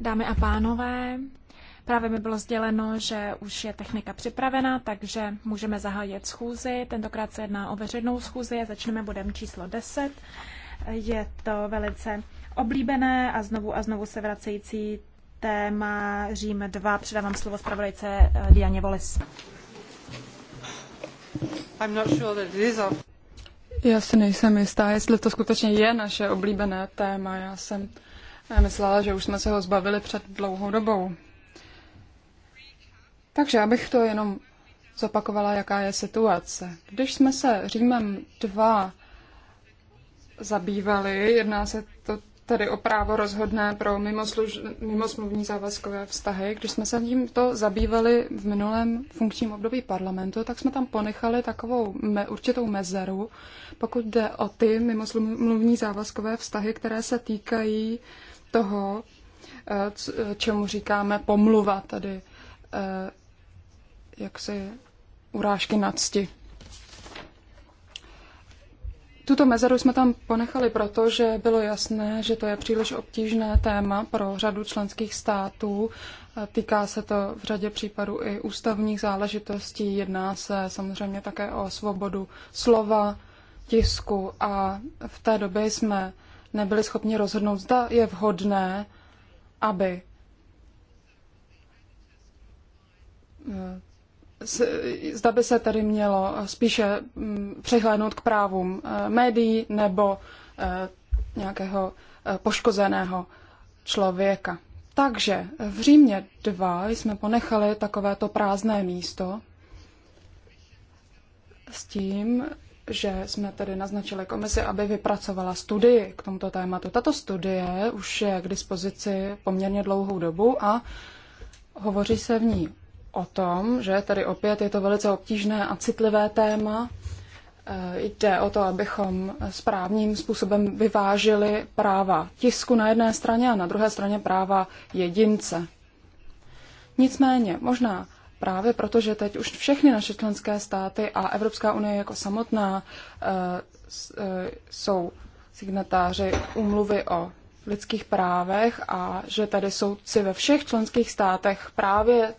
Dámy a pánové, právě mi bylo sděleno, že už je technika připravena, takže můžeme zahájit schůzi. Tentokrát se jedná o veřejnou schůzi a začneme bodem číslo 10. Je to velice oblíbené a znovu a znovu se vracející téma Řím 2. Předávám slovo zpravodajce eh, Dianě Volis. I'm not sure that it is já si nejsem jistá, jestli to skutečně je naše oblíbené téma. Já jsem myslela, že už jsme se ho zbavili před dlouhou dobou. Takže abych to jenom zopakovala, jaká je situace. Když jsme se Římem 2 zabývali, jedná se to tedy o právo rozhodné pro mimosluž, mimosmluvní závazkové vztahy. Když jsme se tím to zabývali v minulém funkčním období parlamentu, tak jsme tam ponechali takovou me, určitou mezeru, pokud jde o ty mimosmluvní závazkové vztahy, které se týkají toho, eh, čemu říkáme pomluva, tedy eh, jaksi urážky nadsti. Tuto mezeru jsme tam ponechali proto, že bylo jasné, že to je příliš obtížné téma pro řadu členských států. Týká se to v řadě případů i ústavních záležitostí. Jedná se samozřejmě také o svobodu slova, tisku a v té době jsme nebyli schopni rozhodnout, zda je vhodné, aby zda by se tedy mělo spíše mm, přihlédnout k právům eh, médií nebo eh, nějakého eh, poškozeného člověka. Takže v Římě 2 jsme ponechali takovéto prázdné místo s tím, že jsme tedy naznačili komisi, aby vypracovala studii k tomuto tématu. Tato studie už je k dispozici poměrně dlouhou dobu a hovoří se v ní o tom, že tady opět je to velice obtížné a citlivé téma. Eh, jde o to, abychom správným způsobem vyvážili práva tisku na jedné straně a na druhé straně práva jedince. Nicméně, možná právě proto, že teď už všechny naše členské státy a Evropská unie jako samotná eh, eh, jsou signatáři úmluvy o lidských právech a že tady soudci ve všech členských státech právě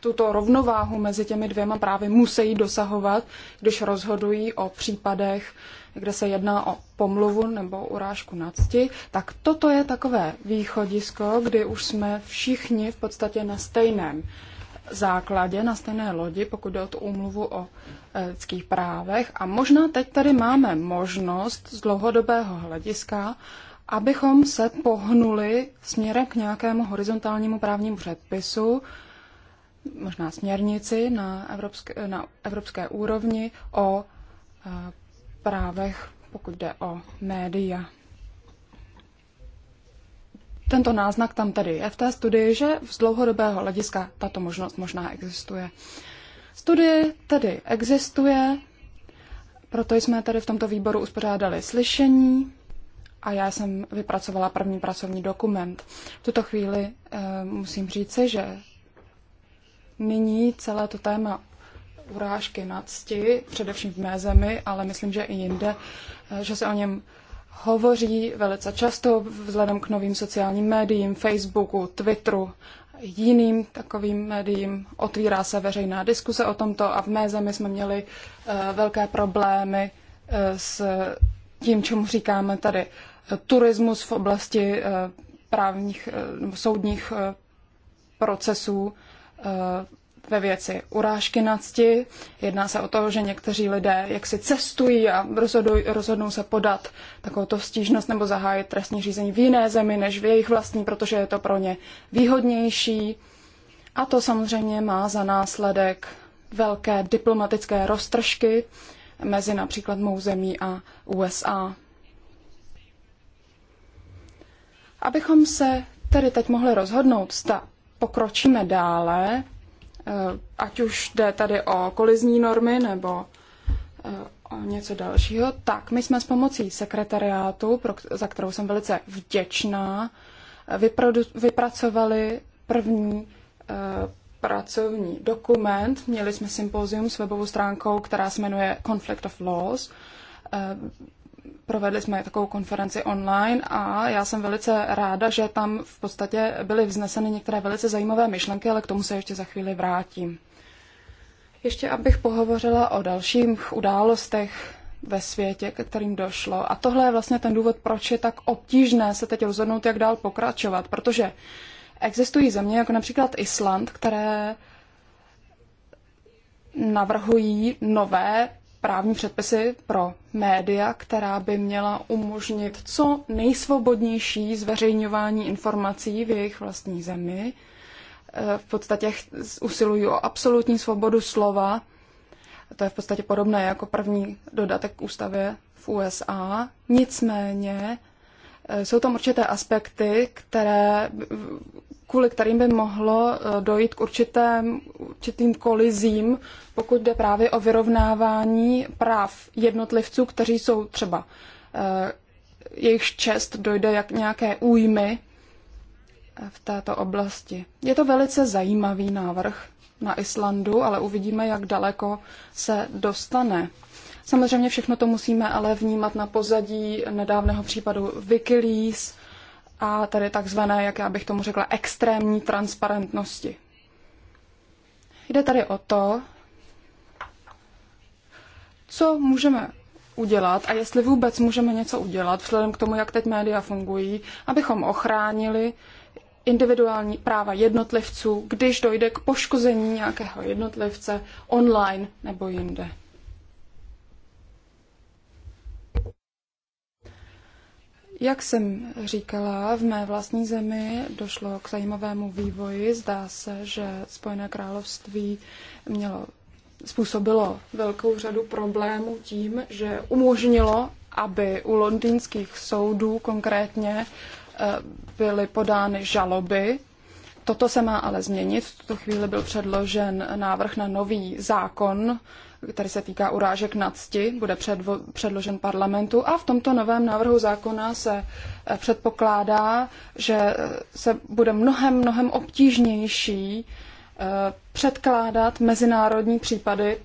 tuto rovnováhu mezi těmi dvěma právy musí dosahovat, když rozhodují o případech, kde se jedná o pomluvu nebo urážku nadsti, tak toto je takové východisko, kdy už jsme všichni v podstatě na stejném základě, na stejné lodi, pokud jde o tu úmluvu o e, lidských právech. A možná teď tady máme možnost z dlouhodobého hlediska abychom se pohnuli směrem k nějakému horizontálnímu právnímu předpisu, možná směrnici na evropské, na evropské úrovni o eh, právech, pokud jde o média. Tento náznak tam tedy je v té studii, že z dlouhodobého hlediska tato možnost možná existuje. Studie tedy existuje, proto jsme tady v tomto výboru uspořádali slyšení a já jsem vypracovala první pracovní dokument. V tuto chvíli e, musím říci, že Nyní celé to téma urážky na cti, především v mé zemi, ale myslím, že i jinde, eh, že se o něm hovoří velice často vzhledem k novým sociálním médiím, Facebooku, Twitteru, jiným takovým médiím. Otvírá se veřejná diskuse o tomto a v mé zemi jsme měli eh, velké problémy eh, s tím, čemu říkáme tady turismus v oblasti právních soudních procesů Eh, ve věci urážky cti. Jedná se o to, že někteří lidé jak si cestují a rozhodují, rozhodnou se podat takovouto stížnost nebo zahájit trestní řízení v jiné zemi než v jejich vlastní, protože je to pro ně výhodnější. A to samozřejmě má za následek velké diplomatické roztržky mezi například mou zemí a USA. Abychom se tedy teď mohli rozhodnout, zda pokročíme dále, eh, ať už jde tady o kolizní normy nebo eh, o něco dalšího, tak my jsme s pomocí sekretariátu, pro, za kterou jsem velice vděčná, eh, vyprodu, vypracovali první pracovní dokument. Měli jsme sympózium s webovou stránkou, která se jmenuje Conflict of Laws provedli jsme takovou konferenci online a já jsem velice ráda, že tam v podstatě byly vzneseny některé velice zajímavé myšlenky, ale k tomu se ještě za chvíli vrátím. Ještě abych pohovořila o dalších událostech ve světě, ke kterým došlo. A tohle je vlastně ten důvod, proč je tak obtížné se teď rozhodnout, jak dál pokračovat, protože existují země, jako například Island, které navrhují nové právní předpisy pro média, která by měla umožnit co nejsvobodnější zveřejňování informací v jejich vlastní zemi. E, v podstatě usilují o absolutní svobodu slova. To je v podstatě podobné jako první dodatek k ústavě v USA. Nicméně Eh, jsou tam určité aspekty, které, kvůli kterým by mohlo eh, dojít k určitém, určitým kolizím, pokud jde právě o vyrovnávání práv jednotlivců, kteří jsou třeba eh, jejich čest dojde jak nějaké újmy v této oblasti. Je to velice zajímavý návrh na Islandu, ale uvidíme, jak daleko se dostane. Samozřejmě všechno to musíme ale vnímat na pozadí nedávného případu Wikileaks a tady takzvané, jak já bych tomu řekla, extrémní transparentnosti. Jde tady o to, co můžeme udělat a jestli vůbec můžeme něco udělat, vzhledem k tomu, jak teď média fungují, abychom ochránili individuální práva jednotlivců, když dojde k poškození nějakého jednotlivce online nebo jinde. Jak jsem říkala, v mé vlastní zemi došlo k zajímavému vývoji. Zdá se, že Spojené království mělo, způsobilo velkou řadu problémů tím, že umožnilo, aby u londýnských soudů konkrétně eh, byly podány žaloby. Toto se má ale změnit. V tuto chvíli byl předložen návrh na nový zákon který se týká urážek na cti, bude předvo, předložen parlamentu a v tomto novém návrhu zákona se eh, předpokládá, že eh, se bude mnohem, mnohem obtížnější eh, předkládat mezinárodní případy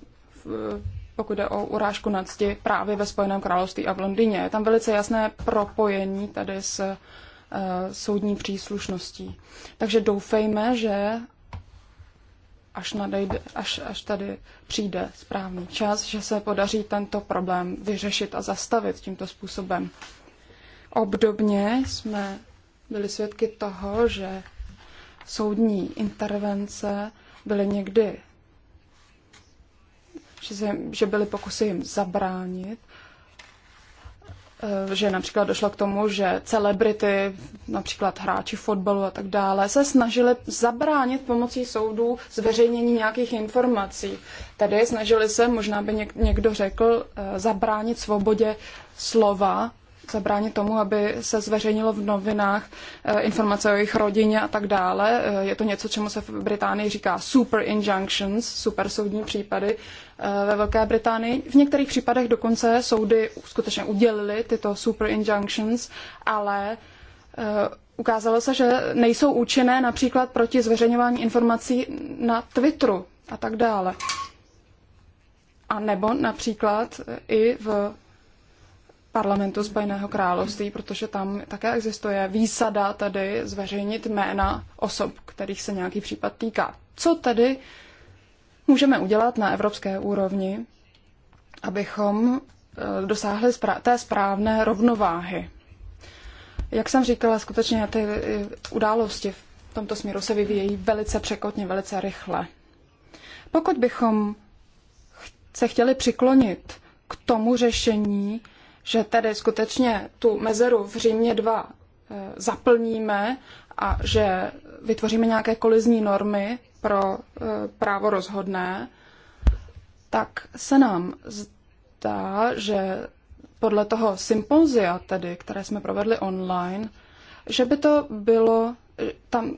pokud jde o urážku na cti právě ve Spojeném království a v Londýně. Je tam velice jasné propojení tady s soudní příslušností. Takže doufejme, že až, nadejde, až, až tady přijde správný čas, že se podaří tento problém vyřešit a zastavit tímto způsobem. Obdobně jsme byli svědky toho, že soudní intervence byly někdy, že, se, že byly pokusy jim zabránit Eh, že například došlo k tomu, že celebrity, například hráči fotbalu a tak dále, se snažili zabránit pomocí soudů zveřejnění nějakých informací. Tedy snažili se, možná by někdo řekl, eh, zabránit svobodě slova zabránit tomu, aby se zveřejnilo v novinách eh, informace o jejich rodině a tak dále. Eh, je to něco, čemu se v Británii říká super injunctions, super soudní případy eh, ve Velké Británii. V některých případech dokonce soudy skutečně udělily tyto super injunctions, ale ukázalo se, že nejsou účinné například proti zveřejňování informací na Twitteru a tak dále. A nebo například i v parlamentu Spojeného království, protože tam také existuje výsada tady zveřejnit jména osob, kterých se nějaký případ týká. Co tedy můžeme udělat na evropské úrovni, abychom eh, dosáhli té správné rovnováhy? Jak jsem říkala, skutečně ty eh, události v tomto směru se vyvíjejí velice překotně, velice rychle. Pokud bychom se chtěli přiklonit k tomu řešení, že tedy skutečně tu mezeru v Římě 2 e, zaplníme a že vytvoříme nějaké kolizní normy pro e, právo rozhodné, tak se nám zdá, že podle toho sympozia, tedy, které jsme provedli online, že by to bylo, e, tam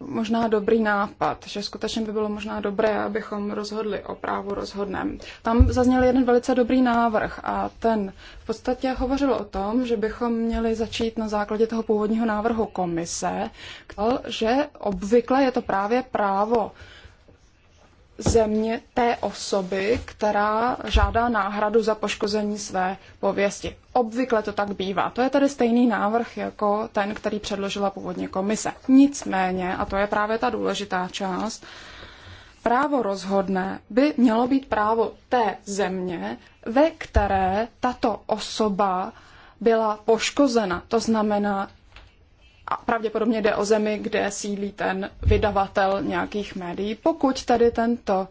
možná dobrý nápad, že skutečně by bylo možná dobré, abychom rozhodli o právu rozhodném. Tam zazněl jeden velice dobrý návrh a ten v podstatě hovořil o tom, že bychom měli začít na základě toho původního návrhu komise, že obvykle je to právě právo země té osoby, která žádá náhradu za poškození své pověsti. Obvykle to tak bývá. To je tedy stejný návrh jako ten, který předložila původně komise. Nicméně, a to je právě ta důležitá část, právo rozhodné by mělo být právo té země, ve které tato osoba byla poškozena. To znamená a pravděpodobně jde o zemi, kde sídlí ten vydavatel nějakých médií. Pokud tady tento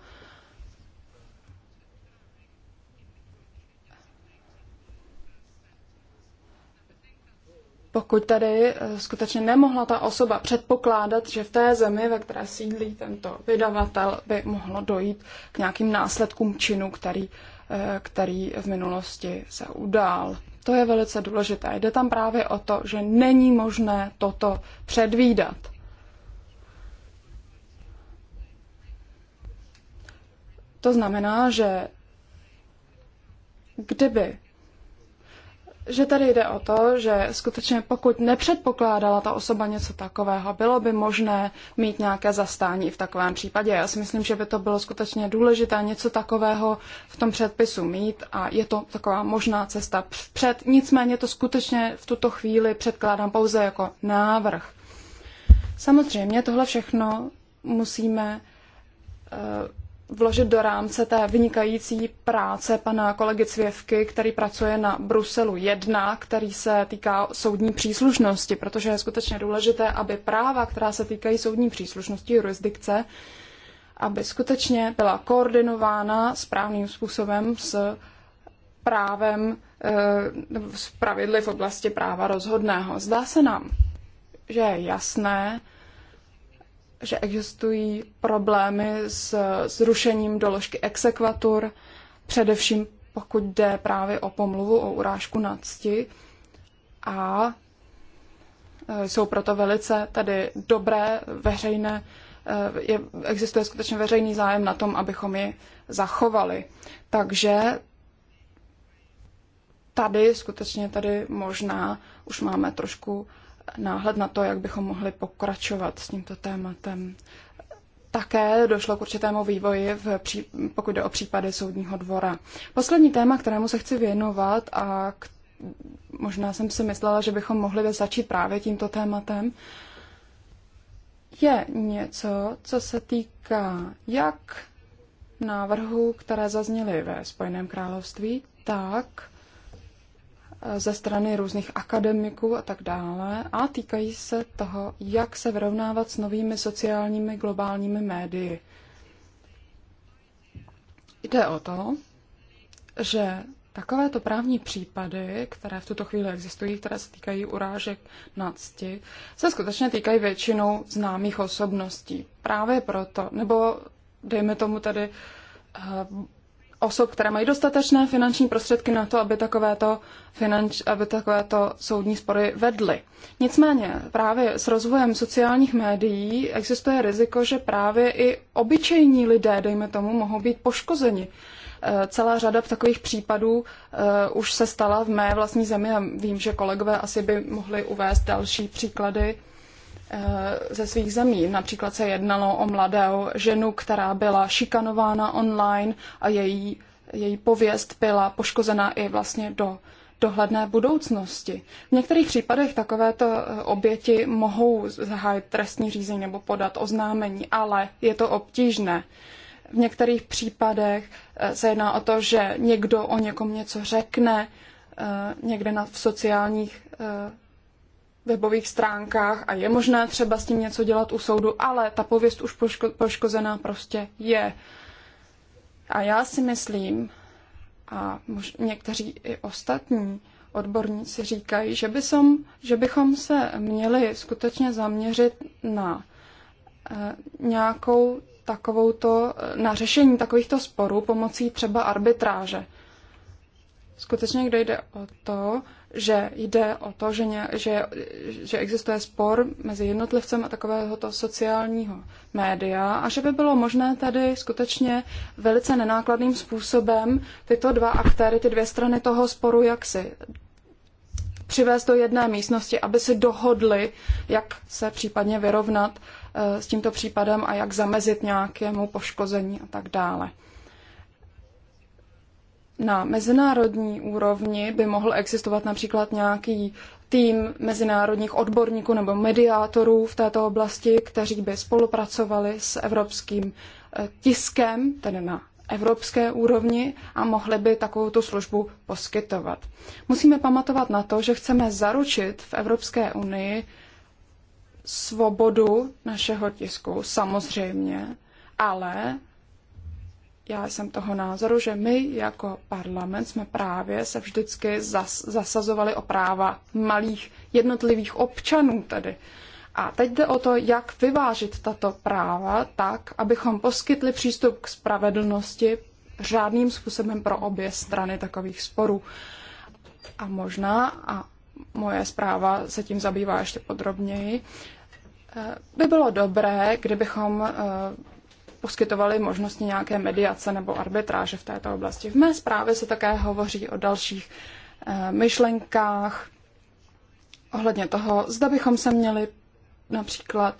pokud tady eh, skutečně nemohla ta osoba předpokládat, že v té zemi, ve které sídlí tento vydavatel, by mohlo dojít k nějakým následkům činu, který, eh, který v minulosti se udál. To je velice důležité. Jde tam právě o to, že není možné toto předvídat. To znamená, že kdyby že tady jde o to, že skutečně pokud nepředpokládala ta osoba něco takového, bylo by možné mít nějaké zastání v takovém případě. Já si myslím, že by to bylo skutečně důležité něco takového v tom předpisu mít a je to taková možná cesta před. Nicméně to skutečně v tuto chvíli předkládám pouze jako návrh. Samozřejmě tohle všechno musíme uh, vložit do rámce té vynikající práce pana kolegy Cvěvky, který pracuje na Bruselu 1, který se týká soudní příslušnosti, protože je skutečně důležité, aby práva, která se týkají soudní příslušnosti jurisdikce, aby skutečně byla koordinována správným způsobem s právem, eh, s pravidly v oblasti práva rozhodného. Zdá se nám, že je jasné, že existují problémy s zrušením doložky exekvatur, především pokud jde právě o pomluvu, o urážku na cti. A e, jsou proto velice tady dobré veřejné, e, je, existuje skutečně veřejný zájem na tom, abychom ji zachovali. Takže tady skutečně tady možná už máme trošku náhled na to, jak bychom mohli pokračovat s tímto tématem. Také došlo k určitému vývoji, v pří, pokud jde o případy soudního dvora. Poslední téma, kterému se chci věnovat a k, možná jsem si myslela, že bychom mohli začít právě tímto tématem, je něco, co se týká jak návrhů, které zazněly ve Spojeném království, tak ze strany různých akademiků a tak dále a týkají se toho, jak se vyrovnávat s novými sociálními globálními médii. Jde o to, že takovéto právní případy, které v tuto chvíli existují, které se týkají urážek na cti, se skutečně týkají většinou známých osobností. Právě proto, nebo dejme tomu tady eh, osob, které mají dostatečné finanční prostředky na to, aby takovéto, finanč, aby takovéto soudní spory vedly. Nicméně právě s rozvojem sociálních médií existuje riziko, že právě i obyčejní lidé, dejme tomu, mohou být poškozeni. E, celá řada takových případů e, už se stala v mé vlastní zemi a vím, že kolegové asi by mohli uvést další příklady Eh, ze svých zemí. Například se jednalo o mladou ženu, která byla šikanována online a její, její pověst byla poškozena i vlastně do dohledné budoucnosti. V některých případech takovéto eh, oběti mohou zahájit trestní řízení nebo podat oznámení, ale je to obtížné. V některých případech eh, se jedná o to, že někdo o někom něco řekne, někde na, v sociálních webových stránkách a je možné třeba s tím něco dělat u soudu, ale ta pověst už poško- poškozená prostě je. A já si myslím, a mož- někteří i ostatní odborníci říkají, že, by som, že bychom se měli skutečně zaměřit na e, nějakou to eh, na řešení takovýchto sporů pomocí třeba arbitráže. Skutečně, kde jde o to, že jde o to, že, ně, že, že existuje spor mezi jednotlivcem a takovéhoto sociálního média a že by bylo možné tady skutečně velice nenákladným způsobem tyto dva aktéry, ty dvě strany toho sporu, jak si přivést do jedné místnosti, aby si dohodli, jak se případně vyrovnat eh, s tímto případem a jak zamezit nějakému poškození a tak dále na mezinárodní úrovni by mohl existovat například nějaký tým mezinárodních odborníků nebo mediátorů v této oblasti, kteří by spolupracovali s evropským eh, tiskem, tedy na evropské úrovni a mohli by takovou tu službu poskytovat. Musíme pamatovat na to, že chceme zaručit v Evropské unii svobodu našeho tisku, samozřejmě, ale já jsem toho názoru, že my jako parlament jsme právě se vždycky zas, zasazovali o práva malých jednotlivých občanů tady. A teď jde o to, jak vyvážit tato práva tak, abychom poskytli přístup k spravedlnosti řádným způsobem pro obě strany takových sporů. A možná, a moje zpráva se tím zabývá ještě podrobněji, eh, by bylo dobré, kdybychom eh, poskytovaly možnosti nějaké mediace nebo arbitráže v této oblasti. V mé zprávě se také hovoří o dalších eh, myšlenkách ohledně toho, zda bychom se měli například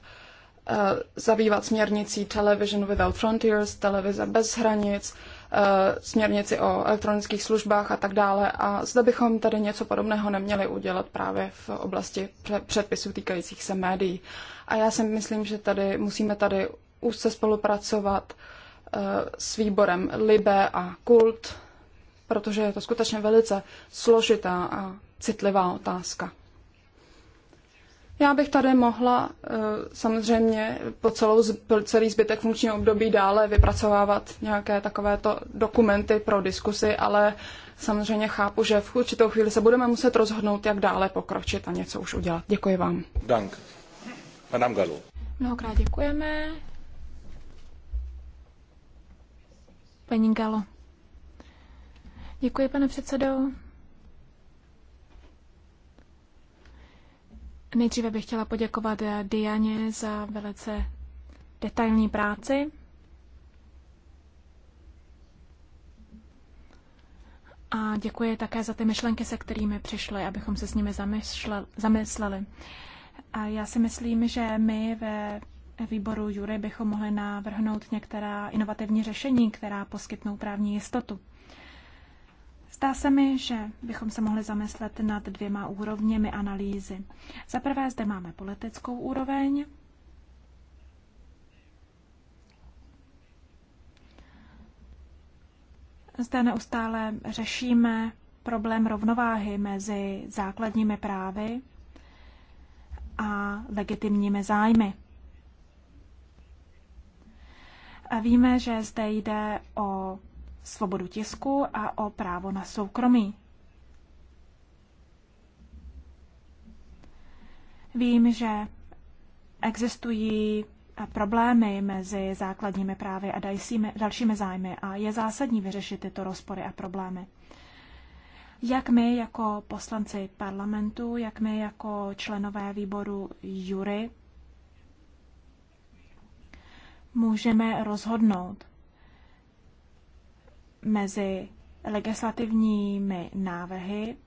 eh, zabývat směrnicí Television Without Frontiers, televize bez hranic, eh, směrnici o elektronických službách a tak dále. A zda bychom tady něco podobného neměli udělat právě v oblasti předpisů týkajících se médií. A já si myslím, že tady musíme tady úzce spolupracovat eh, s výborem Libe a Kult, protože je to skutečně velice složitá a citlivá otázka. Já bych tady mohla eh, samozřejmě po, celou, celý zbytek funkčního období dále vypracovávat nějaké takovéto dokumenty pro diskusy, ale samozřejmě chápu, že v určitou chvíli se budeme muset rozhodnout, jak dále pokročit a něco už udělat. Děkuji vám. Dank. Madame Galo. Mnohokrát děkujeme. paní Galo. Děkuji, pane předsedo. Nejdříve bych chtěla poděkovat Dianě za velice detailní práci. A děkuji také za ty myšlenky, se kterými přišly, abychom se s nimi zamysleli. A já si myslím, že my ve výboru Jury bychom mohli navrhnout některá inovativní řešení, která poskytnou právní jistotu. Zdá se mi, že bychom se mohli zamyslet nad dvěma úrovněmi analýzy. Za prvé zde máme politickou úroveň, Zde neustále řešíme problém rovnováhy mezi základními právy a legitimními zájmy. A víme, že zde jde o svobodu tisku a o právo na soukromí. Vím, že existují problémy mezi základními právy a dalšími zájmy a je zásadní vyřešit tyto rozpory a problémy. Jak my jako poslanci parlamentu, jak my jako členové výboru jury můžeme rozhodnout mezi legislativními návrhy,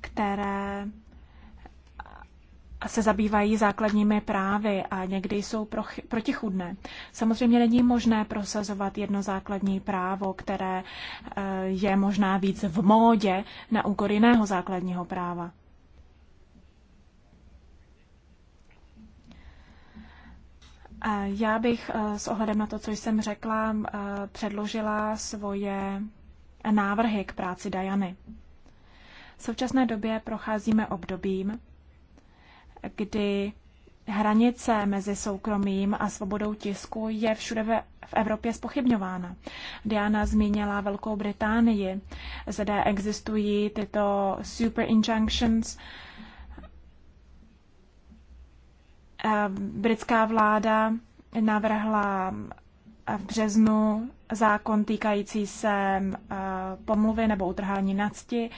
které se zabývají základními právy a někdy jsou protichudné. Samozřejmě není možné prosazovat jedno základní právo, které eh, je možná víc v módě na úkor jiného základního práva. Já bych eh, s ohledem na to, co jsem řekla, eh, předložila svoje návrhy k práci Dajany. V současné době procházíme obdobím, kdy hranice mezi soukromím a svobodou tisku je všude ve, v Evropě spochybňována. Diana zmínila Velkou Británii. Zde existují tyto super injunctions, Eh, britská vláda navrhla eh, v březnu zákon týkající se eh, pomluvy nebo utrhání nacti.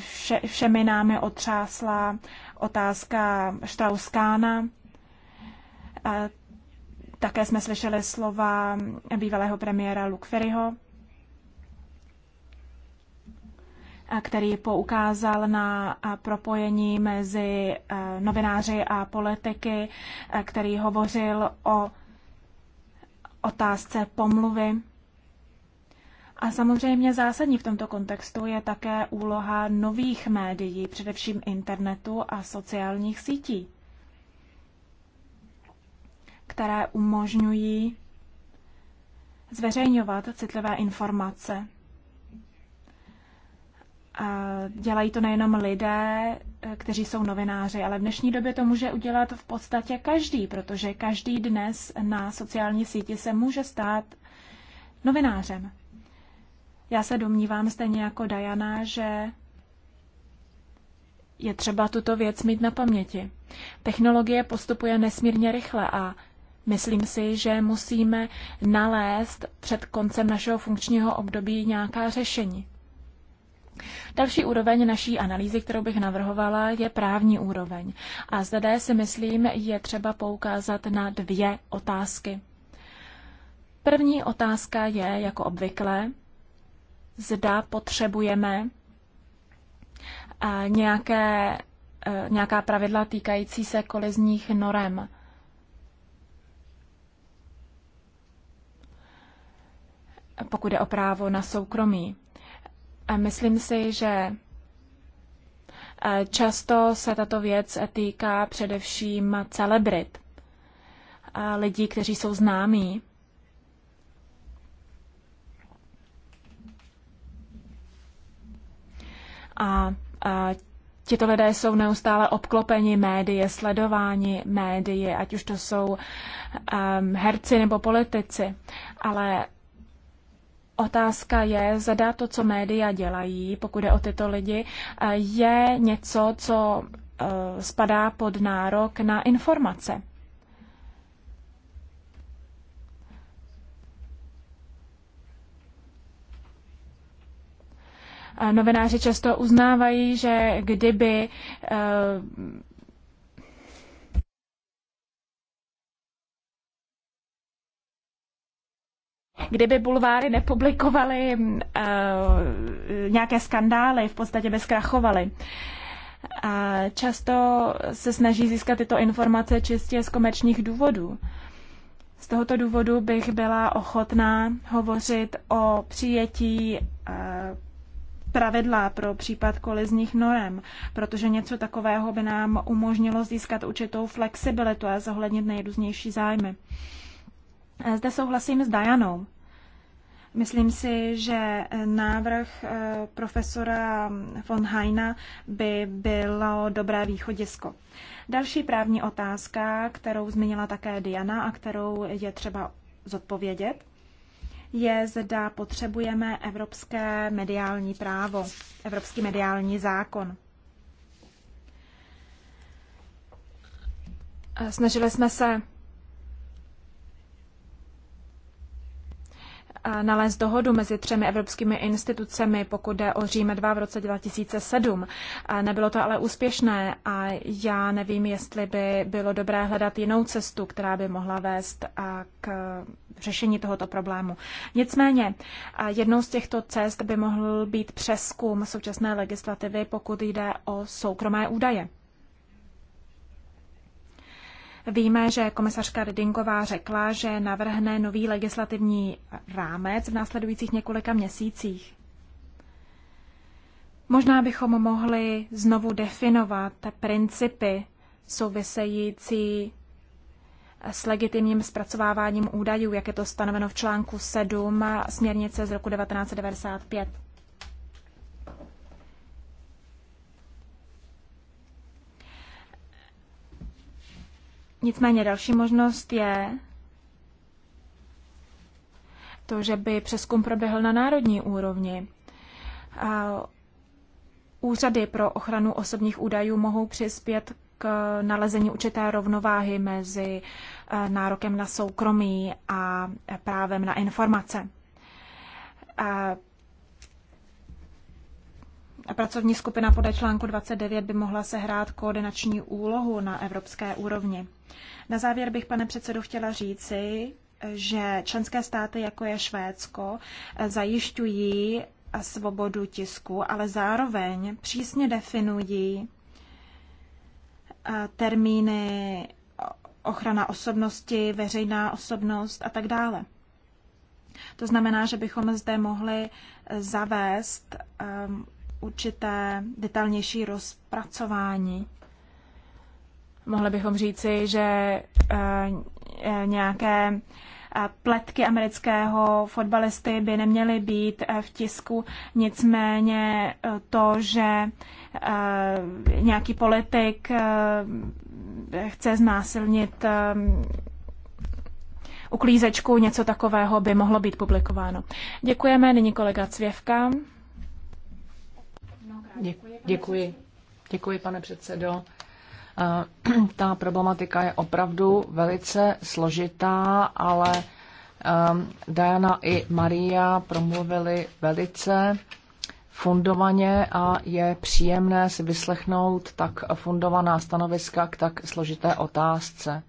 Vše, všemi námi otřásla otázka Štrauskána. Také jsme slyšeli slova bývalého premiéra Lukferyho. který poukázal na propojení mezi eh, novináři a politiky, eh, který hovořil o otázce pomluvy. A samozřejmě zásadní v tomto kontextu je také úloha nových médií, především internetu a sociálních sítí, které umožňují zveřejňovat citlivé informace Dělají to nejenom lidé, eh, kteří jsou novináři, ale v dnešní době to může udělat v podstatě každý, protože každý dnes na sociální síti se může stát novinářem. Já se domnívám stejně jako Diana, že je třeba tuto věc mít na paměti. Technologie postupuje nesmírně rychle a myslím si, že musíme nalézt před koncem našeho funkčního období nějaká řešení. Další úroveň naší analýzy, kterou bych navrhovala, je právní úroveň. A zde si myslím, je třeba poukázat na dvě otázky. První otázka je, jako obvykle, zda potřebujeme nějaké, e, nějaká pravidla týkající se kolizních norem. pokud je o právo na soukromí. Myslím si, že eh, často se tato věc týká především celebrit, lidí, kteří jsou známí. A, a tito lidé jsou neustále obklopeni médii, sledováni médii, ať už to jsou um, herci nebo politici. Ale Otázka je, zda to, co média dělají, pokud je o tyto lidi, je něco, co eh, spadá pod nárok na informace. Eh, novináři často uznávají, že kdyby eh, Kdyby bulváry nepublikovaly uh, nějaké skandály, v podstatě by zkrachovaly. A často se snaží získat tyto informace čistě z komerčních důvodů. Z tohoto důvodu bych byla ochotná hovořit o přijetí uh, pravidla pro případ kolizních norem, protože něco takového by nám umožnilo získat určitou flexibilitu a zohlednit nejrůznější zájmy. Eh, zde souhlasím s Dajanou. Myslím si, že návrh eh, profesora von Heina by bylo dobré východisko. Další právní otázka, kterou zmínila také Diana a kterou je třeba zodpovědět, je, zda potřebujeme evropské mediální právo, evropský mediální zákon. Eh, snažili jsme se nalézt dohodu mezi třemi evropskými institucemi, pokud jde o Říme 2 v roce 2007. Nebylo to ale úspěšné a já nevím, jestli by bylo dobré hledat jinou cestu, která by mohla vést k řešení tohoto problému. Nicméně, jednou z těchto cest by mohl být přeskum současné legislativy, pokud jde o soukromé údaje. Víme, že komisařka Redingová řekla, že navrhne nový legislativní rámec v následujících několika měsících. Možná bychom mohli znovu definovat principy související s legitimním zpracováváním údajů, jak je to stanoveno v článku 7 směrnice z roku 1995. Nicméně další možnost je to, že by přeskum proběhl na národní úrovni. A úřady pro ochranu osobních údajů mohou přispět k nalezení určité rovnováhy mezi eh, nárokem na soukromí a právem na informace. A pracovní skupina podle článku 29 by mohla sehrát koordinační úlohu na evropské úrovni. Na závěr bych, pane předsedo, chtěla říci, že členské státy, jako je Švédsko, zajišťují svobodu tisku, ale zároveň přísně definují eh, termíny ochrana osobnosti, veřejná osobnost a tak dále. To znamená, že bychom zde mohli eh, zavést um, určité detailnější rozpracování Mohli bychom říci, že eh, eh, nějaké eh, pletky amerického fotbalisty by neměly být v tisku. Nicméně to, že nějaký politik chce znásilnit uklízečku, něco takového by mohlo být publikováno. Děkujeme, nyní kolega Cvěvka. Děkuji. Děkuji, pane předsedo. Eh, ta problematika je opravdu velice složitá, ale ehm, Diana i Maria promluvili velice fundovaně a je příjemné si vyslechnout tak fundovaná stanoviska k tak složité otázce.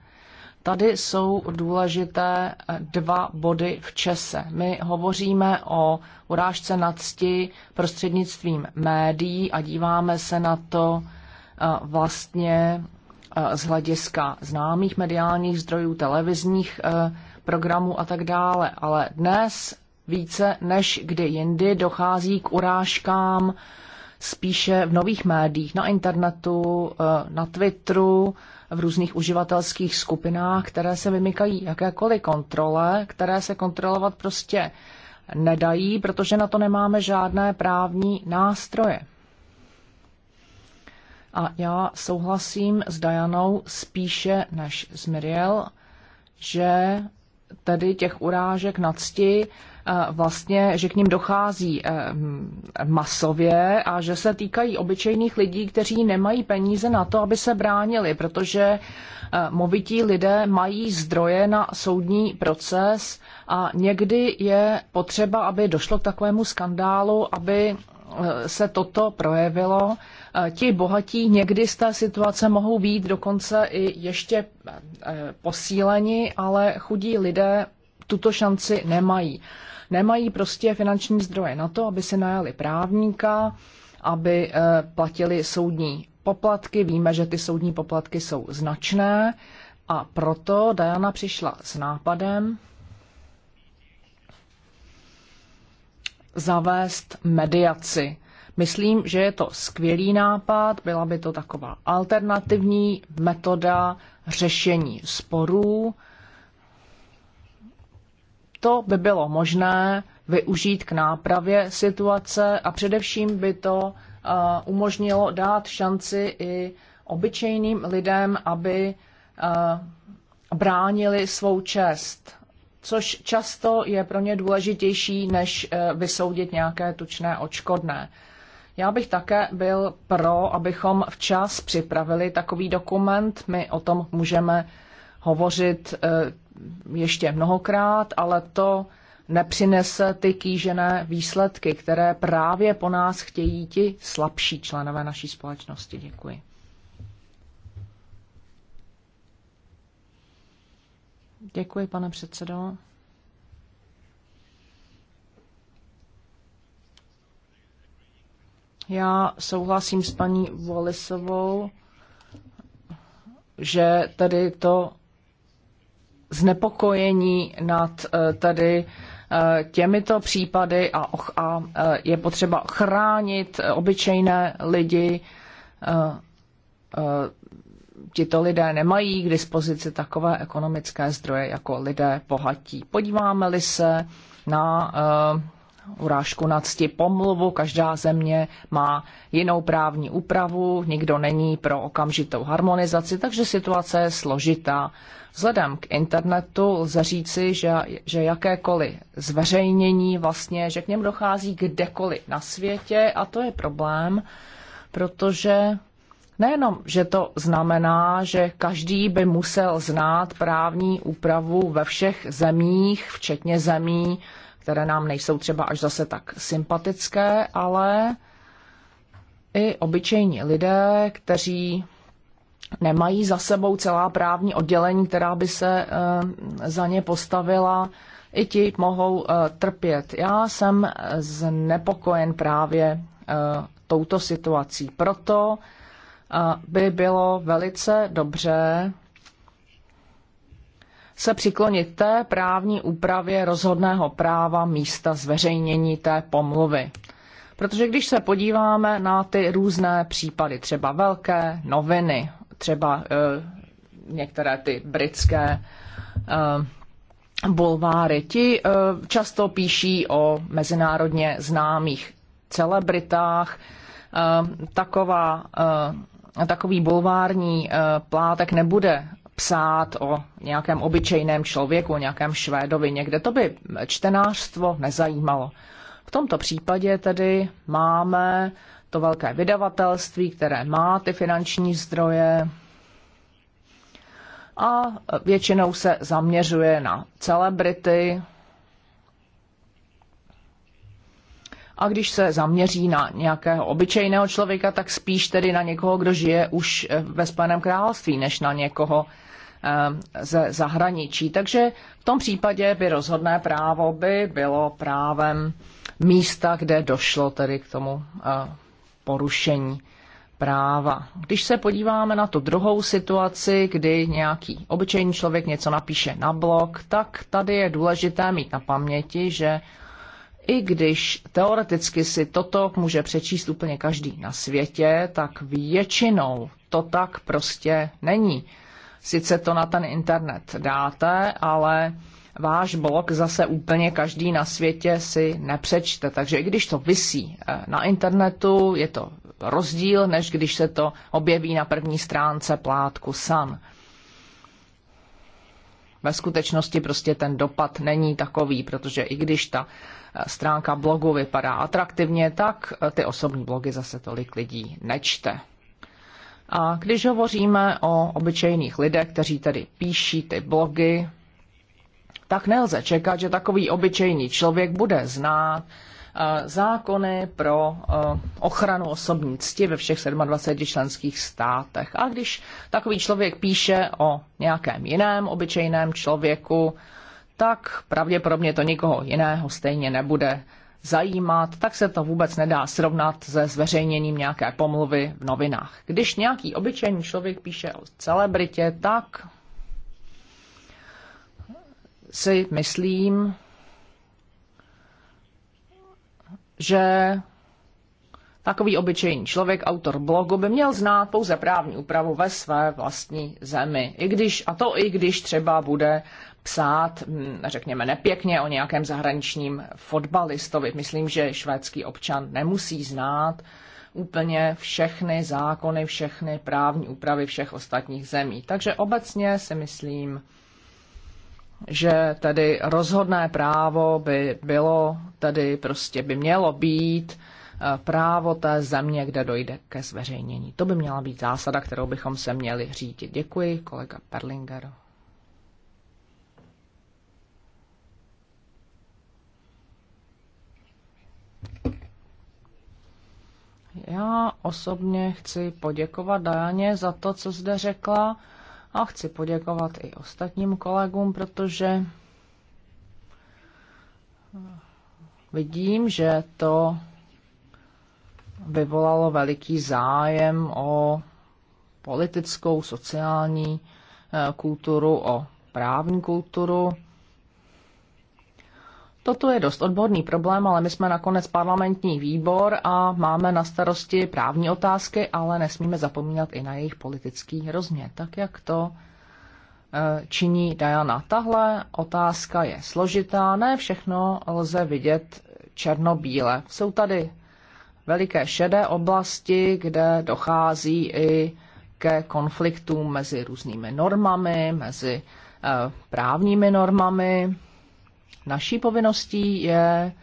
Tady jsou důležité eh, dva body v čese. My hovoříme o urážce nadsti prostřednictvím médií a díváme se na to vlastně z hlediska známých mediálních zdrojů, televizních e, programů a tak dále. Ale dnes více než kdy jindy dochází k urážkám spíše v nových médiích, na internetu, e, na Twitteru, v různých uživatelských skupinách, které se vymykají jakékoliv kontrole, které se kontrolovat prostě nedají, protože na to nemáme žádné právní nástroje. A já souhlasím s Dajanou spíše než s Miriel, že tedy těch urážek na cti eh, vlastně, že k ním dochází eh, masově a že se týkají obyčejných lidí, kteří nemají peníze na to, aby se bránili, protože eh, movití lidé mají zdroje na soudní proces a někdy je potřeba, aby došlo k takovému skandálu, aby Eh, se toto projevilo. Eh, ti bohatí někdy z té situace mohou být dokonce i ještě eh, posíleni, ale chudí lidé tuto šanci nemají. Nemají prostě finanční zdroje na to, aby si najali právníka, aby platili soudní poplatky. Víme, že ty soudní poplatky jsou značné a proto Diana přišla s nápadem, zavést mediaci. Myslím, že je to skvělý nápad, byla by to taková alternativní metoda řešení sporů. To by bylo možné využít k nápravě situace a především by to uh, umožnilo dát šanci i obyčejným lidem, aby uh, bránili svou čest což často je pro ně důležitější, než eh, vysoudit nějaké tučné očkodné. Já bych také byl pro, abychom včas připravili takový dokument. My o tom můžeme hovořit eh, ještě mnohokrát, ale to nepřinese ty kýžené výsledky, které právě po nás chtějí ti slabší členové naší společnosti. Děkuji. Děkuji, pane předsedo. Já souhlasím s paní Volisovou, že tady to znepokojení nad eh, tady eh, těmito případy a, a eh, je potřeba chránit obyčejné lidi tito lidé nemají k dispozici takové ekonomické zdroje jako lidé bohatí. Podíváme-li se na uh, urážku na cti pomluvu, každá země má jinou právní úpravu, nikdo není pro okamžitou harmonizaci, takže situace je složitá. Vzhledem k internetu lze říci, že, že jakékoliv zveřejnění vlastně, že k něm dochází kdekoliv na světě a to je problém, protože Nejenom, že to znamená, že každý by musel znát právní úpravu ve všech zemích, včetně zemí, které nám nejsou třeba až zase tak sympatické, ale i obyčejní lidé, kteří nemají za sebou celá právní oddělení, která by se eh, za ně postavila, i ti mohou eh, trpět. Já jsem eh, znepokojen právě touto situací. Proto by bylo velice dobře se přiklonit té právní úpravě rozhodného práva místa zveřejnění té pomluvy. Protože když se podíváme na ty různé případy, třeba velké noviny, třeba e, některé ty britské e, bulváry, ti e, často píší o mezinárodně známých celebritách. E, taková e, takový bulvární eh, plátek nebude psát o nějakém obyčejném člověku, o nějakém Švédovi někde. To by čtenářstvo nezajímalo. V tomto případě tedy máme to velké vydavatelství, které má ty finanční zdroje a většinou se zaměřuje na celebrity, a když se zaměří na nějakého obyčejného člověka, tak spíš tedy na někoho, kdo žije už eh, ve Spojeném království, než na někoho eh, ze zahraničí. Takže v tom případě by rozhodné právo by bylo právem místa, kde došlo tedy k tomu eh, porušení práva. Když se podíváme na tu druhou situaci, kdy nějaký obyčejný člověk něco napíše na blog, tak tady je důležité mít na paměti, že i když teoreticky si toto může přečíst úplně každý na světě, tak většinou to tak prostě není. Sice to na ten internet dáte, ale váš blog zase úplně každý na světě si nepřečte. Takže i když to vysí eh, na internetu, je to rozdíl, než když se to objeví na první stránce plátku Sun. Ve skutečnosti prostě ten dopad není takový, protože i když ta stránka blogu vypadá atraktivně, tak ty osobní blogy zase tolik lidí nečte. A když hovoříme o obyčejných lidech, kteří tedy píší ty blogy, tak nelze čekat, že takový obyčejný člověk bude znát eh, zákony pro eh, ochranu osobní cti ve všech 27 členských státech. A když takový člověk píše o nějakém jiném obyčejném člověku, tak pravděpodobně to nikoho jiného stejně nebude zajímat, tak se to vůbec nedá srovnat se zveřejněním nějaké pomluvy v novinách. Když nějaký obyčejný člověk píše o celebritě, tak si myslím, že takový obyčejný člověk, autor blogu, by měl znát pouze právní úpravu ve své vlastní zemi. I když, a to i když třeba bude psát, řekněme nepěkně, o nějakém zahraničním fotbalistovi. Myslím, že švédský občan nemusí znát úplně všechny zákony, všechny právní úpravy všech ostatních zemí. Takže obecně si myslím, že tedy rozhodné právo by bylo, tedy prostě by mělo být eh, právo té země, kde dojde ke zveřejnění. To by měla být zásada, kterou bychom se měli řídit. Děkuji, kolega Perlinger. Já osobně chci poděkovat Dajaně za to, co zde řekla a chci poděkovat i ostatním kolegům, protože vidím, že to vyvolalo veliký zájem o politickou, sociální eh, kulturu, o právní kulturu. Toto je dost odborný problém, ale my jsme nakonec parlamentní výbor a máme na starosti právní otázky, ale nesmíme zapomínat i na jejich politický rozměr, tak jak to eh, činí Diana. Tahle otázka je složitá, ne všechno lze vidět černobíle. Jsou tady veliké šedé oblasti, kde dochází i ke konfliktům mezi různými normami, mezi eh, právními normami, Naší povinností je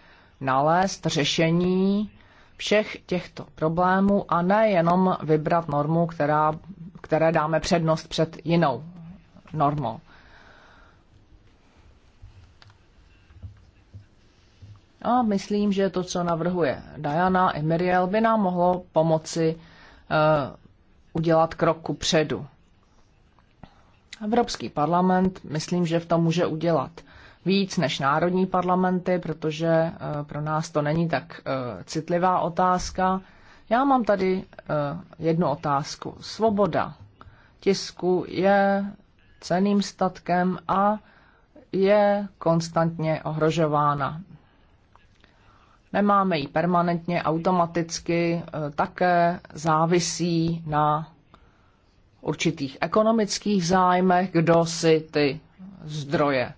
nalézt řešení všech těchto problémů a nejenom vybrat normu, která, které dáme přednost před jinou normou. A myslím, že to, co navrhuje Diana i Miriel, by nám mohlo pomoci uh, udělat krok ku předu. Evropský parlament, myslím, že v tom může udělat víc než národní parlamenty, protože eh, pro nás to není tak eh, citlivá otázka. Já mám tady eh, jednu otázku. Svoboda tisku je ceným statkem a je konstantně ohrožována. Nemáme ji permanentně, automaticky, také závisí na určitých ekonomických zájmech, kdo si ty zdroje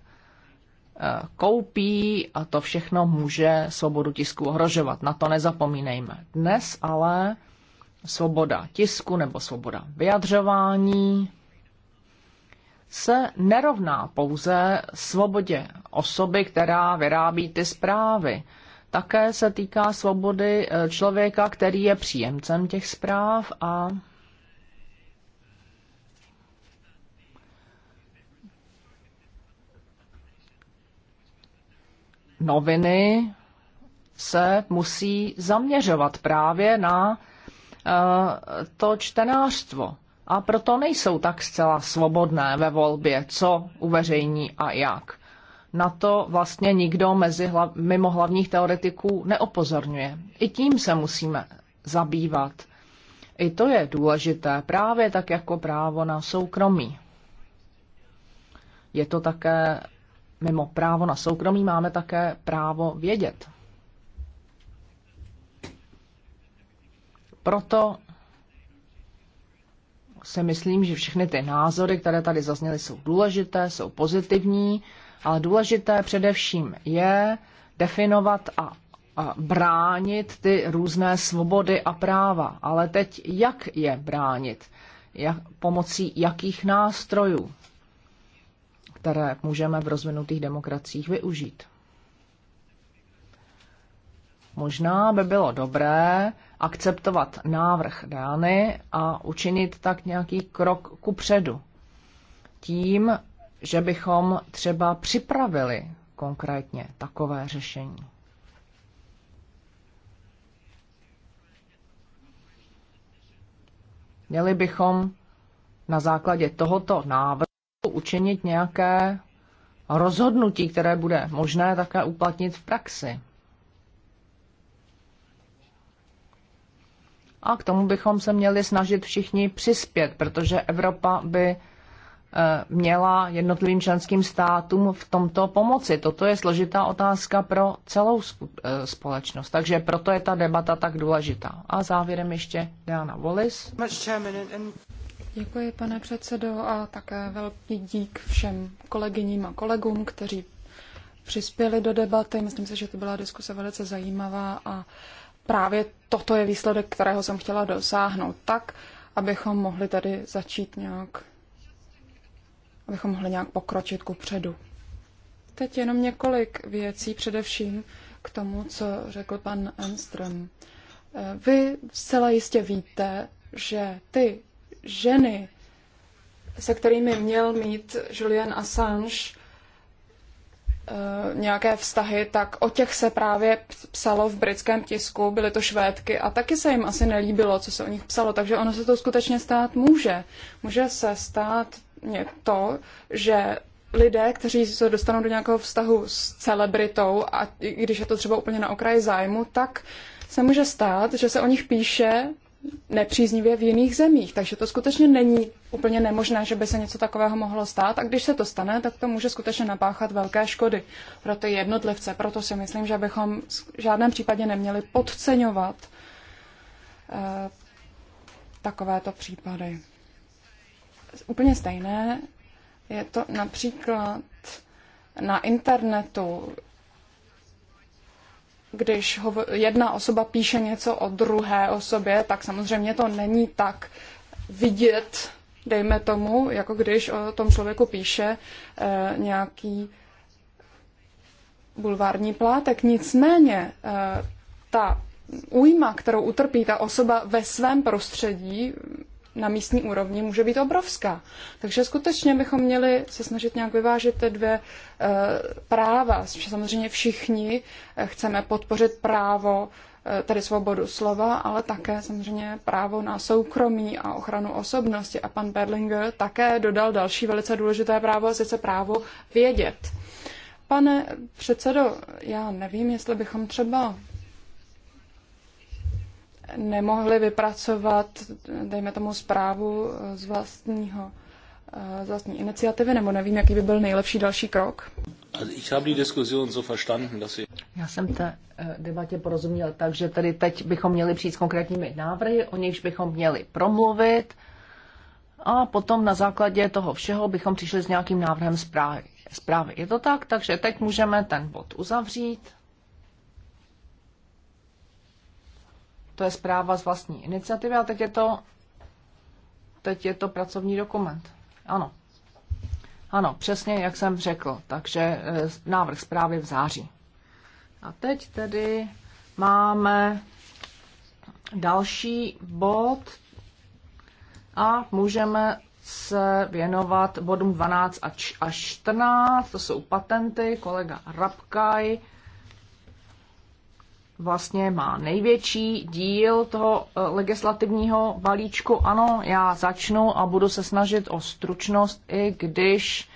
koupí a to všechno může svobodu tisku ohrožovat. Na to nezapomínejme. Dnes ale svoboda tisku nebo svoboda vyjadřování se nerovná pouze svobodě osoby, která vyrábí ty zprávy. Také se týká svobody eh, člověka, který je příjemcem těch zpráv a noviny se musí zaměřovat právě na eh, to čtenářstvo. A proto nejsou tak zcela svobodné ve volbě, co uveřejní a jak. Na to vlastně nikdo mezi hlav, mimo hlavních teoretiků neopozorňuje. I tím se musíme zabývat. I to je důležité, právě tak jako právo na soukromí. Je to také Mimo právo na soukromí máme také právo vědět. Proto si myslím, že všechny ty názory, které tady zazněly, jsou důležité, jsou pozitivní, ale důležité především je definovat a, bránit ty různé svobody a práva. Ale teď jak je bránit? Jak, pomocí jakých nástrojů? které můžeme v rozvinutých demokraciích využít. Možná by bylo dobré akceptovat návrh Dány a učinit tak nějaký krok ku předu. Tím, že bychom třeba připravili konkrétně takové řešení. Měli bychom na základě tohoto návrhu učinit nějaké rozhodnutí, které bude možné také uplatnit v praxi. A k tomu bychom se měli snažit všichni přispět, protože Evropa by eh, měla jednotlivým členským státům v tomto pomoci. Toto je složitá otázka pro celou eh, společnost, takže proto je ta debata tak důležitá. A závěrem ještě Diana Wallis. Děkuji, pane předsedo, a také velký dík všem kolegyním a kolegům, kteří přispěli do debaty. Myslím si, že to byla diskuse velice zajímavá a právě toto je výsledek, kterého jsem chtěla dosáhnout tak, abychom mohli tady začít nějak, abychom mohli nějak pokročit ku předu. Teď jenom několik věcí, především k tomu, co řekl pan Enström. Vy zcela jistě víte, že ty ženy, se kterými měl mít Julian Assange eh, nějaké vztahy, tak o těch se právě psalo v britském tisku, byly to švédky a taky se jim asi nelíbilo, co se o nich psalo, takže ono se to skutečně stát může. Může se stát to, že lidé, kteří se dostanou do nějakého vztahu s celebritou, a i když je to třeba úplně na okraji zájmu, tak se může stát, že se o nich píše nepříznivě v jiných zemích. Takže to skutečně není úplně nemožné, že by se něco takového mohlo stát. A když se to stane, tak to může skutečně napáchat velké škody pro ty jednotlivce. Proto si myslím, že bychom v žádném případě neměli podceňovat eh, takovéto případy. Úplně stejné je to například na internetu když jedna osoba píše něco o druhé osobě, tak samozřejmě to není tak vidět, dejme tomu, jako když o tom člověku píše e, nějaký bulvární plátek. Nicméně e, ta újma, kterou utrpí ta osoba ve svém prostředí, na místní úrovni může být obrovská. Takže skutečně bychom měli se snažit nějak vyvážit ty dvě eh, práva. Samozřejmě všichni eh, chceme podpořit právo eh, tedy svobodu slova, ale také samozřejmě právo na soukromí a ochranu osobnosti. A pan Berlinger také dodal další velice důležité právo, a sice právo vědět. Pane předsedo, já nevím, jestli bychom třeba nemohli vypracovat, dejme tomu, zprávu z vlastního eh, z vlastní iniciativy, nebo nevím, jaký by byl nejlepší další krok? Já jsem té eh, debatě porozuměl tak, že tady teď bychom měli přijít s konkrétními návrhy, o nichž bychom měli promluvit a potom na základě toho všeho bychom přišli s nějakým návrhem zprávy. zprávy. Je to tak? Takže teď můžeme ten bod uzavřít. To je zpráva z vlastní iniciativy, ale teď je to, teď je to pracovní dokument. Ano. Ano, přesně jak jsem řekl. Takže eh, návrh zprávy v září. A teď tedy máme další bod a můžeme se věnovat bodům 12 až 14, to jsou patenty, kolega Rabkaj vlastně má největší díl toho eh, legislativního balíčku. Ano, já začnu a budu se snažit o stručnost, i když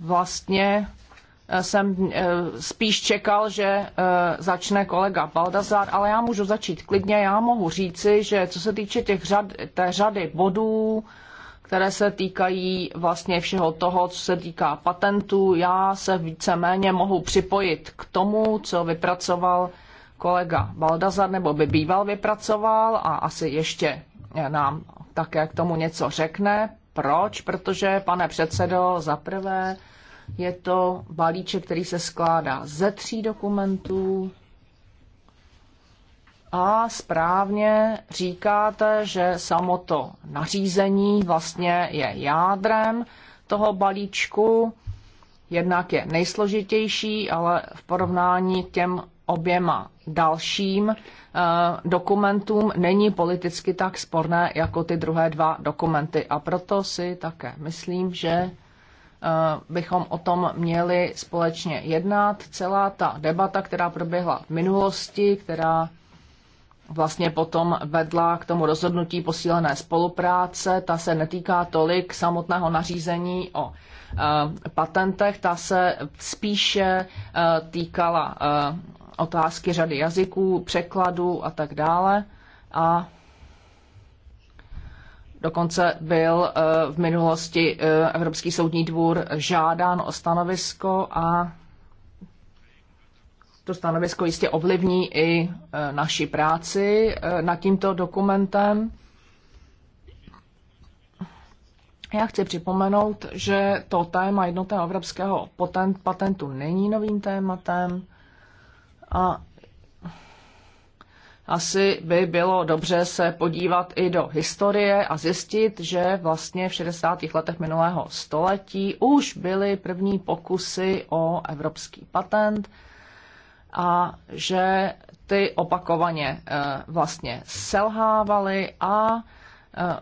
vlastně eh, jsem eh, spíš čekal, že začne kolega Baldazar, ale já můžu začít klidně. Já mohu říci, že co se týče těch řad, té řady bodů, které se týkají vlastně všeho toho, co se týká patentů, já se víceméně mohu připojit k tomu, co vypracoval kolega Baldazar nebo by býval vypracoval a asi ještě nám také k tomu něco řekne. Proč? Protože, pane předsedo, za prvé je to balíček, který se skládá ze tří dokumentů, a správně říkáte, že samo to nařízení vlastně je jádrem toho balíčku. Jednak je nejsložitější, ale v porovnání k těm oběma dalším eh, dokumentům není politicky tak sporné jako ty druhé dva dokumenty. A proto si také myslím, že eh, bychom o tom měli společně jednat. Celá ta debata, která proběhla v minulosti, která vlastně potom vedla k tomu rozhodnutí posílené spolupráce. Ta se netýká tolik samotného nařízení o eh, patentech, ta se spíše týkala otázky řady jazyků, překladu a tak dále. A dokonce byl eh, v minulosti eh, Evropský soudní dvůr žádán o stanovisko a to stanovisko jistě ovlivní i eh, naši práci nad tímto dokumentem. Já chci připomenout, že to téma jednotného evropského patentu není novým tématem. A asi by bylo dobře se podívat i do historie a zjistit, že vlastně v 60. letech minulého století už byly první pokusy o evropský patent a že ty opakovaně eh, vlastně selhávaly a eh,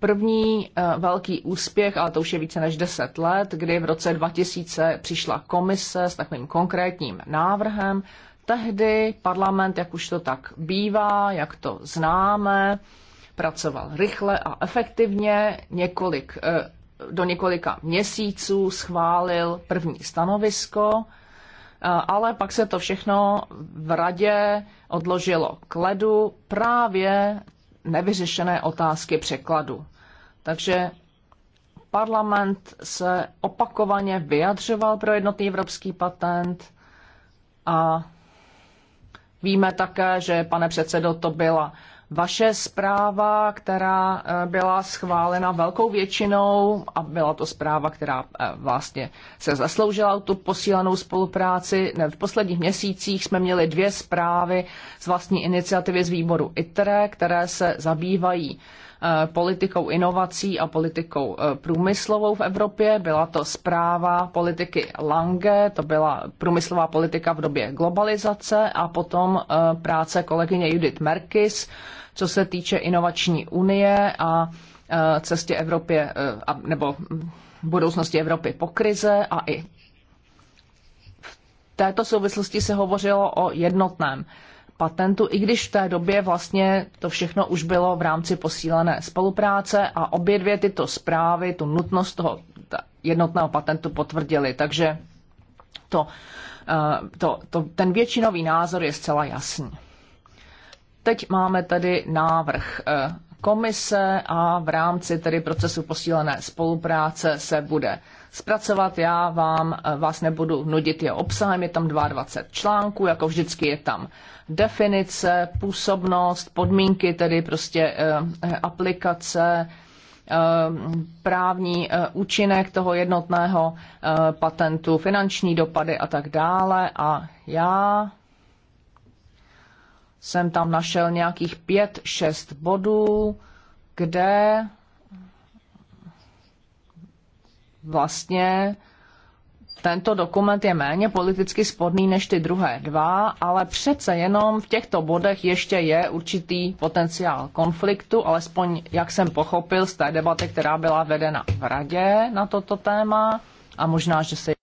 První eh, velký úspěch, ale to už je více než 10 let, kdy v roce 2000 přišla komise s takovým konkrétním návrhem. Tehdy parlament, jak už to tak bývá, jak to známe, pracoval rychle a efektivně, několik, eh, do několika měsíců schválil první stanovisko, eh, ale pak se to všechno v radě odložilo k ledu právě nevyřešené otázky překladu. Takže parlament se opakovaně vyjadřoval pro jednotný evropský patent a víme také, že, pane předsedo, to byla vaše zpráva, která eh, byla schválena velkou většinou a byla to zpráva, která eh, vlastně se zasloužila tu posílenou spolupráci. V posledních měsících jsme měli dvě zprávy z vlastní iniciativy z výboru ITRE, které se zabývají Eh, politikou inovací a politikou eh, průmyslovou v Evropě. Byla to zpráva politiky Lange, to byla průmyslová politika v době globalizace a potom eh, práce kolegyně Judith Merkis, co se týče inovační unie a cestě Evropě, nebo hm, budoucnosti Evropy po krize a i v této souvislosti se hovořilo o jednotném patentu, i když v té době vlastně to všechno už bylo v rámci posílené spolupráce a obě dvě tyto zprávy tu nutnost toho jednotného patentu potvrdily. Takže to, eh, to, to, ten většinový názor je zcela jasný. Teď máme tady návrh eh, komise a v rámci tedy procesu posílené spolupráce se bude zpracovat. Já vám, eh, vás nebudu nudit je obsahem, je tam 22 článků, jako vždycky je tam definice, působnost, podmínky, tedy prostě eh, eh aplikace, eh, právní účinek toho jednotného patentu, finanční dopady a tak dále. A já jsem tam našel nějakých pět, šest bodů, kde vlastně tento dokument je méně politicky spodný než ty druhé dva, ale přece jenom v těchto bodech ještě je určitý potenciál konfliktu, alespoň jak jsem pochopil z té debaty, která byla vedena v radě na toto téma a možná, že se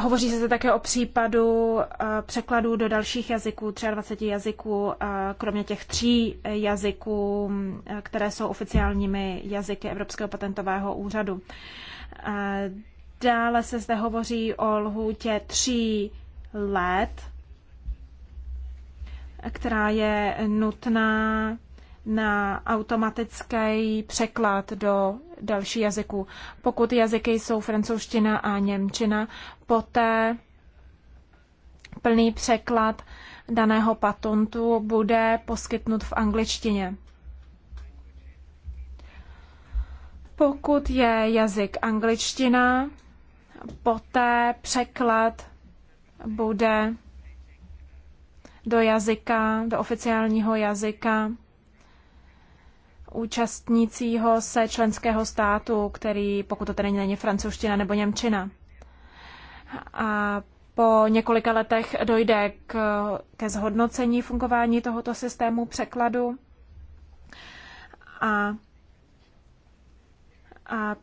Hovoří se také o případu překladů do dalších jazyků, 23 jazyků, kromě těch tří jazyků, které jsou oficiálními jazyky Evropského patentového úřadu. Dále se zde hovoří o lhůtě tří let, která je nutná na automatický překlad do další jazyků. Pokud jazyky jsou francouzština a němčina, poté plný překlad daného patentu bude poskytnut v angličtině. Pokud je jazyk angličtina, poté překlad bude do jazyka, do oficiálního jazyka účastnícího se členského státu, který, pokud to tedy není francouzština nebo němčina. A po několika letech dojde k, ke zhodnocení fungování tohoto systému překladu a, a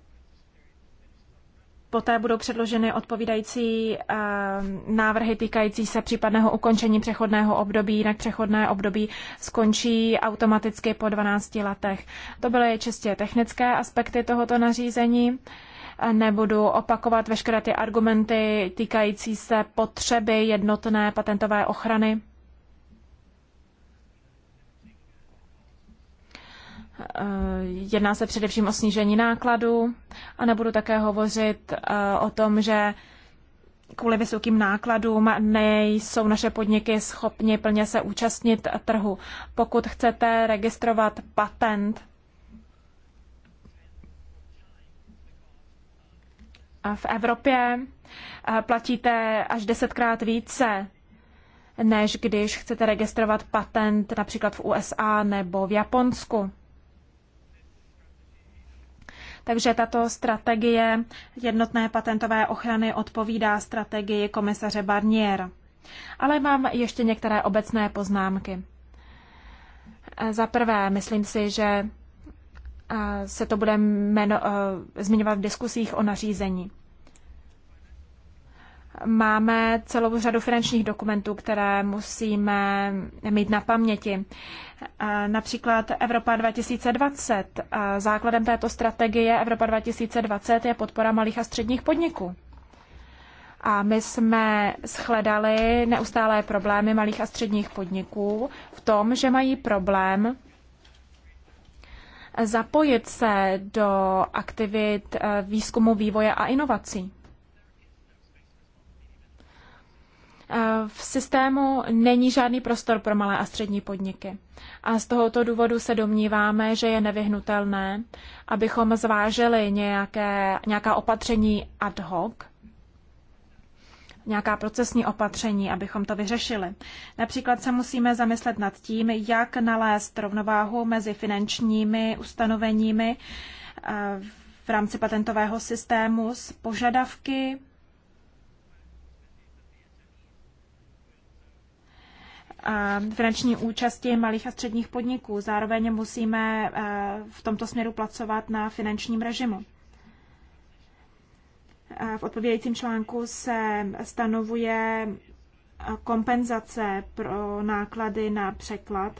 Poté budou předloženy odpovídající eh, návrhy týkající se případného ukončení přechodného období, jinak přechodné období skončí automaticky po 12 letech. To byly čistě technické aspekty tohoto nařízení. Eh, nebudu opakovat veškeré ty argumenty týkající se potřeby jednotné patentové ochrany. Eh, jedná se především o snížení nákladů a nebudu také hovořit eh, o tom, že kvůli vysokým nákladům nejsou naše podniky schopni plně se účastnit trhu. Pokud chcete registrovat patent v Evropě, eh, platíte až desetkrát více, než když chcete registrovat patent například v USA nebo v Japonsku. Takže tato strategie jednotné patentové ochrany odpovídá strategii komisaře Barnier. Ale mám ještě některé obecné poznámky. Za prvé, myslím si, že se to bude jmeno, zmiňovat v diskusích o nařízení máme celou řadu finančních dokumentů, které musíme mít na paměti. E, například Evropa 2020. E, základem této strategie Evropa 2020 je podpora malých a středních podniků. A my jsme shledali neustálé problémy malých a středních podniků v tom, že mají problém zapojit se do aktivit e, výzkumu, vývoje a inovací. Eh, v systému není žádný prostor pro malé a střední podniky. A z tohoto důvodu se domníváme, že je nevyhnutelné, abychom zvážili nějaké, nějaká opatření ad hoc, nějaká procesní opatření, abychom to vyřešili. Například se musíme zamyslet nad tím, jak nalézt rovnováhu mezi finančními ustanoveními eh, v rámci patentového systému s požadavky finanční účasti malých a středních podniků. Zároveň musíme eh, v tomto směru placovat na finančním režimu. Eh, v odpovědějícím článku se stanovuje kompenzace pro náklady na překlad.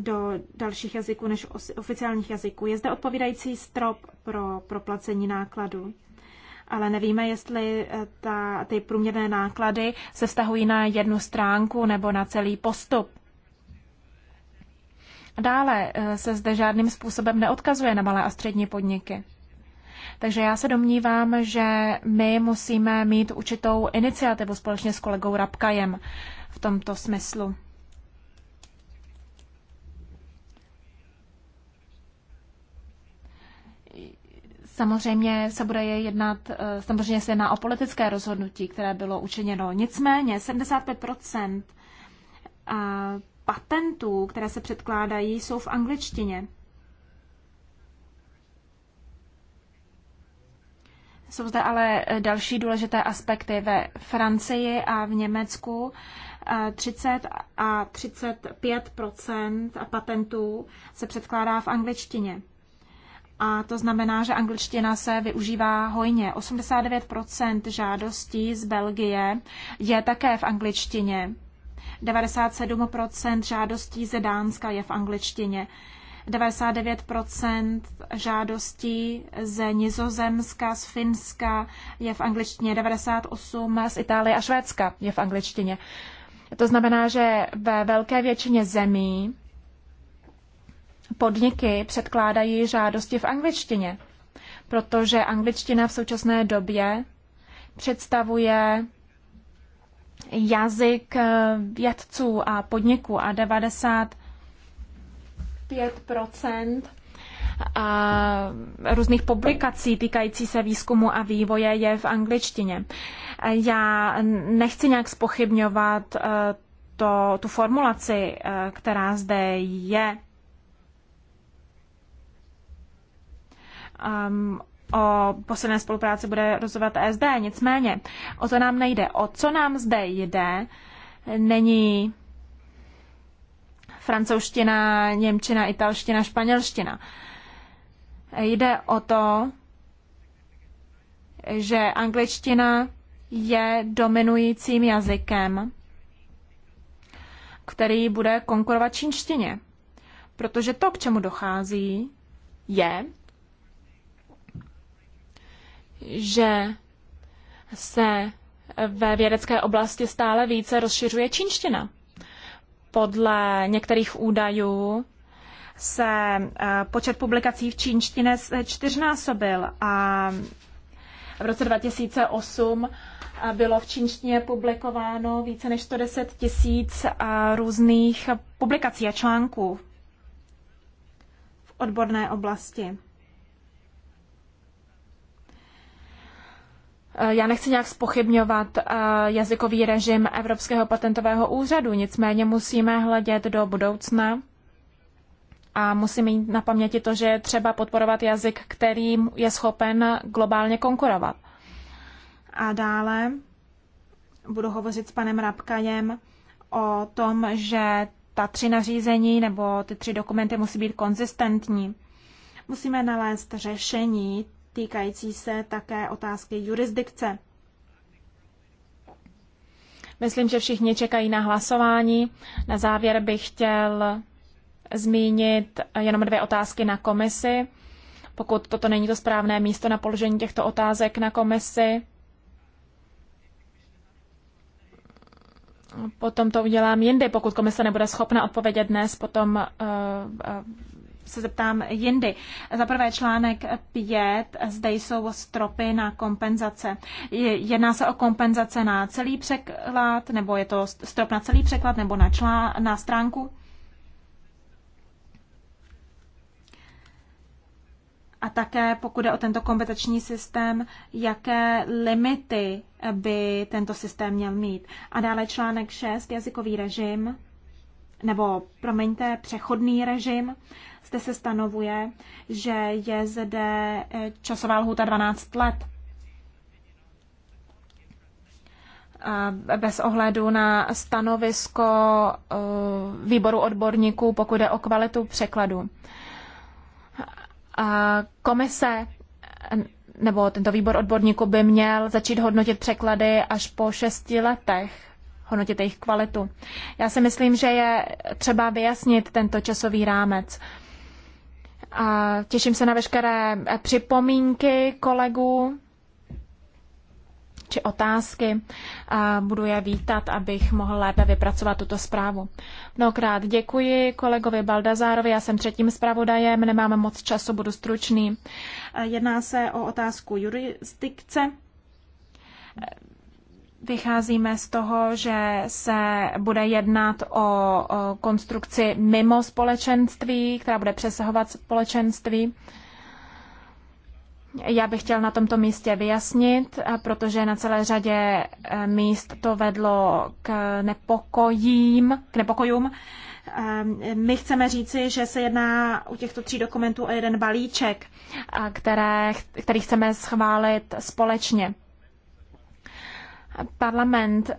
do dalších jazyků než oficiálních jazyků. Je zde odpovídající strop pro proplacení nákladů ale nevíme, jestli eh, ta, ty průměrné náklady se vztahují na jednu stránku nebo na celý postup. Dále eh, se zde žádným způsobem neodkazuje na malé a střední podniky. Takže já se domnívám, že my musíme mít určitou iniciativu společně s kolegou Rabkajem v tomto smyslu. Samozřejmě se bude jednat, eh, samozřejmě se jedná o politické rozhodnutí, které bylo učiněno. Nicméně 75 eh, patentů, které se předkládají, jsou v angličtině. Jsou zde ale eh, další důležité aspekty ve Francii a v Německu. 30 a 35 patentů se předkládá v angličtině. A to znamená, že angličtina se využívá hojně. 89% žádostí z Belgie je také v angličtině. 97% žádostí ze Dánska je v angličtině. 99% žádostí z Nizozemska, z Finska je v angličtině, 98% z Itálie a Švédska je v angličtině. To znamená, že ve velké většině zemí podniky předkládají žádosti v angličtině, protože angličtina v současné době představuje jazyk eh, vědců a podniků a 95 a eh, různých publikací týkající se výzkumu a vývoje je v angličtině. Eh, já nechci nějak spochybňovat to, tu formulaci, která zde je um, o posilné spolupráci bude rozhodovat ESD. Nicméně o to nám nejde. O co nám zde jde, není francouzština, němčina, italština, španělština. Jde o to, že angličtina je dominujícím jazykem, který bude konkurovat čínštině. Protože to, k čemu dochází, je, že se ve vědecké oblasti stále více rozšiřuje čínština. Podle některých údajů se eh, počet publikací v čínštině čtyřnásobil a v roce 2008 eh, bylo v čínštině publikováno více než 110 tisíc eh, různých publikací a článků v odborné oblasti. Eh, já nechci nějak spochybňovat eh, jazykový režim Evropského patentového úřadu, nicméně musíme hledět do budoucna a musíme mít na paměti to, že je třeba podporovat jazyk, kterým je schopen globálně konkurovat. A dále budu hovořit s panem Rabkajem o tom, že ta tři nařízení nebo ty tři dokumenty musí být konzistentní. Musíme nalézt řešení týkající se také otázky jurisdikce. Myslím, že všichni čekají na hlasování. Na závěr bych chtěl zmínit jenom dvě otázky na komisi. Pokud toto není to správné místo na položení těchto otázek na komisi, potom to udělám jindy. Pokud komise nebude schopna odpovědět dnes, potom eh, eh, se zeptám jindy. Za prvé článek 5, zde jsou stropy na kompenzace. Jedná se o kompenzace na celý překlad, nebo je to strop na celý překlad, nebo na, člá, na stránku? A také, pokud je o tento kompetační systém, jaké limity by tento systém měl mít. A dále článek 6, jazykový režim, nebo promiňte, přechodný režim. Zde se stanovuje, že je zde eh, časová lhůta 12 let. Bez ohledu na stanovisko eh, výboru odborníků, pokud jde o kvalitu překladu. Komise nebo tento výbor odborníků by měl začít hodnotit překlady až po šesti letech, hodnotit jejich kvalitu. Já si myslím, že je třeba vyjasnit tento časový rámec. A těším se na veškeré připomínky kolegů či otázky. A budu je vítat, abych mohl lépe vypracovat tuto zprávu. Mnohokrát děkuji kolegovi Baldazárovi, já jsem třetím zpravodajem, nemám moc času, budu stručný. Jedná se o otázku jurisdikce. Vycházíme z toho, že se bude jednat o, konstrukci mimo společenství, která bude přesahovat společenství. Já bych chtěl na tomto místě vyjasnit, protože na celé řadě e, míst to vedlo k nepokojím, k nepokojům. E, my chceme říci, že se jedná u těchto tří dokumentů o jeden balíček, které, který chceme schválit společně. Parlament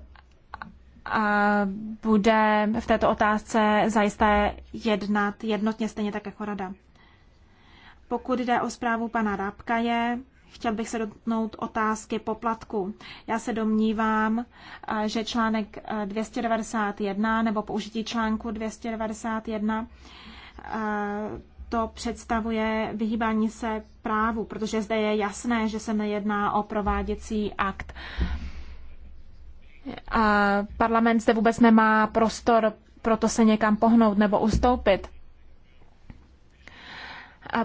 bude v této otázce zajisté jednat jednotně, stejně tak jako rada. Pokud jde o zprávu pana Rábka, je, chtěl bych se dotknout otázky poplatku. Já se domnívám, že článek 291 nebo použití článku 291 to představuje vyhýbání se právu, protože zde je jasné, že se nejedná o prováděcí akt. A parlament zde vůbec nemá prostor proto se někam pohnout nebo ustoupit. A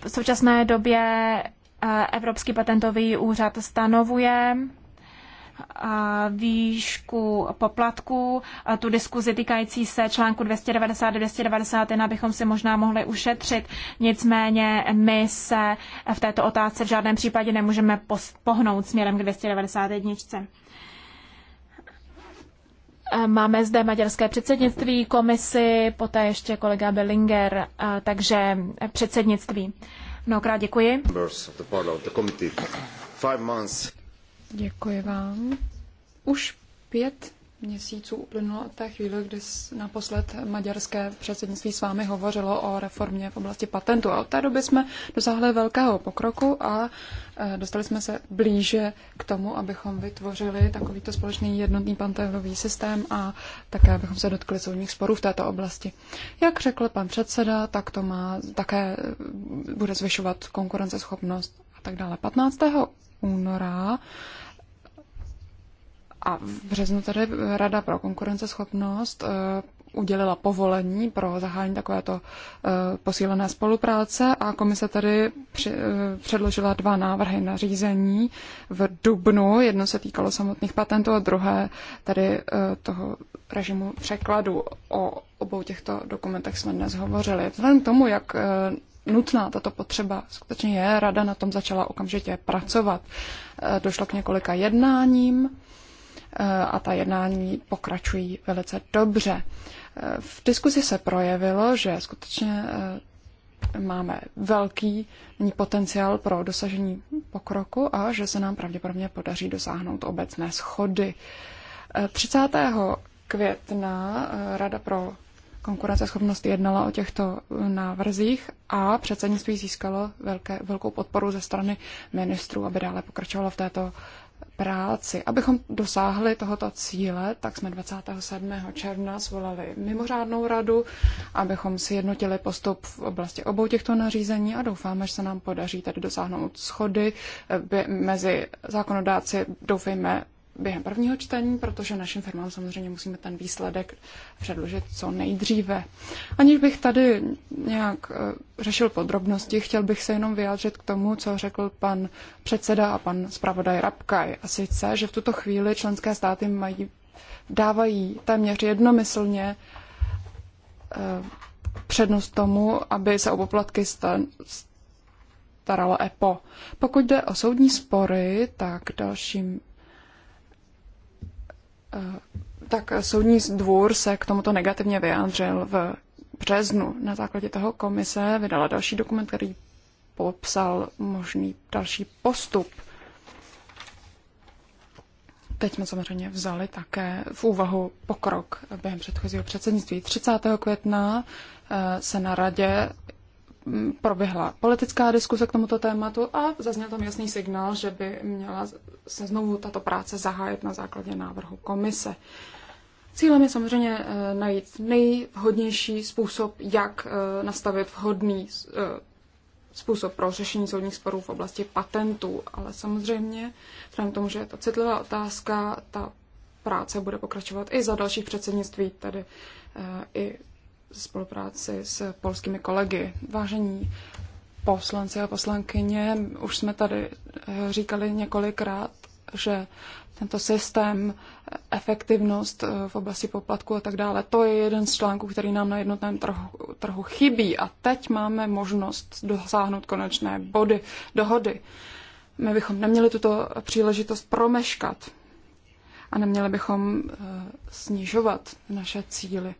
v současné době eh, Evropský patentový úřad stanovuje eh, výšku poplatků, tu diskuzi týkající se článku 290-291 bychom si možná mohli ušetřit. Nicméně my se v této otázce v žádném případě nemůžeme pohnout směrem k 291. Máme zde maďarské předsednictví, komisi, poté ještě kolega Bellinger, takže předsednictví. Mnohokrát děkuji. Děkuji vám. Už pět měsíců uplynulo od té chvíle, kdy naposled maďarské předsednictví s vámi hovořilo o reformě v oblasti patentu. A od té doby jsme dosáhli velkého pokroku a e, dostali jsme se blíže k tomu, abychom vytvořili takovýto společný jednotný patentový systém a také abychom se dotkli soudních sporů v této oblasti. Jak řekl pan předseda, tak to má také e, bude zvyšovat konkurenceschopnost a tak dále. 15. února a v březnu tady Rada pro konkurenceschopnost eh, udělila povolení pro zahájení takovéto eh, posílené spolupráce a komise tady eh, předložila dva návrhy na řízení v Dubnu. Jedno se týkalo samotných patentů a druhé tady toho režimu překladu. O obou těchto dokumentech jsme dnes hovořili. Vzhledem k tomu, jak nutná tato potřeba skutečně je, rada na tom začala okamžitě pracovat. Došlo k několika jednáním Eh, a ta jednání pokračují velice dobře. Eh, v diskuzi se projevilo, že skutečně eh, máme velký potenciál pro dosažení pokroku a že se nám pravděpodobně podaří dosáhnout obecné schody. 30. května Rada pro konkurenceschopnost jednala o těchto návrzích a předsednictví získalo velké, velkou podporu ze strany ministrů, aby dále pokračovalo v této práci. Abychom dosáhli tohoto cíle, tak jsme 27. června zvolali mimořádnou radu, abychom si jednotili postup v oblasti obou těchto nařízení a doufáme, že se nám podaří tady dosáhnout schody eh, mezi zákonodáci, doufejme, během prvního čtení, protože našim firmám samozřejmě musíme ten výsledek předložit co nejdříve. Aniž bych tady nějak eh, řešil podrobnosti, chtěl bych se jenom vyjádřit k tomu, co řekl pan předseda a pan zpravodaj Rabkaj. A sice, že v tuto chvíli členské státy mají, dávají téměř jednomyslně eh, přednost tomu, aby se o poplatky starala EPO. Pokud jde o soudní spory, tak dalším Eh, tak soudní dvůr se k tomuto negativně vyjádřil v březnu. Na základě toho komise vydala další dokument, který popsal možný další postup. Teď jsme samozřejmě vzali také v úvahu pokrok během předchozího předsednictví. 30. května eh, se na radě Mm, proběhla politická diskuse k tomuto tématu a zazněl tam jasný signál, že by měla se znovu tato práce zahájit na základě návrhu komise. Cílem je samozřejmě eh, najít nejvhodnější způsob, jak eh, nastavit vhodný eh, způsob pro řešení soudních sporů v oblasti patentů, ale samozřejmě, vzhledem tomu, že je to citlivá otázka, ta práce bude pokračovat i za dalších předsednictví, tedy i spolupráci s polskými kolegy. Vážení poslanci a poslankyně, už jsme tady eh, říkali několikrát, že tento systém, eh, efektivnost eh, v oblasti poplatku a tak dále, to je jeden z článků, který nám na jednotném trhu, trhu chybí a teď máme možnost dosáhnout konečné body, dohody. My bychom neměli tuto příležitost promeškat a neměli bychom snižovat naše cíly.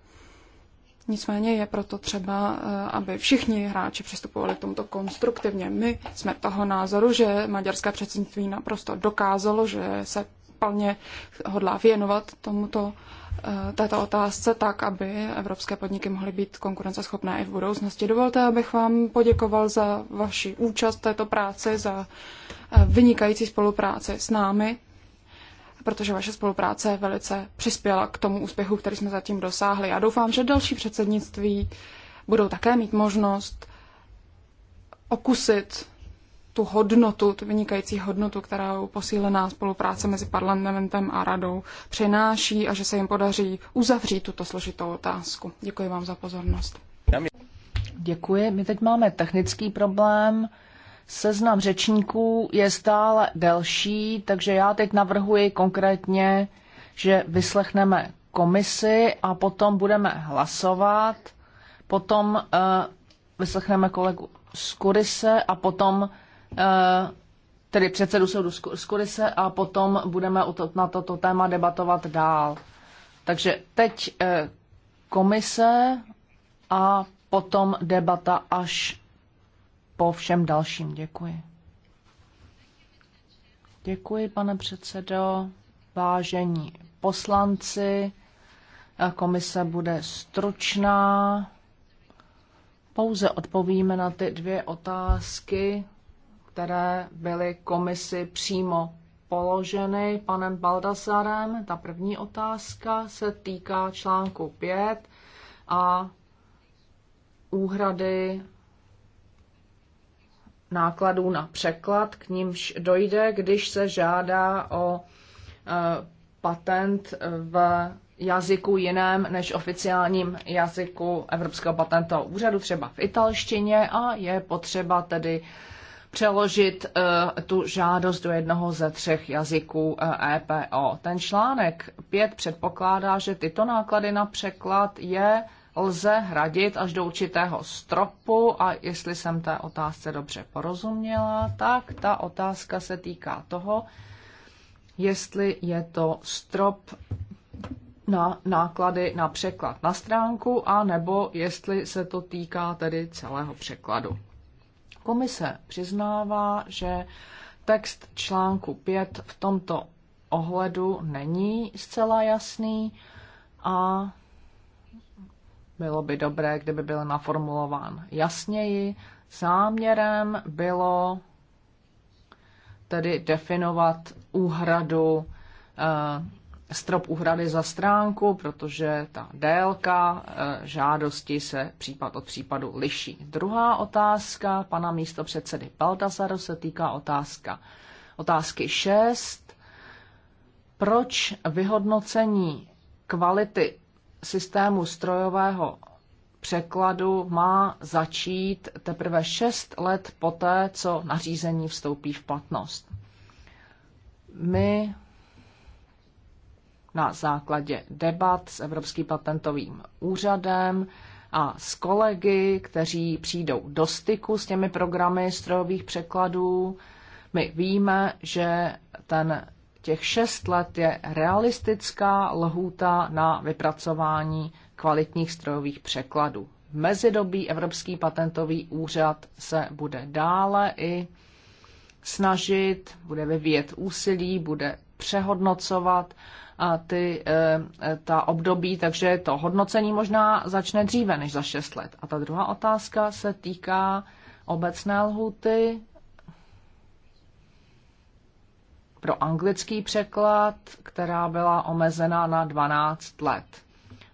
Nicméně je proto třeba, eh, aby všichni hráči přistupovali k tomuto konstruktivně. My jsme toho názoru, že maďarské předsednictví naprosto dokázalo, že se plně hodlá věnovat tomuto eh, této otázce tak, aby evropské podniky mohly být konkurenceschopné i v budoucnosti. Dovolte, abych vám poděkoval za vaši účast v této práci, za eh, vynikající spolupráci s námi protože vaše spolupráce velice přispěla k tomu úspěchu, který jsme zatím dosáhli. Já doufám, že další předsednictví budou také mít možnost okusit tu hodnotu, tu vynikající hodnotu, kterou posílená spolupráce mezi parlamentem a radou přináší a že se jim podaří uzavřít tuto složitou otázku. Děkuji vám za pozornost. Děkuji. My teď máme technický problém. Seznam řečníků je stále delší, takže já teď navrhuji konkrétně, že vyslechneme komisi a potom budeme hlasovat. Potom uh, vyslechneme kolegu Skurise a potom uh, tedy předsedu soudu Skurise a potom budeme na toto téma debatovat dál. Takže teď eh, komise a potom debata až po všem dalším. Děkuji. Děkuji, pane předsedo. Vážení poslanci, komise bude stručná. Pouze odpovíme na ty dvě otázky, které byly komisi přímo položeny panem Baldasarem. Ta první otázka se týká článku 5 a úhrady nákladů na překlad, k nímž dojde, když se žádá o e, patent v jazyku jiném než oficiálním jazyku Evropského patentového úřadu, třeba v italštině, a je potřeba tedy přeložit e, tu žádost do jednoho ze třech jazyků EPO. E Ten článek 5 předpokládá, že tyto náklady na překlad je lze hradit až do určitého stropu a jestli jsem té otázce dobře porozuměla, tak ta otázka se týká toho, jestli je to strop na náklady na překlad na stránku a nebo jestli se to týká tedy celého překladu. Komise přiznává, že text článku 5 v tomto ohledu není zcela jasný a bylo by dobré, kdyby byl naformulován jasněji. Záměrem bylo tedy definovat úhradu, eh, strop úhrady za stránku, protože ta délka eh, žádosti se případ od případu liší. Druhá otázka pana místopředsedy Baltasaru se týká otázka, otázky 6. Proč vyhodnocení kvality systému strojového překladu má začít teprve 6 let poté, co nařízení vstoupí v platnost. My na základě debat s Evropským patentovým úřadem a s kolegy, kteří přijdou do styku s těmi programy strojových překladů, my víme, že ten těch šest let je realistická lhůta na vypracování kvalitních strojových překladů. V mezidobí Evropský patentový úřad se bude dále i snažit, bude vyvíjet úsilí, bude přehodnocovat a ty, e, e, ta období, takže to hodnocení možná začne dříve než za 6 let. A ta druhá otázka se týká obecné lhuty pro anglický překlad, která byla omezena na 12 let.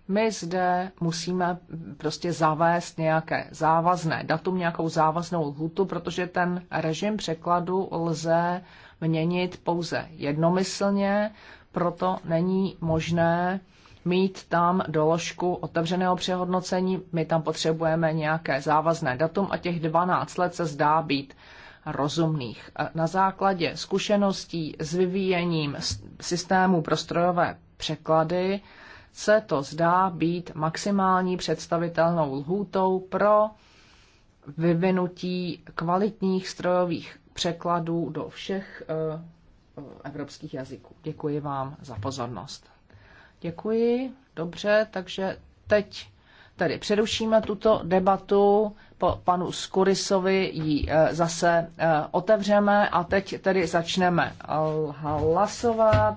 My zde musíme prostě zavést nějaké závazné datum, nějakou závaznou lhutu, protože ten režim překladu lze měnit pouze jednomyslně, proto není možné mít tam doložku otevřeného přehodnocení. My tam potřebujeme nějaké závazné datum a těch 12 let se zdá být rozumných. Na základě zkušeností s vyvíjením systému pro strojové překlady se to zdá být maximální představitelnou lhůtou pro vyvinutí kvalitních strojových překladů do všech eh, eh, evropských jazyků. Děkuji vám za pozornost. Děkuji, dobře, takže teď tedy přerušíme tuto debatu, po panu Skurisovi ji eh, zase eh, otevřeme a teď tedy začneme hlasovat.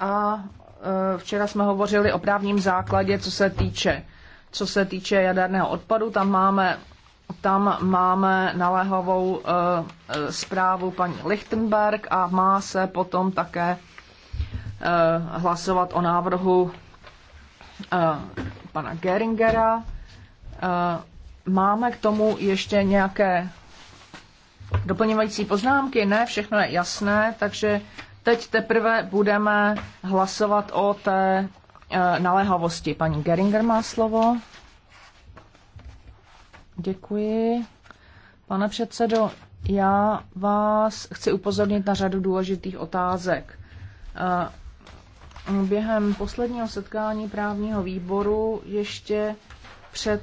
A eh, včera jsme hovořili o právním základě, co se týče, co se týče jaderného odpadu. Tam máme, tam máme naléhovou zprávu paní Lichtenberg a má se potom také hlasovat o návrhu pana Geringera. Eh, máme k tomu ještě nějaké doplňující poznámky? Ne, všechno je jasné, takže teď teprve budeme hlasovat o té eh, naléhavosti. Paní Geringer má slovo. Děkuji. Pane předsedo, já vás chci upozornit na řadu důležitých otázek. Eh, během posledního setkání právního výboru ještě před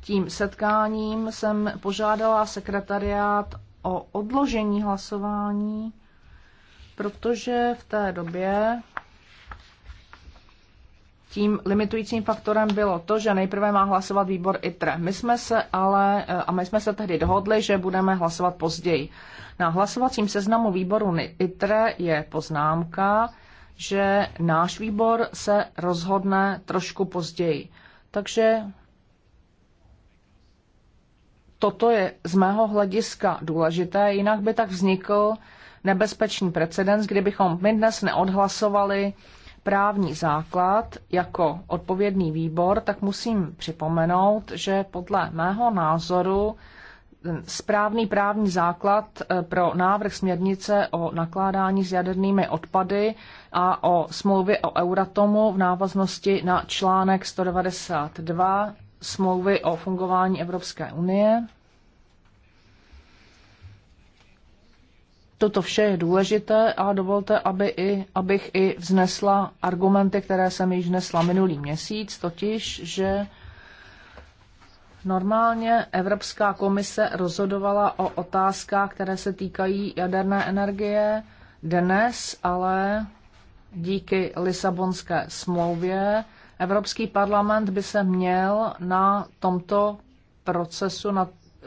tím setkáním jsem požádala sekretariát o odložení hlasování, protože v té době tím limitujícím faktorem bylo to, že nejprve má hlasovat výbor ITRE. My jsme se ale, eh, a my jsme se tehdy dohodli, že budeme hlasovat později. Na hlasovacím seznamu výboru ITRE je poznámka, že náš výbor se rozhodne trošku později. Takže toto je z mého hlediska důležité, jinak by tak vznikl nebezpečný precedens, kdybychom my dnes neodhlasovali právní základ jako odpovědný výbor, tak musím připomenout, že podle mého názoru správný právní základ eh, pro návrh směrnice o nakládání s jadernými odpady a o smlouvě o Euratomu v návaznosti na článek 192 smlouvy o fungování Evropské unie. Toto vše je důležité a dovolte, aby i, abych i vznesla argumenty, které jsem již vznesla minulý měsíc, totiž, že Normálně Evropská komise rozhodovala o otázkách, které se týkají jaderné energie. Dnes ale díky Lisabonské smlouvě Evropský parlament by se měl na tomto procesu, na eh,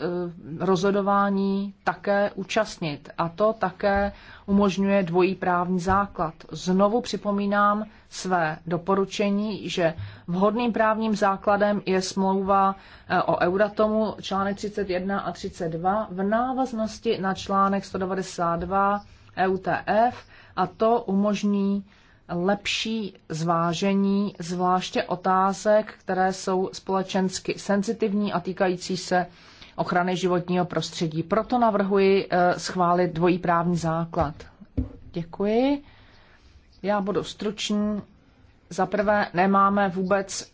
rozhodování také účastnit. A to také umožňuje dvojí právní základ. Znovu připomínám své doporučení, že vhodným právním základem je smlouva eh, o Euratomu článek 31 a 32 v návaznosti na článek 192 EUTF a to umožní lepší zvážení, zvláště otázek, které jsou společensky senzitivní a týkající se ochrany životního prostředí. Proto navrhuji eh, schválit dvojí právní základ. Děkuji. Já budu stručný. Za prvé, nemáme vůbec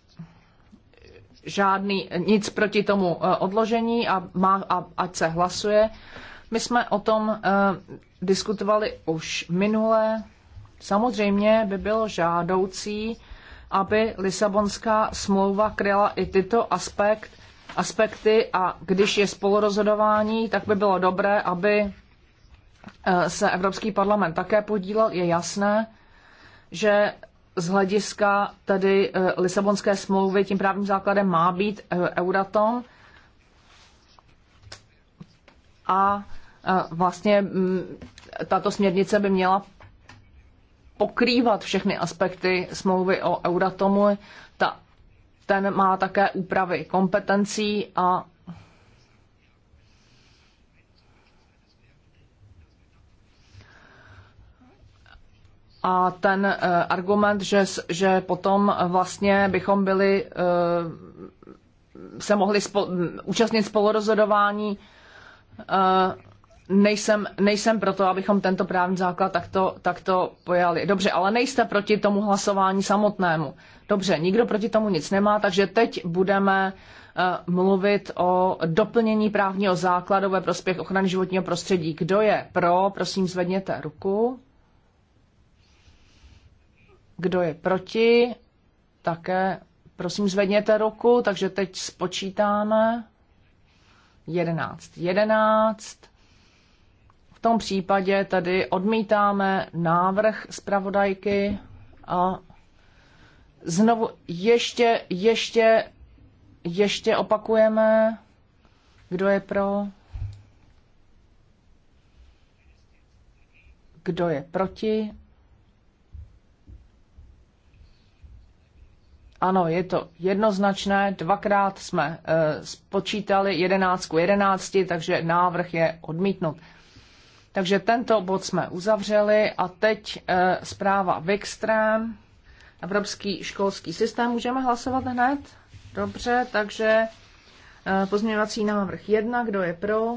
žádný nic proti tomu eh, odložení a, má, a ať se hlasuje. My jsme o tom eh, diskutovali už minule. Samozřejmě by bylo žádoucí, aby Lisabonská smlouva kryla i tyto aspekt, aspekty a když je spolurozhodování, tak by bylo dobré, aby eh, se Evropský parlament také podílel. Je jasné, že z hlediska tedy eh, Lisabonské smlouvy tím právním základem má být eh, Euratom. A vlastně mm, tato směrnice by měla pokrývat všechny aspekty smlouvy o Euratomu. Ta, ten má také úpravy kompetencí a A ten uh, argument, že, že potom vlastně bychom byli, uh, se mohli spo, účastnit spolurozhodování uh, nejsem, nejsem proto, abychom tento právní základ takto, takto pojali. Dobře, ale nejste proti tomu hlasování samotnému. Dobře, nikdo proti tomu nic nemá, takže teď budeme uh, mluvit o doplnění právního základu ve prospěch ochrany životního prostředí. Kdo je pro, prosím zvedněte ruku. Kdo je proti, také prosím zvedněte ruku, takže teď spočítáme. 11. 11 tom případě tedy odmítáme návrh zpravodajky a znovu ještě, ještě, ještě opakujeme, kdo je pro, kdo je proti. Ano, je to jednoznačné. Dvakrát jsme e, spočítali 11 jedenácti, 11, takže návrh je odmítnut. Takže tento bod jsme uzavřeli a teď eh, zpráva Vikstrán. Evropský školský systém. Můžeme hlasovat hned? Dobře, takže eh, pozměňovací návrh 1, kdo je pro?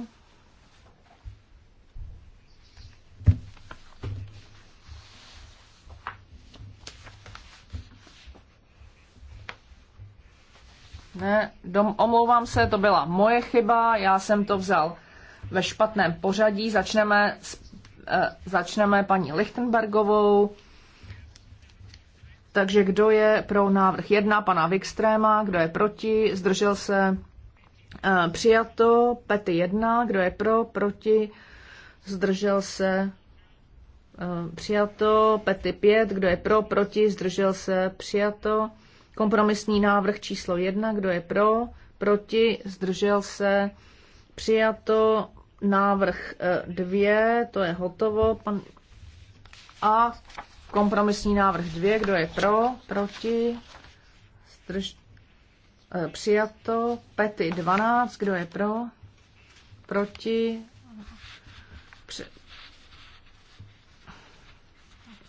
Ne, dom, omlouvám se, to byla moje chyba, já jsem to vzal ve špatném pořadí. Začneme, eh, začneme paní Lichtenbergovou. Takže kdo je pro návrh 1 pana Vikstréma, kdo je proti, zdržel se eh, přijato, pety 1, kdo je pro, proti, zdržel se eh, přijato, pety 5, kdo je pro, proti, zdržel se přijato, kompromisní návrh číslo 1, kdo je pro, proti, zdržel se přijato, Návrh eh, dvě, to je hotovo. Pan... A kompromisní návrh dvě, kdo je pro, proti, Strž... Eh, přijato. Pety 12, kdo je pro, proti,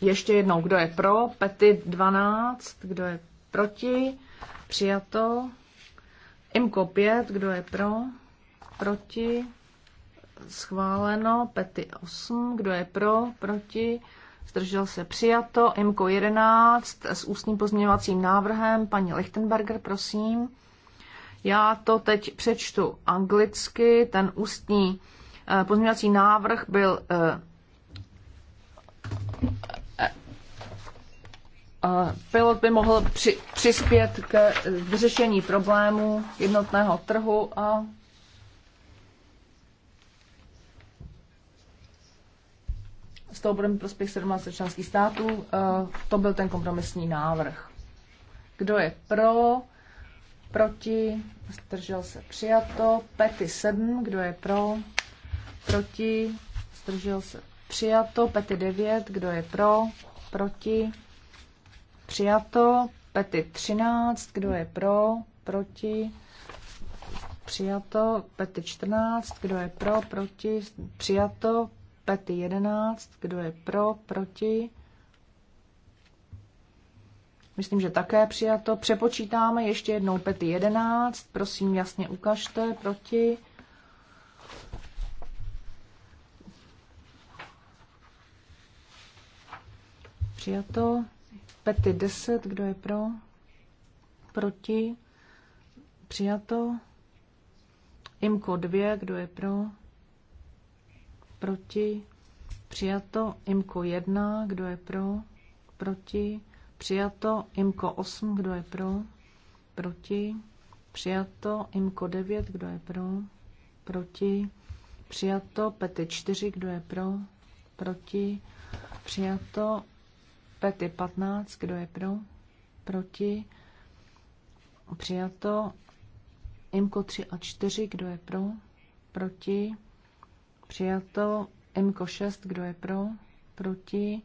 Ještě jednou, kdo je pro? Pety 12, kdo je proti? Přijato. Imko 5, kdo je pro? Proti? schváleno, pety 8, kdo je pro, proti, zdržel se přijato, MKO 11 s ústním pozměňovacím návrhem, paní Lichtenberger, prosím. Já to teď přečtu anglicky, ten ústní eh, pozměňovací návrh byl eh, eh, pilot by mohl při, přispět k vyřešení problému jednotného trhu a z toho bude mít prospěch 17 členských států. Eh, to byl ten kompromisní návrh. Kdo je pro? Proti? Zdržel se přijato. Pety 7. Kdo je pro? Proti? Zdržel se přijato. Pety 9. Kdo je pro? Proti? Přijato. Pety 13. Kdo je pro? Proti? Přijato. Pety 14. Kdo je pro? Proti? Přijato. Pety 11, kdo je pro, proti. Myslím, že také přijato. Přepočítáme ještě jednou pety 11. Prosím, jasně ukažte proti. Přijato. Pety 10, kdo je pro? Proti. Přijato. Imko 2, kdo je pro? proti, přijato, IMKO 1, kdo je pro, proti, přijato, IMKO 8, kdo je pro, proti, přijato, IMKO 9, kdo je pro, proti, přijato, PETY 4, kdo je pro, proti, přijato, PETY 15, kdo je pro, proti, přijato, IMKO 3 a 4, kdo je pro, proti, Přijato IMKO 6, kdo je pro? Proti.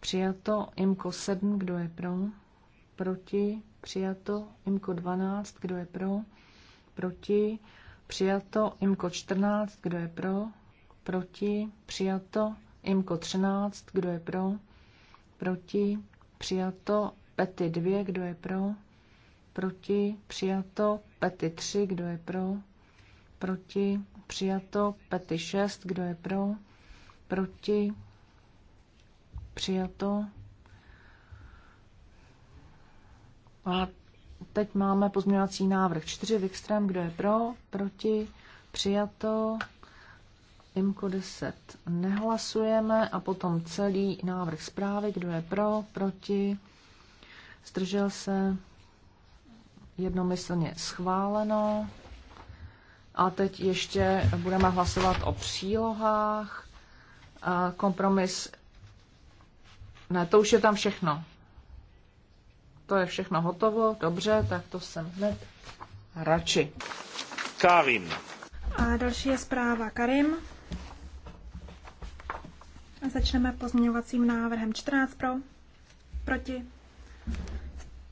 Přijato IMKO 7, kdo je pro? Proti. Přijato IMKO 12, kdo je pro? Proti. Přijato IMKO 14, kdo je pro? Proti. Přijato IMKO 13, kdo je pro? Proti. Přijato PETY 2, kdo je pro? Proti. Přijato PETY 3, kdo je pro? proti, přijato, pety 6, kdo je pro, proti, přijato. A teď máme pozměňovací návrh 4 Wikström, kdo je pro, proti, přijato. IMKO 10 nehlasujeme a potom celý návrh zprávy, kdo je pro, proti, zdržel se, jednomyslně schváleno. A teď ještě budeme hlasovat o přílohách. Kompromis. Ne, to už je tam všechno. To je všechno hotovo, dobře, tak to jsem hned radši. Karim. A další je zpráva Karim. A začneme pozměňovacím návrhem 14 pro, proti,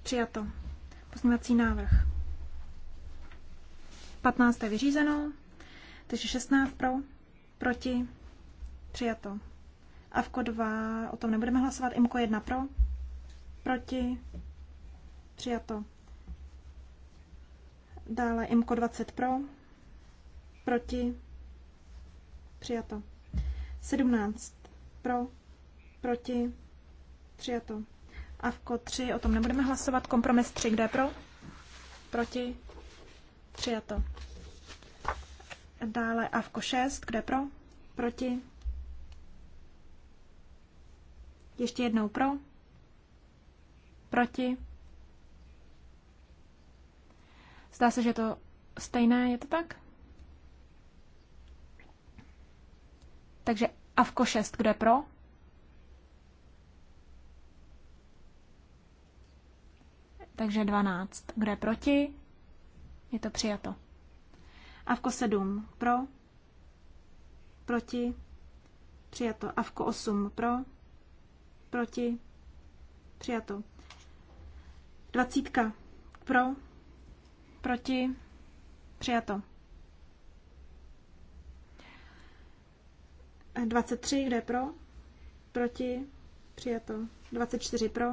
přijato. Pozměňovací návrh 15 vyřízeno, takže 16 pro, proti, přijato. Avko 2, o tom nebudeme hlasovat, Imko 1 pro, proti, přijato. Dále Imko 20 pro, proti, přijato. 17 pro, proti, přijato. Avko 3, o tom nebudeme hlasovat, kompromis 3, kde pro, proti, Přijato. Dále AVKO 6, kde pro? Proti? Ještě jednou pro? Proti? Zdá se, že to stejné, je to tak? Takže AVKO 6, kde pro? Takže 12, kde proti? Je to přijato. Avko 7 pro, proti, přijato. Avko 8 pro, proti, přijato. Dvacítka pro, proti, přijato. 23, kde pro, proti, přijato. 24 pro,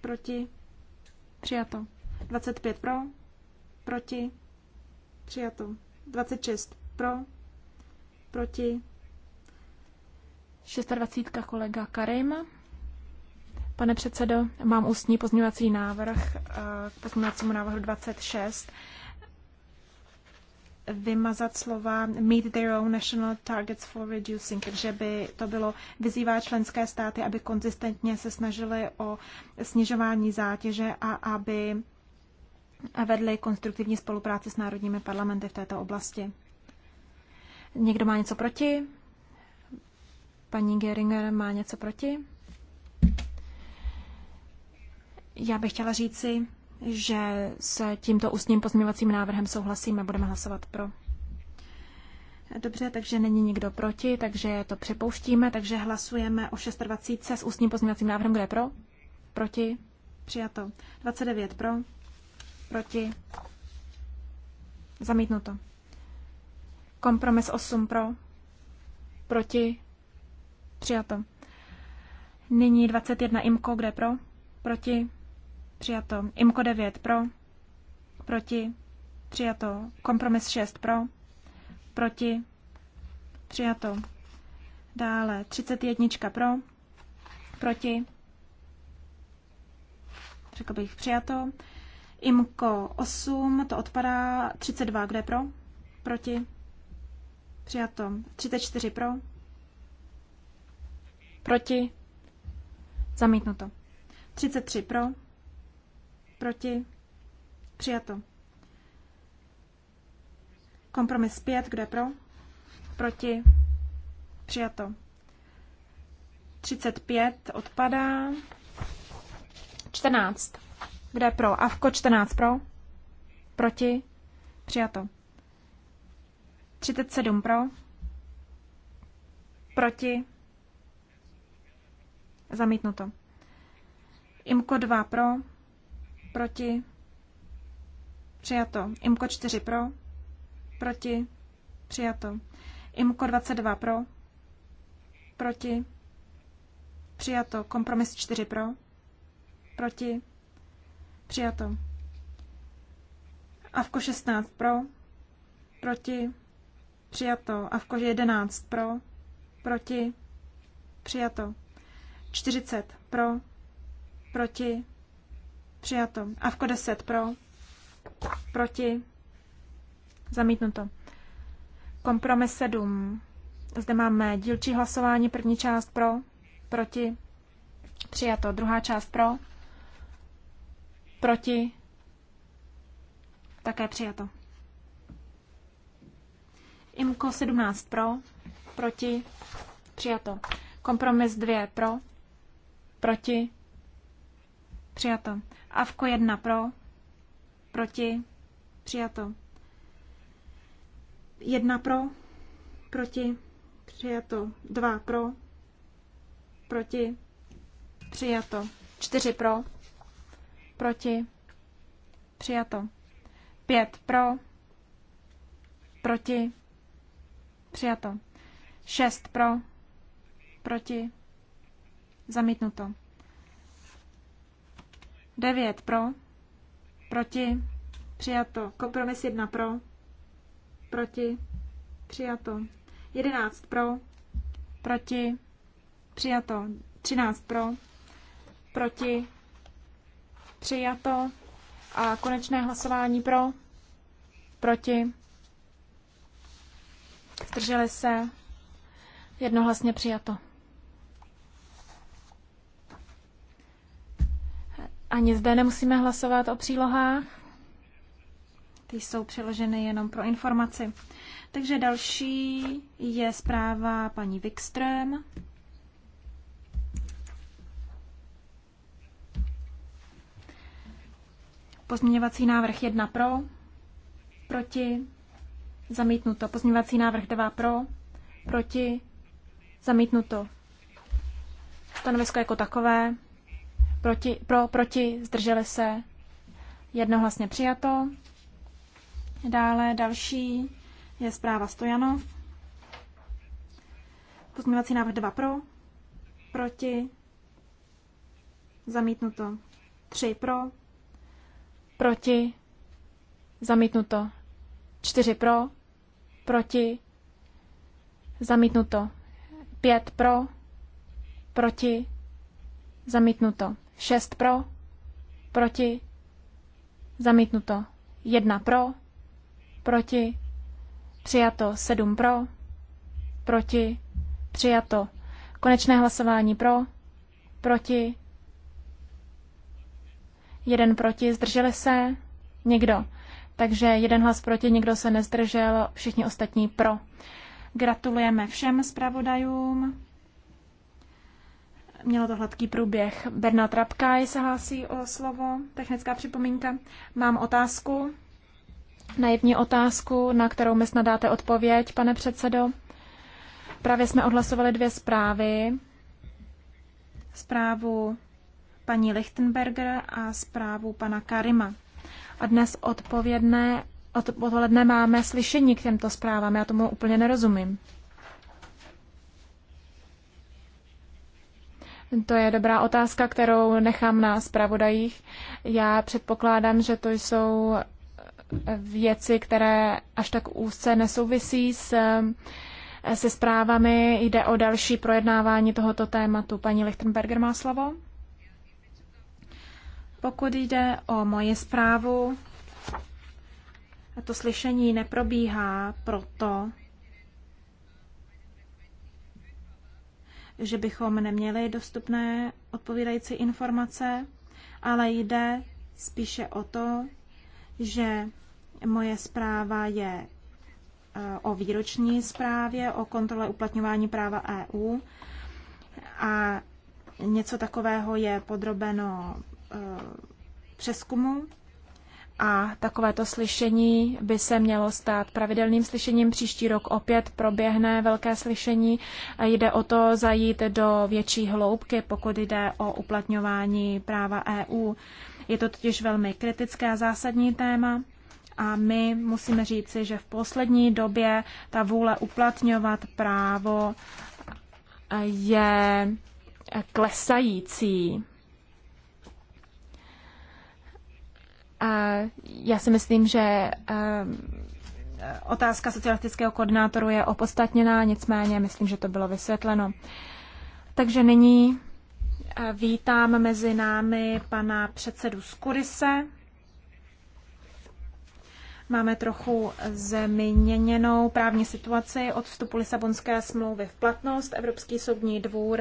proti, přijato. 25 pro, proti, přijato. 26 pro, proti. 26 kolega Karim. Pane předsedo, mám ústní pozměňovací návrh eh, k pozměňovacímu návrhu 26. Vymazat slova meet their own national targets for reducing, takže by to bylo vyzývá členské státy, aby konzistentně se snažili o snižování zátěže a aby a vedli konstruktivní spolupráci s národními parlamenty v této oblasti. Někdo má něco proti? Paní Geringer má něco proti? Já bych chtěla říci, že s tímto ústním pozměňovacím návrhem souhlasíme, budeme hlasovat pro. Dobře, takže není nikdo proti, takže to přepouštíme, takže hlasujeme o 26 s ústním pozměňovacím návrhem, kde je pro? Proti? Přijato. 29 pro? proti, zamítnuto. Kompromis 8 pro, proti, přijato. Nyní 21 IMKO, kde pro, proti, přijato. IMKO 9 pro, proti, přijato. Kompromis 6 pro, proti, přijato. Dále 31 pro, proti, řekl bych přijato. IMKO 8, to odpadá. 32, kde pro? Proti? Přijato. 34 pro? Proti? Zamítnuto. 33 pro? Proti? Přijato. Kompromis 5, kde pro? Proti? Přijato. 35 odpadá. 14. Kde je pro? Avko 14 pro? Proti? Přijato. 37 pro? Proti? Zamítnuto. Imko 2 pro? Proti? Přijato. Imko 4 pro? Proti? Přijato. Imko 22 pro? Proti? Přijato. Kompromis 4 pro? Proti? Přijato. Avko 16 pro, proti, přijato. Avko 11 pro, proti, přijato. 40 pro, proti, přijato. Avko 10 pro, proti, zamítnuto. Kompromis 7. Zde máme dílčí hlasování, první část pro, proti, přijato, druhá část pro, Proti? Také přijato. IMKO 17 pro, proti, přijato. Kompromis 2 pro, proti, přijato. AVKO 1 pro, proti, přijato. 1 pro, proti, přijato. 2 pro, proti, přijato. 4 pro, Proti. Přijato. Pět pro. Proti. Přijato. Šest pro. Proti. Zamítnuto. Devět pro. Proti. Přijato. Kompromis jedna pro. Proti. Přijato. Jedenáct pro. Proti. Přijato. Třináct pro. Proti. Přijato. A konečné hlasování pro? Proti? Zdrželi se? Jednohlasně přijato. Ani zde nemusíme hlasovat o přílohách. Ty jsou přiloženy jenom pro informaci. Takže další je zpráva paní Wikström. Pozměňovací návrh 1 pro, proti, zamítnuto. Pozměňovací návrh 2 pro, proti, zamítnuto. Stanovisko jako takové, proti, pro, proti, zdrželi se, jednohlasně přijato. Dále další je zpráva Stojanov. Pozměňovací návrh 2 pro, proti, zamítnuto. 3 pro, proti, zamítnuto. čtyři pro, proti, zamítnuto. pět pro, proti, zamítnuto. šest pro, proti, zamítnuto. jedna pro, proti, přijato. sedm pro, proti, přijato. Konečné hlasování pro, proti, jeden proti, zdrželi se, někdo. Takže jeden hlas proti, nikdo se nezdržel, všichni ostatní pro. Gratulujeme všem zpravodajům. Mělo to hladký průběh. Bernard Rapkaj se hlásí o slovo. Technická připomínka. Mám otázku. Naivní otázku, na kterou mi snad dáte odpověď, pane předsedo. Právě jsme odhlasovali dvě zprávy. Zprávu paní Lichtenberger a zprávu pana Karima. A dnes odpovědné, od, odpoledne máme slyšení k těmto zprávám. Já tomu úplně nerozumím. To je dobrá otázka, kterou nechám na zpravodajích. Já předpokládám, že to jsou věci, které až tak úzce nesouvisí s, se zprávami. Jde o další projednávání tohoto tématu. Paní Lichtenberger má slovo. Pokud jde o moje zprávu, to slyšení neprobíhá proto, že bychom neměli dostupné odpovídající informace, ale jde spíše o to, že moje zpráva je eh, o výroční zprávě o kontrole uplatňování práva EU a něco takového je podrobeno Eh, přeskumu a takovéto slyšení by se mělo stát pravidelným slyšením. Příští rok opět proběhne velké slyšení. Eh, jde o to zajít do větší hloubky, pokud jde o uplatňování práva EU. Je to totiž velmi kritické a zásadní téma. A my musíme říci, že v poslední době ta vůle uplatňovat právo eh, je klesající. já si myslím, že ehm, otázka socialistického koordinátoru je opodstatněná, nicméně myslím, že to bylo vysvětleno. Takže nyní e, vítám mezi námi pana předsedu Skurise. Máme trochu změněnou právní situaci od vstupu Lisabonské smlouvy v platnost. Evropský soudní dvůr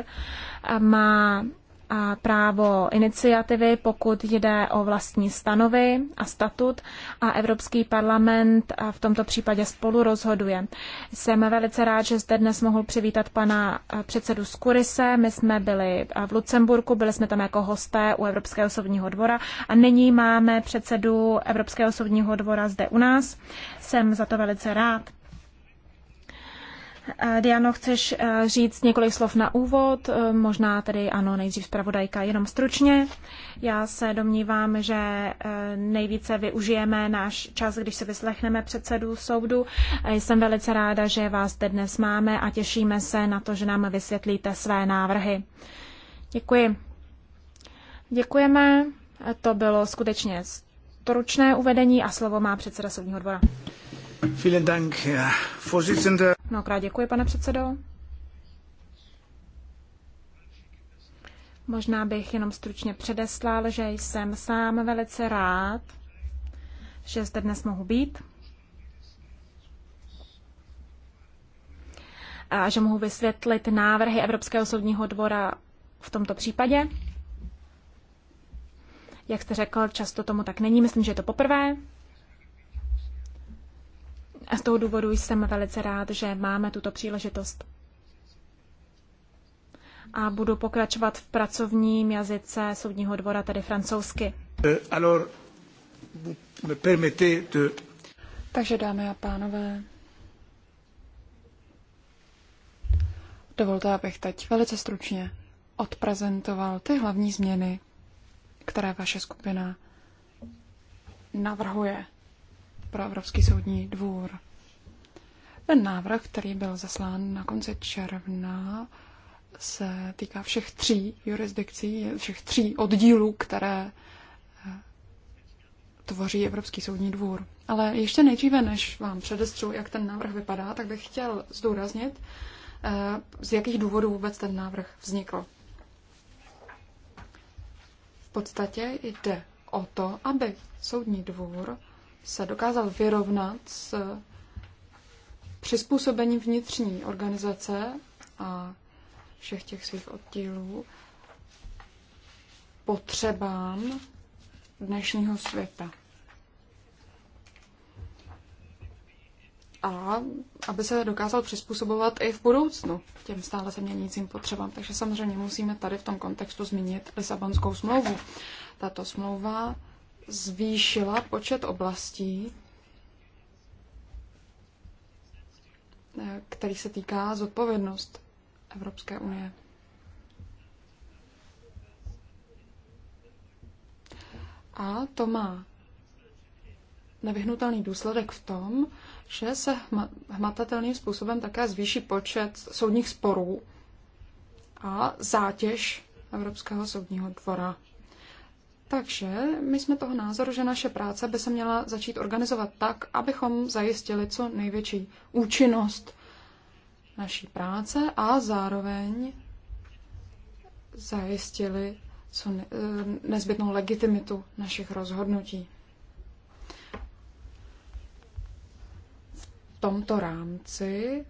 e, má a právo iniciativy, pokud jde o vlastní stanovy a statut a Evropský parlament v tomto případě spolu rozhoduje. Jsem velice rád, že zde dnes mohl přivítat pana eh, předsedu Skurise. My jsme byli eh, v Lucemburku, byli jsme tam jako hosté u Evropského soudního dvora a nyní máme předsedu Evropského soudního dvora zde u nás. Jsem za to velice rád. Eh, Diano, chceš eh, říct několik slov na úvod? Eh, možná tedy ano, nejdřív zpravodajka, jenom stručně. Já se domnívám, že nejvíce využijeme náš čas, když se vyslechneme předsedu soudu. Jsem velice ráda, že vás zde dnes máme a těšíme se na to, že nám vysvětlíte své návrhy. Děkuji. Děkujeme. To bylo skutečně stručné uvedení a slovo má předseda soudního dvora. Vielen Dank, Herr Vorsitzender. Mnohokrát děkuji, pane předsedo. Možná bych jenom stručně předeslal, že jsem sám velice rád, že zde dnes mohu být a že mohu vysvětlit návrhy Evropského soudního dvora v tomto případě. Jak jste řekl, často tomu tak není. Myslím, že je to poprvé. A z toho důvodu jsem velice rád, že máme tuto příležitost. A budu pokračovat v pracovním jazyce soudního dvora, tedy francouzsky. Euh, me Takže dámy a pánové, dovolte, abych teď velice stručně odprezentoval ty hlavní změny, které vaše skupina navrhuje pro Evropský soudní dvůr. Ten návrh, který byl zaslán na konci června, se týká všech tří jurisdikcí, všech tří oddílů, které eh, tvoří Evropský soudní dvůr. Ale ještě nejdříve, než vám předestřu, jak ten návrh vypadá, tak bych chtěl zdůraznit, eh, z jakých důvodů vůbec ten návrh vznikl. V podstatě jde o to, aby soudní dvůr se dokázal vyrovnat s eh, přizpůsobením vnitřní organizace a všech těch svých oddílů potřebám dnešního světa. A aby se dokázal přizpůsobovat i v budoucnu těm stále se měnícím potřebám. Takže samozřejmě musíme tady v tom kontextu zmínit Lisabonskou smlouvu. Tato smlouva zvýšila počet oblastí, eh, který se týká zodpovědnost Evropské unie. A to má nevyhnutelný důsledek v tom, že se hmatatelným způsobem také zvýší počet soudních sporů a zátěž Evropského soudního dvora takže my jsme toho názoru, že naše práce by se měla začít organizovat tak, abychom zajistili co největší účinnost naší práce a zároveň zajistili co eh, nezbytnou legitimitu našich rozhodnutí. V tomto rámci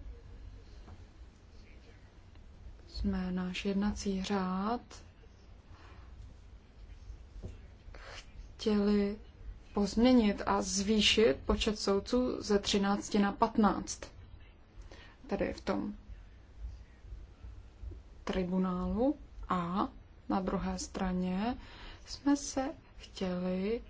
jsme náš jednací řád chtěli pozměnit a zvýšit počet soudců ze 13 na 15. Tady v tom tribunálu a na druhé straně jsme se chtěli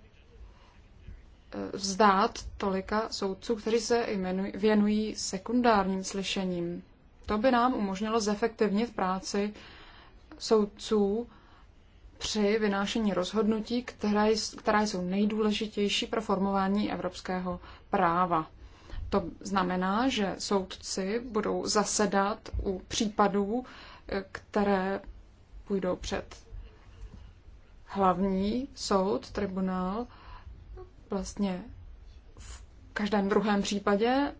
eh, vzdát tolika soudců, kteří se jmenují, věnují sekundárním slyšením. To by nám umožnilo zefektivnit práci soudců při vynášení rozhodnutí, které, která jsou nejdůležitější pro formování evropského práva. To znamená, že soudci budou zasedat u případů, eh, které půjdou před hlavní soud, tribunál, vlastně v každém druhém případě,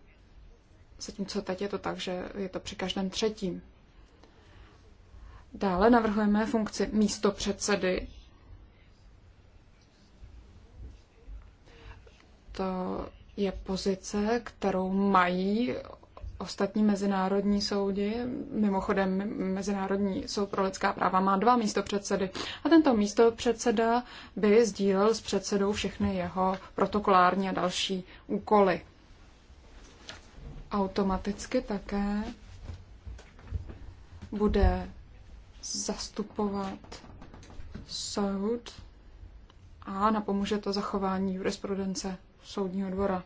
zatímco teď je to tak, že je to při každém třetím Dále navrhujeme funkci místo předsedy. To je pozice, kterou mají ostatní mezinárodní soudy. Mimochodem, Mezinárodní soud pro lidská práva má dva místo předsedy. A tento místo předseda by sdílel s předsedou všechny jeho protokolární a další úkoly. Automaticky také bude zastupovat soud a napomůže to zachování jurisprudence soudního dvora.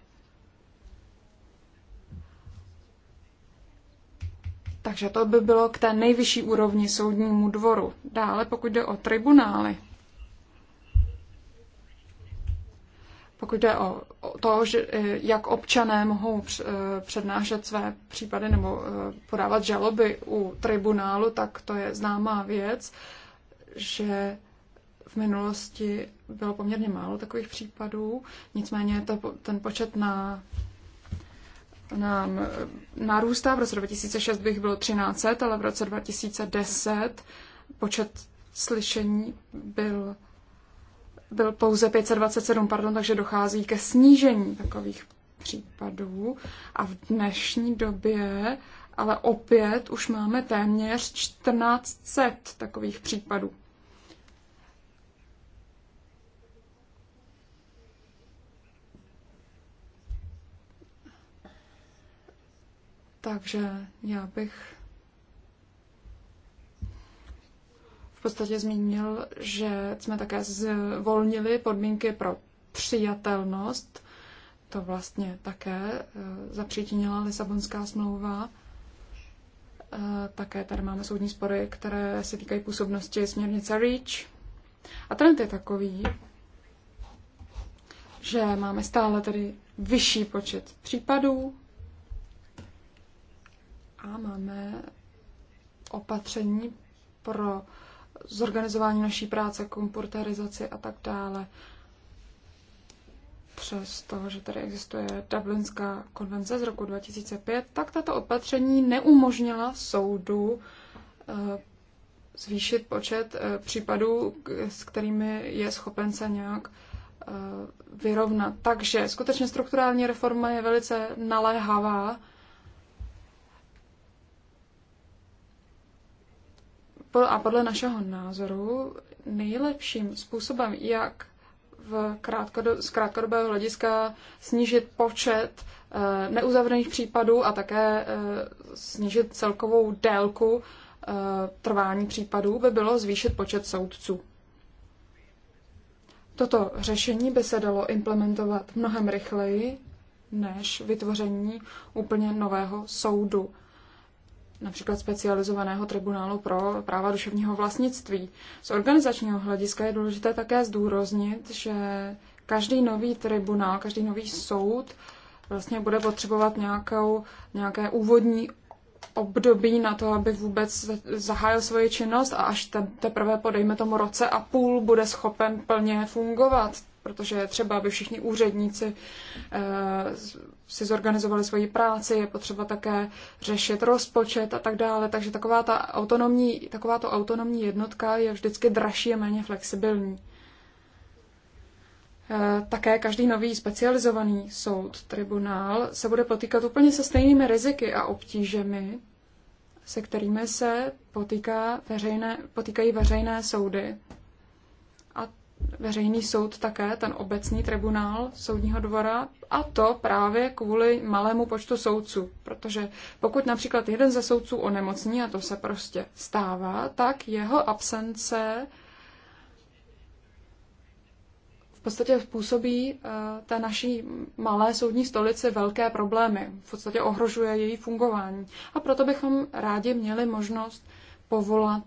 Takže to by bylo k té nejvyšší úrovni soudnímu dvoru. Dále, pokud jde o tribunály, pokud jde o to, že, eh, jak občané mohou eh, přednášet své případy nebo eh, podávat žaloby u tribunálu, tak to je známá věc, že v minulosti bylo poměrně málo takových případů, nicméně to, ten počet na nám narůstá. V roce 2006 bych bylo 1300, ale v roce 2010 počet slyšení byl byl pouze 527, pardon, takže dochází ke snížení takových případů. A v dnešní době ale opět už máme téměř 1400 takových případů. Takže já bych v podstatě zmínil, že jsme také zvolnili podmínky pro přijatelnost. To vlastně také eh, zapřítinila Lisabonská smlouva. Eh, také tady máme soudní spory, které se týkají působnosti směrnice REACH. A trend je takový, že máme stále tedy vyšší počet případů a máme opatření pro zorganizování naší práce, komporterizaci a tak dále. Přes to, že tady existuje Dublinská konvence z roku 2005, tak tato opatření neumožnila soudu eh, zvýšit počet eh, případů, s kterými je schopen se nějak eh, vyrovnat. Takže skutečně strukturální reforma je velice naléhavá A podle našeho názoru nejlepším způsobem, jak v krátkodob, z krátkodobého hlediska snížit počet eh, neuzavřených případů a také eh, snížit celkovou délku eh, trvání případů by bylo zvýšit počet soudců. Toto řešení by se dalo implementovat mnohem rychleji než vytvoření úplně nového soudu například specializovaného tribunálu pro práva duševního vlastnictví. Z organizačního hlediska je důležité také zdůraznit, že každý nový tribunál, každý nový soud vlastně bude potřebovat nějakou, nějaké úvodní období na to, aby vůbec zahájil svoji činnost a až te, teprve podejme tomu, roce a půl bude schopen plně fungovat, protože je třeba, aby všichni úředníci eh, si zorganizovali svoji práci, je potřeba také řešit rozpočet a tak dále, takže taková ta autonomní, taková to autonomní jednotka je vždycky dražší a méně flexibilní. E, také každý nový specializovaný soud, tribunál, se bude potýkat úplně se stejnými riziky a obtížemi, se kterými se potýká veřejné, potýkají veřejné soudy veřejný soud také, ten obecný tribunál soudního dvora, a to právě kvůli malému počtu soudců. Protože pokud například jeden ze soudců onemocní, a to se prostě stává, tak jeho absence v podstatě způsobí eh, té naší malé soudní stolici velké problémy. V podstatě ohrožuje její fungování. A proto bychom rádi měli možnost povolat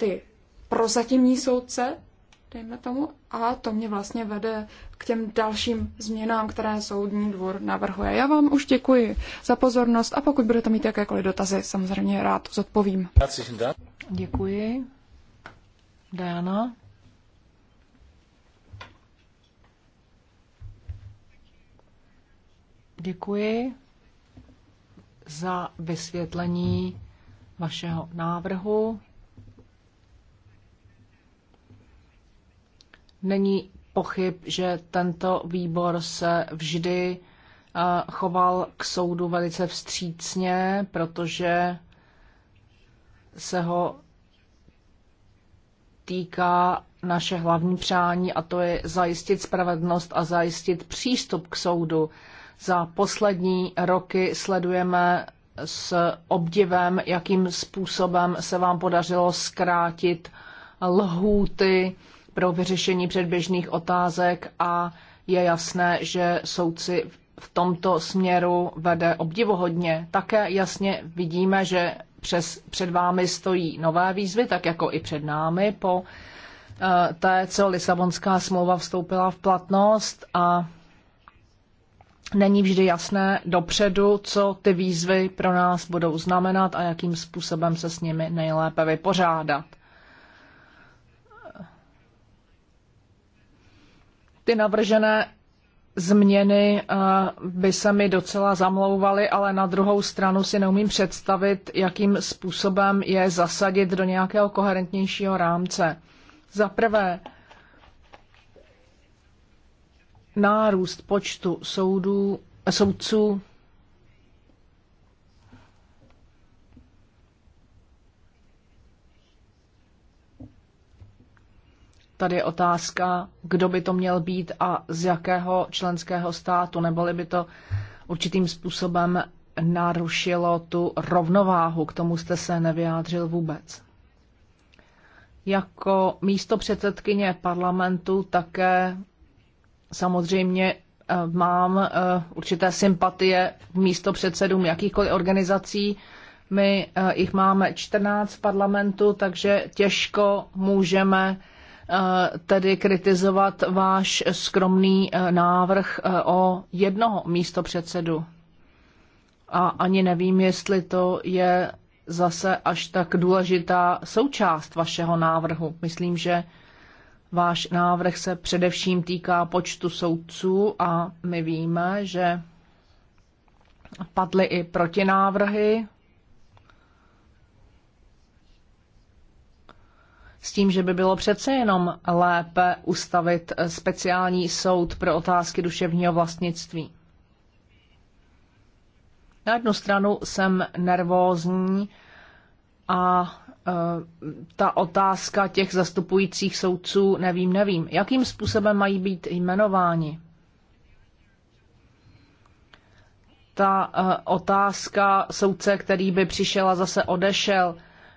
ty prozatímní soudce, dejme tomu, a to mě vlastně vede k těm dalším změnám, které soudní dvůr navrhuje. Já vám už děkuji za pozornost a pokud budete mít jakékoliv dotazy, samozřejmě rád zodpovím. Děkuji. Diana? Děkuji za vysvětlení vašeho návrhu. Není pochyb, že tento výbor se vždy eh, choval k soudu velice vstřícně, protože se ho týká naše hlavní přání a to je zajistit spravedlnost a zajistit přístup k soudu. Za poslední roky sledujeme s obdivem, jakým způsobem se vám podařilo zkrátit lhůty pro vyřešení předběžných otázek a je jasné, že soudci v tomto směru vede obdivohodně. Také jasně vidíme, že přes, před vámi stojí nové výzvy, tak jako i před námi po eh, té, co Lisabonská smlouva vstoupila v platnost a není vždy jasné dopředu, co ty výzvy pro nás budou znamenat a jakým způsobem se s nimi nejlépe vypořádat. Ty navržené změny eh, by se mi docela zamlouvaly, ale na druhou stranu si neumím představit, jakým způsobem je zasadit do nějakého koherentnějšího rámce. Za prvé, nárůst počtu soudů, soudců Tady je otázka, kdo by to měl být a z jakého členského státu, neboli by to určitým způsobem narušilo tu rovnováhu, k tomu jste se nevyjádřil vůbec. Jako místo předsedkyně parlamentu také samozřejmě eh, mám eh, určité sympatie místo předsedům jakýchkoliv organizací. My eh, jich máme 14 v parlamentu, takže těžko můžeme Eh, tedy kritizovat váš skromný eh, návrh eh, o jednoho místo předsedu. A ani nevím, jestli to je zase až tak důležitá součást vašeho návrhu. Myslím, že váš návrh se především týká počtu soudců a my víme, že padly i protinávrhy s tím, že by bylo přece jenom lépe ustavit speciální soud pro otázky duševního vlastnictví. Na jednu stranu jsem nervózní a e, ta otázka těch zastupujících soudců, nevím, nevím, jakým způsobem mají být jmenováni. Ta e, otázka soudce, který by přišel a zase odešel,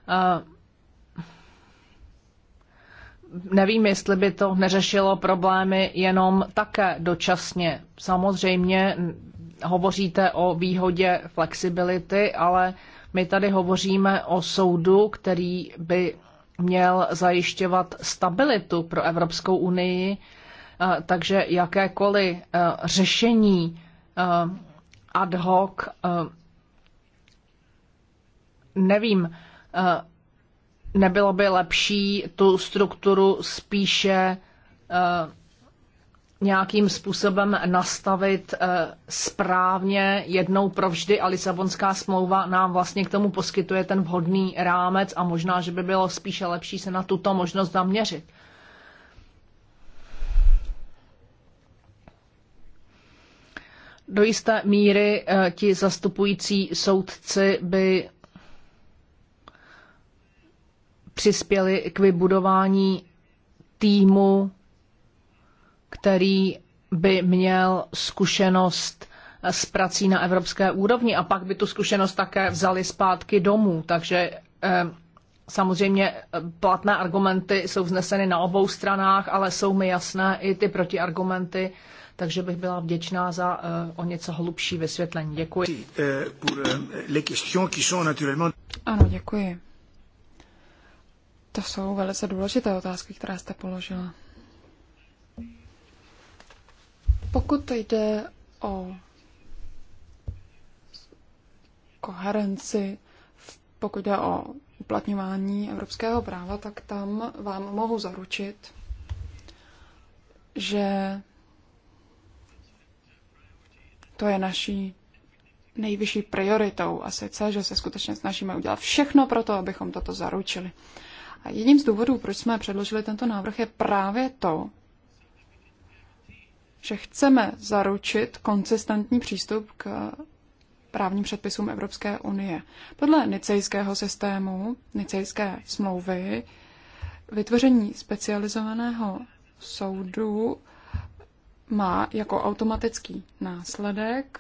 e, nevím, jestli by to neřešilo problémy jenom také dočasně. Samozřejmě hovoříte o výhodě flexibility, ale my tady hovoříme o soudu, který by měl zajišťovat stabilitu pro Evropskou unii, eh, takže jakékoliv eh, řešení eh, ad hoc, nevím, nebylo by lepší tu strukturu spíše eh, nějakým způsobem nastavit eh, správně jednou provždy a Lisabonská smlouva nám vlastně k tomu poskytuje ten vhodný rámec a možná, že by bylo spíše lepší se na tuto možnost zaměřit. Do jisté míry eh, ti zastupující soudci by přispěli k vybudování týmu, který by měl zkušenost s prací na evropské úrovni a pak by tu zkušenost také vzali zpátky domů. Takže eh, samozřejmě platné argumenty jsou vzneseny na obou stranách, ale jsou mi jasné i ty protiargumenty, takže bych byla vděčná za eh, o něco hlubší vysvětlení. Děkuji. Eh, ano, děkuji. To jsou velice důležité otázky, které jste položila. Pokud jde o koherenci, pokud jde o uplatňování evropského práva, tak tam vám mohu zaručit, že to je naší nejvyšší prioritou a sice, že se skutečně snažíme udělat všechno pro to, abychom toto zaručili. A jedním z důvodů, proč jsme předložili tento návrh, je právě to, že chceme zaručit konsistentní přístup k právním předpisům Evropské unie. Podle nicejského systému, nicejské smlouvy, vytvoření specializovaného soudu má jako automatický následek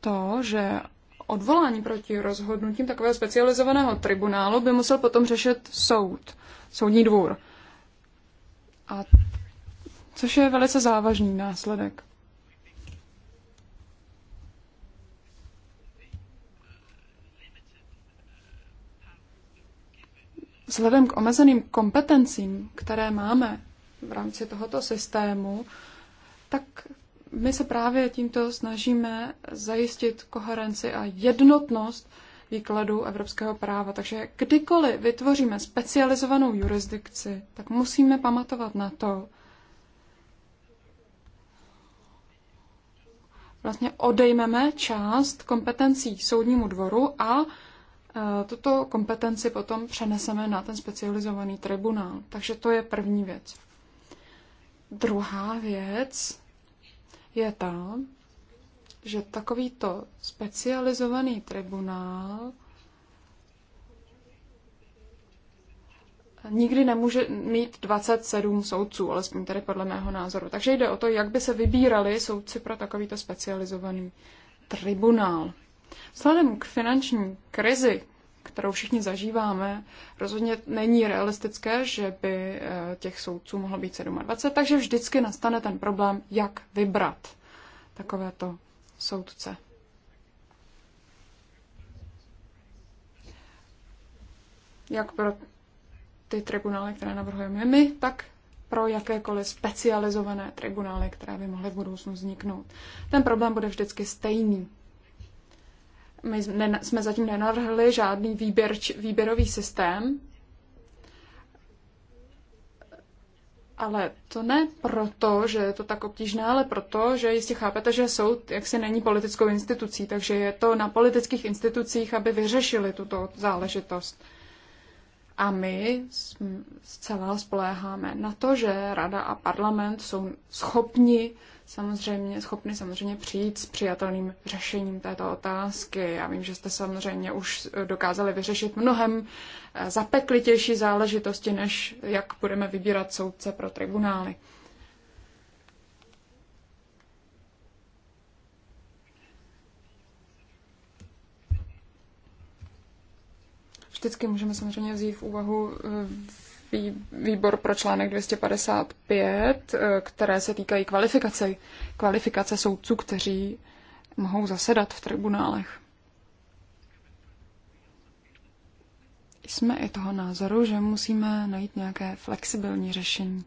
to, že odvolání proti rozhodnutím takového specializovaného tribunálu by musel potom řešit soud, soudní dvůr. A což je velice závažný následek. Vzhledem k omezeným kompetencím, které máme v rámci tohoto systému, tak my se právě tímto snažíme zajistit koherenci a jednotnost výkladu evropského práva. Takže kdykoliv vytvoříme specializovanou jurisdikci, tak musíme pamatovat na to, vlastně odejmeme část kompetencí soudnímu dvoru a e, tuto kompetenci potom přeneseme na ten specializovaný tribunál. Takže to je první věc. Druhá věc, je ta, že takovýto specializovaný tribunál nikdy nemůže mít 27 soudců, alespoň tedy podle mého názoru. Takže jde o to, jak by se vybírali soudci pro takovýto specializovaný tribunál. Vzhledem k finanční krizi, kterou všichni zažíváme, rozhodně není realistické, že by eh, těch soudců mohlo být 27, takže vždycky nastane ten problém, jak vybrat takovéto soudce. Jak pro ty tribunály, které navrhujeme my, tak pro jakékoliv specializované tribunály, které by mohly v budoucnu vzniknout. Ten problém bude vždycky stejný. My ne, jsme zatím nenavrhli žádný výběr, výběrový systém, ale to ne proto, že je to tak obtížné, ale proto, že jistě chápete, že soud jaksi není politickou institucí, takže je to na politických institucích, aby vyřešili tuto záležitost. A my zcela spoléháme na to, že Rada a parlament jsou schopni samozřejmě schopni samozřejmě přijít s přijatelným řešením této otázky. Já vím, že jste samozřejmě už eh, dokázali vyřešit mnohem eh, zapeklitější záležitosti, než jak budeme vybírat soudce pro tribunály. Vždycky můžeme samozřejmě vzít v úvahu eh, výbor pro článek 255, eh, které se týkají kvalifikace, kvalifikace soudců, kteří mohou zasedat v tribunálech. Jsme i toho názoru, že musíme najít nějaké flexibilní řešení.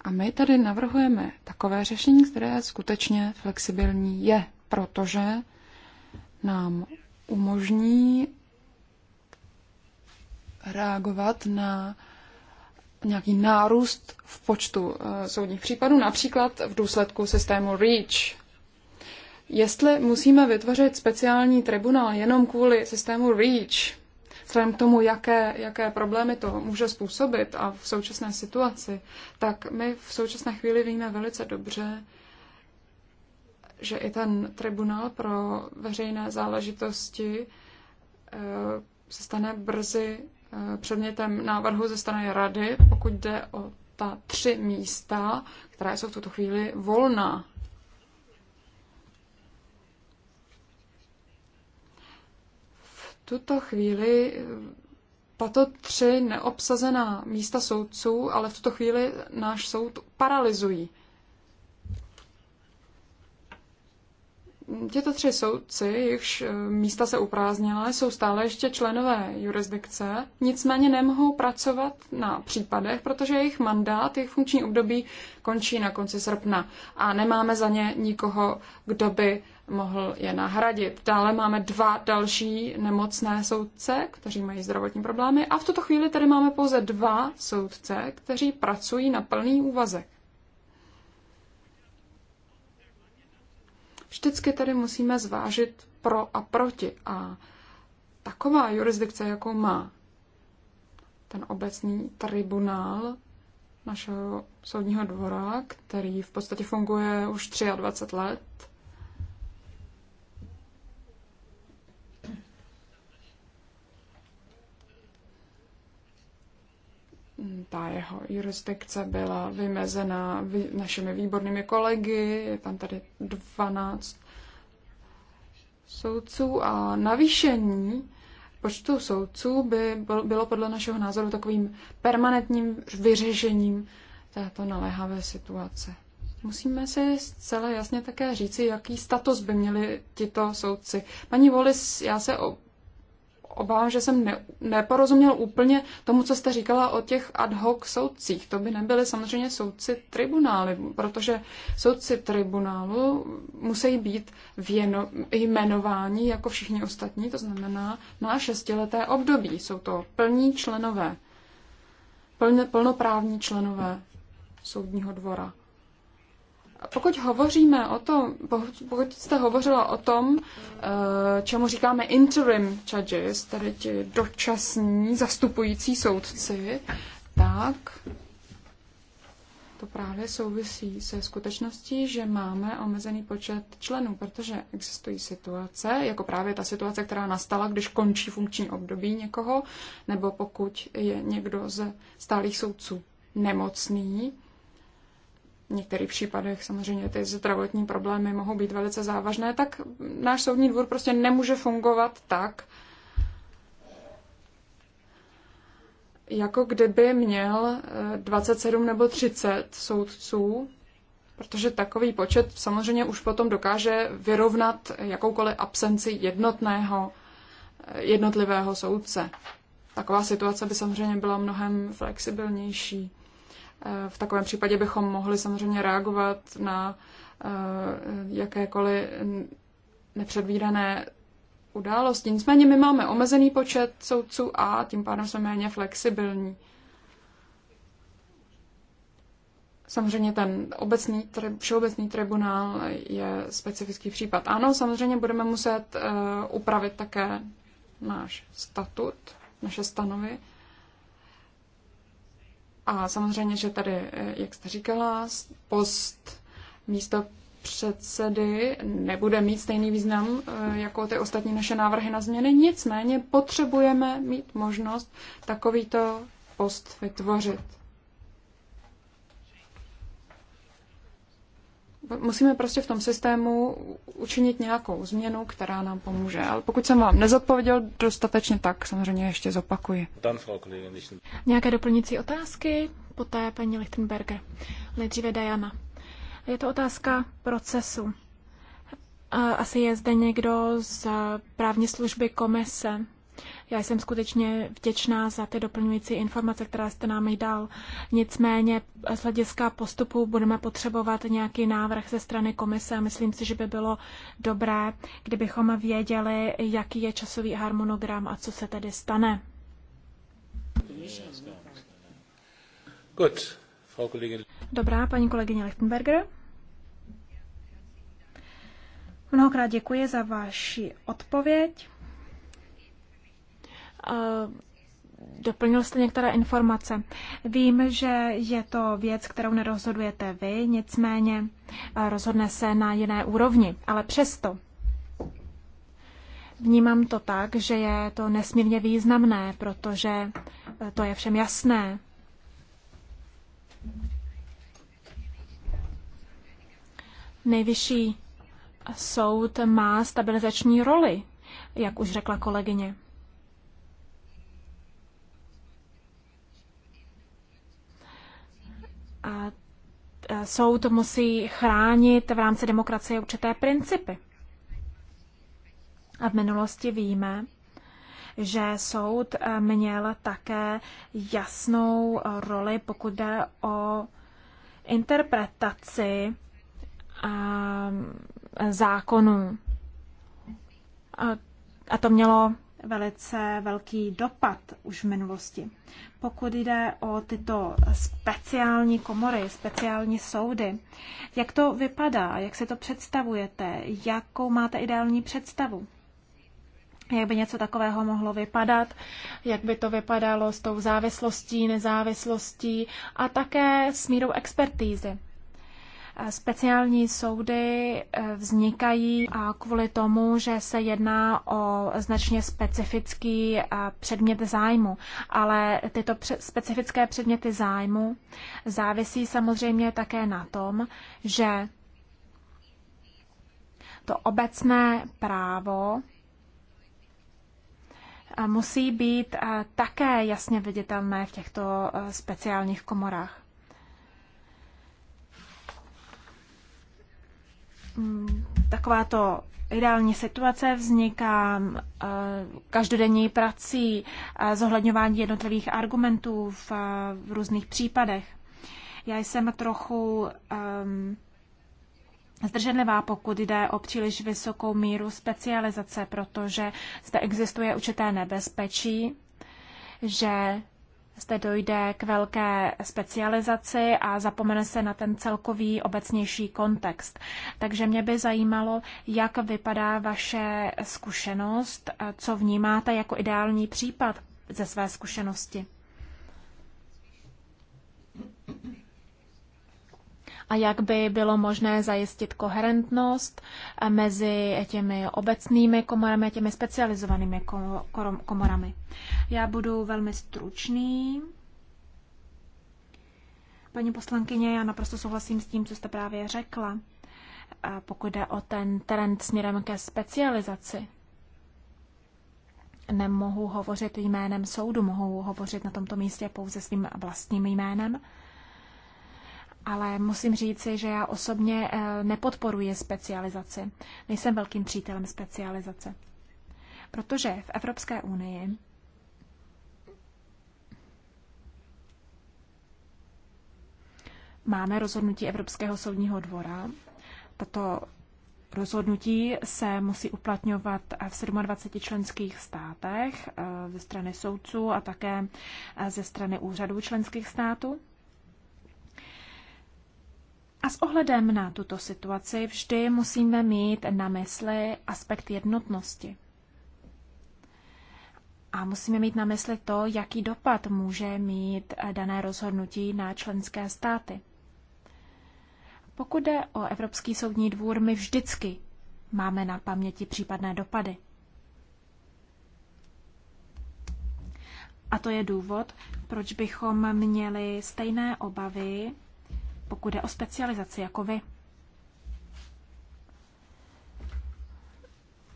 A my tady navrhujeme takové řešení, které skutečně flexibilní je, protože nám umožní reagovat na nějaký nárůst v počtu eh, soudních případů, například v důsledku systému REACH. Jestli musíme vytvořit speciální tribunál jenom kvůli systému REACH, vzhledem k tomu, jaké, jaké problémy to může způsobit a v současné situaci, tak my v současné chvíli víme velice dobře, že i ten tribunál pro veřejné záležitosti eh, se stane brzy předmětem návrhu ze strany rady, pokud jde o ta tři místa, která jsou v tuto chvíli volná. V tuto chvíli tato tři neobsazená místa soudců, ale v tuto chvíli náš soud paralyzují. Těto tři soudci, jejichž eh, místa se uprázdnila, jsou stále ještě členové jurisdikce, nicméně nemohou pracovat na případech, protože jejich mandát, jejich funkční období končí na konci srpna a nemáme za ně nikoho, kdo by mohl je nahradit. Dále máme dva další nemocné soudce, kteří mají zdravotní problémy a v tuto chvíli tady máme pouze dva soudce, kteří pracují na plný úvazek. Vždycky tady musíme zvážit pro a proti. A taková jurisdikce, jakou má ten obecný tribunál našeho soudního dvora, který v podstatě funguje už 23 let, ta jeho jurisdikce byla vymezena našimi výbornými kolegy, je tam tady 12 soudců a navýšení počtu soudců by bylo podle našeho názoru takovým permanentním vyřešením této naléhavé situace. Musíme si zcela jasně také říci, jaký status by měli tito soudci. Paní Volis, já se obávám, že jsem ne, neporozuměl úplně tomu, co jste říkala o těch ad hoc soudcích. To by nebyly samozřejmě soudci tribunály, protože soudci tribunálu musí být věno, jmenováni jako všichni ostatní, to znamená na šestileté období. Jsou to plní členové, plně, plnoprávní členové soudního dvora. Pokud hovoříme o tom, pokud jste hovořila o tom, eh, čemu říkáme interim judges, tedy ti dočasní zastupující soudci, tak to právě souvisí se skutečností, že máme omezený počet členů, protože existují situace, jako právě ta situace, která nastala, když končí funkční období někoho, nebo pokud je někdo ze stálých soudců nemocný, v některých případech samozřejmě ty zdravotní problémy mohou být velice závažné, tak náš soudní dvůr prostě nemůže fungovat tak, jako kdyby měl 27 eh, nebo 30 soudců, protože takový počet samozřejmě už potom dokáže vyrovnat jakoukoliv absenci jednotného, eh, jednotlivého soudce. Taková situace by samozřejmě byla mnohem flexibilnější. V takovém případě bychom mohli samozřejmě reagovat na eh, jakékoliv nepředvídané události. Nicméně my máme omezený počet soudců a tím pádem jsme méně flexibilní. Samozřejmě ten obecný, všeobecný tribunál je specifický případ. Ano, samozřejmě budeme muset eh, upravit také náš statut, naše stanovy. A samozřejmě, že tady, eh, jak jste říkala, post místo předsedy nebude mít stejný význam eh, jako ty ostatní naše návrhy na změny. Nicméně potřebujeme mít možnost takovýto post vytvořit. musíme prostě v tom systému učinit nějakou změnu, která nám pomůže. Ale pokud jsem vám nezodpověděl dostatečně, tak samozřejmě ještě zopakuji. Nějaké doplňující otázky? Poté paní Lichtenberger. Nejdříve Diana. Je to otázka procesu. Asi je zde někdo z právní služby komise. Já jsem skutečně vděčná za ty doplňující informace, které jste nám i dal. Nicméně z hlediska postupu budeme potřebovat nějaký návrh ze strany komise a myslím si, že by bylo dobré, kdybychom věděli, jaký je časový harmonogram a co se tedy stane. Dobrá, paní kolegyně Lichtenberger. Mnohokrát děkuji za vaši odpověď. Eh, doplnil jste některé informace. Vím, že je to věc, kterou nerozhodujete vy, nicméně eh, rozhodne se na jiné úrovni, ale přesto vnímám to tak, že je to nesmírně významné, protože eh, to je všem jasné. Nejvyšší soud má stabilizační roli, jak už řekla kolegyně. soud musí chránit v rámci demokracie určité principy. A v minulosti víme, že soud eh, měl také jasnou eh, roli, pokud jde o interpretaci eh, zákonů. A to mělo velice velký dopad už v minulosti. Pokud jde o tyto speciální komory, speciální soudy, jak to vypadá, jak si to představujete, jakou máte ideální představu? Jak by něco takového mohlo vypadat, jak by to vypadalo s tou závislostí, nezávislostí a také s mírou expertízy. Speciální soudy eh, vznikají kvůli tomu, že se jedná o značně specifický eh, předmět zájmu, ale tyto specifické předměty zájmu závisí samozřejmě také na tom, že to obecné právo eh, musí být také jasně viditelné v těchto speciálních komorách. Mm, takováto ideální situace vzniká eh, každodenní prací, zohledňování jednotlivých argumentů v, eh, v různých případech. Já jsem trochu um, zdrženlivá, pokud jde o příliš vysokou míru specializace, protože zde existuje určité nebezpečí, že zde dojde k velké specializaci a zapomene se na ten celkový obecnější kontext. Takže mě by zajímalo, jak vypadá vaše zkušenost, co vnímáte jako ideální případ ze své zkušenosti a jak by bylo možné zajistit koherentnost eh, mezi těmi obecnými komorami a těmi specializovanými komorami. Já budu velmi stručný. Paní poslankyně, já naprosto souhlasím s tím, co jste právě řekla, eh, pokud jde o ten trend směrem ke specializaci. Nemohu hovořit jménem soudu, mohu hovořit na tomto místě pouze svým vlastním jménem ale musím říci, že já osobně eh, nepodporuji specializaci. Nejsem velkým přítelem specializace. Protože v Evropské unii máme rozhodnutí Evropského soudního dvora. Tato rozhodnutí se musí uplatňovat v 27 členských státech eh, ze strany soudců a také eh, ze strany úřadů členských států. A s ohledem na tuto situaci vždy musíme mít na mysli aspekt jednotnosti. A musíme mít na mysli to, jaký dopad může mít dané rozhodnutí na členské státy. Pokud jde o Evropský soudní dvůr, my vždycky máme na paměti případné dopady. A to je důvod, proč bychom měli stejné obavy pokud jde o specializaci, jako vy.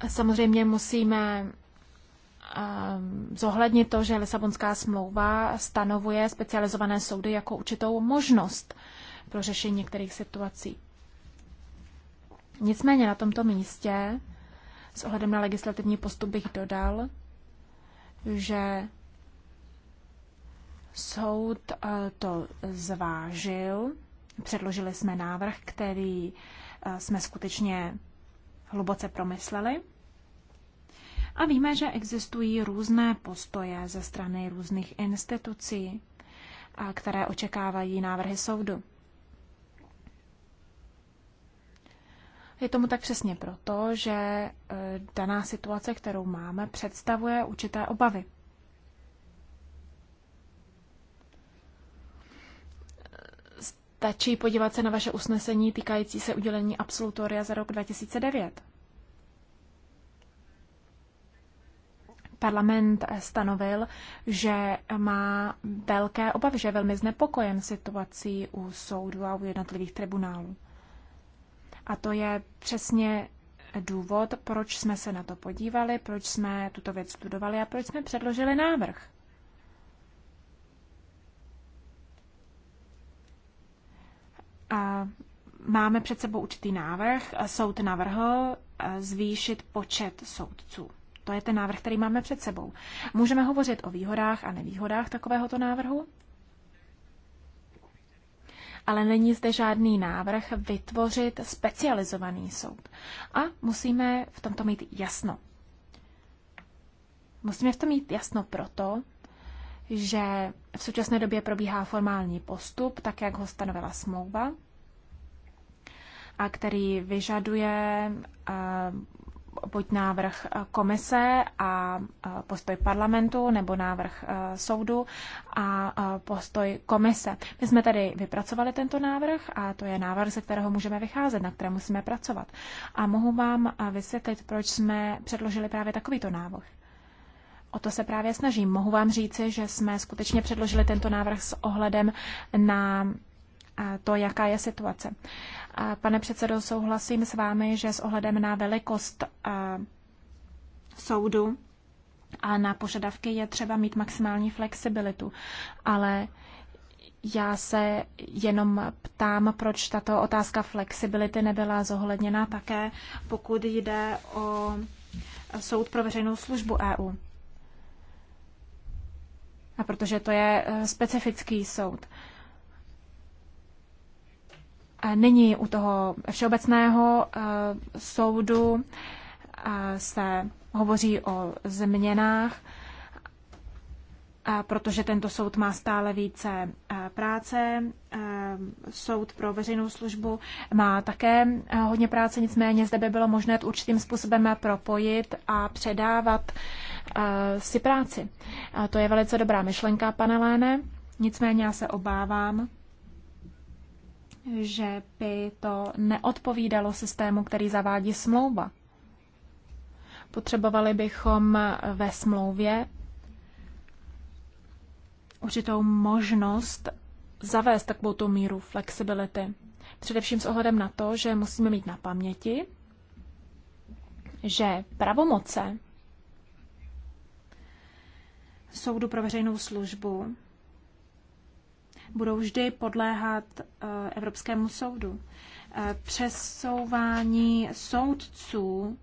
Samozřejmě musíme ehm, zohlednit to, že Lisabonská smlouva stanovuje specializované soudy jako určitou možnost pro řešení některých situací. Nicméně na tomto místě s ohledem na legislativní postup bych dodal, že soud eh, to zvážil Předložili jsme návrh, který eh, jsme skutečně hluboce promysleli. A víme, že existují různé postoje ze strany různých institucí, které očekávají návrhy soudu. Je tomu tak přesně proto, že eh, daná situace, kterou máme, představuje určité obavy. Stačí podívat se na vaše usnesení týkající se udělení absolutoria za rok 2009. Parlament stanovil, že má velké obavy, že je velmi znepokojen situací u soudu a u jednotlivých tribunálů. A to je přesně důvod, proč jsme se na to podívali, proč jsme tuto věc studovali a proč jsme předložili návrh. Máme před sebou určitý návrh. Soud navrhl e, zvýšit počet soudců. To je ten návrh, který máme před sebou. Můžeme hovořit o výhodách a nevýhodách takovéhoto návrhu? ale není zde žádný návrh vytvořit specializovaný soud. A musíme v tomto mít jasno. Musíme v tom mít jasno proto, že v současné době probíhá formální postup, tak jak ho stanovila smlouva a který vyžaduje eh, buď návrh komise a eh, postoj parlamentu nebo návrh eh, soudu a postoj komise. My jsme tedy vypracovali tento návrh a to je návrh, ze kterého můžeme vycházet, na kterém musíme pracovat. A mohu vám vysvětlit, proč jsme předložili právě takovýto návrh. O to se právě snažím. Mohu vám říci, že jsme skutečně předložili tento návrh s ohledem na to, jaká je situace. Pane předsedo, souhlasím s vámi, že s ohledem na velikost eh, soudu a na požadavky je třeba mít maximální flexibilitu, ale já se jenom ptám, proč tato otázka flexibility nebyla zohledněna také, pokud jde o soud pro veřejnou službu EU. A protože to je eh, specifický soud. Nyní u toho všeobecného eh, soudu eh, se hovoří o změnách, protože tento soud má stále více eh, práce. Soud pro veřejnou službu má také hodně práce, nicméně zde by bylo možné určitým způsobem propojit a předávat si práci. To je velice dobrá myšlenka, pane Léne, nicméně já se obávám, že by to neodpovídalo systému, který zavádí smlouva. Potřebovali bychom ve smlouvě určitou možnost zavést takovou tu míru flexibility. Především s ohledem na to, že musíme mít na paměti, že pravomoce soudu pro veřejnou službu budou vždy podléhat eh, Evropskému soudu. Eh, přesouvání soudců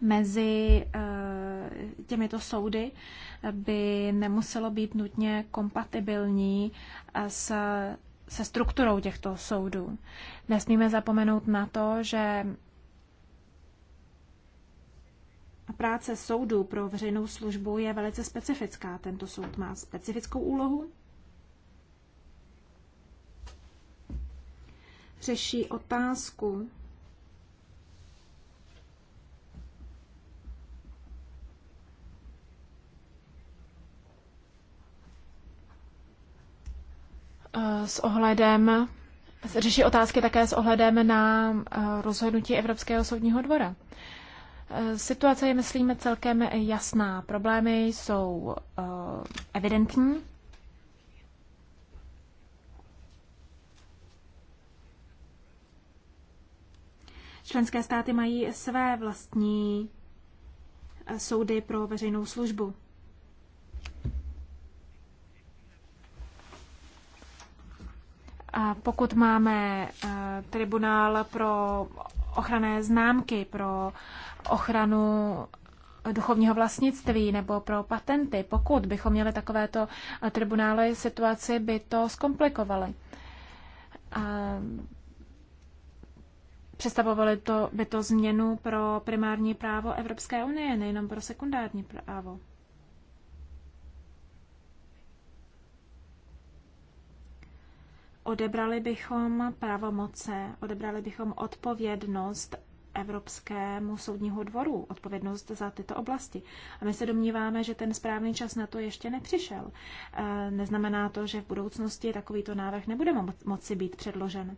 mezi eh, těmito soudy by nemuselo být nutně kompatibilní s se strukturou těchto soudů. Nesmíme zapomenout na to, že Práce soudu pro veřejnou službu je velice specifická. Tento soud má specifickou úlohu. Řeší otázku eh, s ohledem, řeší otázky také s ohledem na eh, rozhodnutí Evropského soudního dvora. Eh, situace je, myslíme, celkem jasná. Problémy jsou eh, evidentní. Členské státy mají své vlastní eh, soudy pro veřejnou službu. A pokud máme tribunál pro ochranné známky, pro ochranu duchovního vlastnictví nebo pro patenty. Pokud bychom měli takovéto tribunály, situaci by to zkomplikovaly. Představovaly to, by to změnu pro primární právo Evropské unie, nejenom pro sekundární právo. Odebrali bychom pravomoce, odebrali bychom odpovědnost Evropskému soudního dvoru odpovědnost za tyto oblasti. A my se domníváme, že ten správný čas na to ještě nepřišel. E, neznamená to, že v budoucnosti takovýto návrh nebude moci být předložen.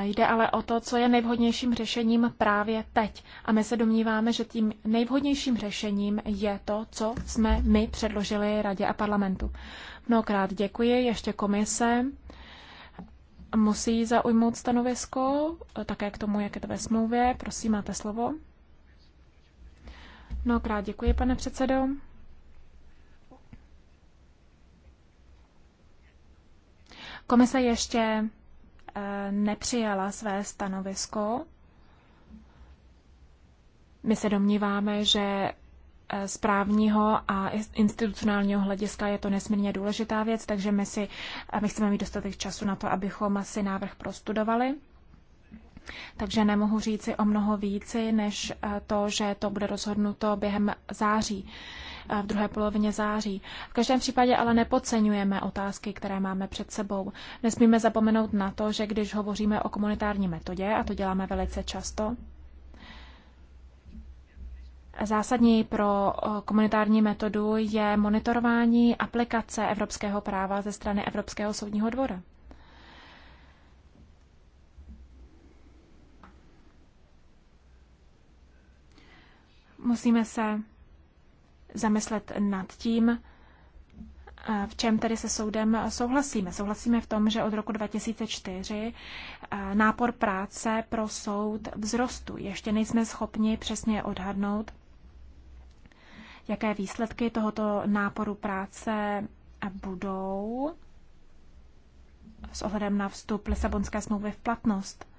Jde ale o to, co je nejvhodnějším řešením právě teď. A my se domníváme, že tím nejvhodnějším řešením je to, co jsme my předložili Radě a parlamentu. Mnohokrát děkuji, ještě komise musí zaujmout stanovisko, také k tomu, jak je to ve smlouvě. Prosím, máte slovo. Mnohokrát děkuji, pane předsedo. Komise ještě nepřijala své stanovisko. My se domníváme, že eh, z právního a institucionálního hlediska je to nesmírně důležitá věc, takže my, si, my chceme mít dostatek času na to, abychom si návrh prostudovali. Takže nemohu říci o mnoho víci, než eh, to, že to bude rozhodnuto během září v druhé polovině září. V každém případě ale nepodceňujeme otázky, které máme před sebou. Nesmíme zapomenout na to, že když hovoříme o komunitární metodě, a to děláme velice často, Zásadní pro komunitární metodu je monitorování aplikace evropského práva ze strany Evropského soudního dvora. Musíme se zamyslet nad tím, eh, v čem tedy se soudem souhlasíme? Souhlasíme v tom, že od roku 2004 eh, nápor práce pro soud vzrostu. Ještě nejsme schopni přesně odhadnout, jaké výsledky tohoto náporu práce budou s ohledem na vstup Lisabonské smlouvy v platnost.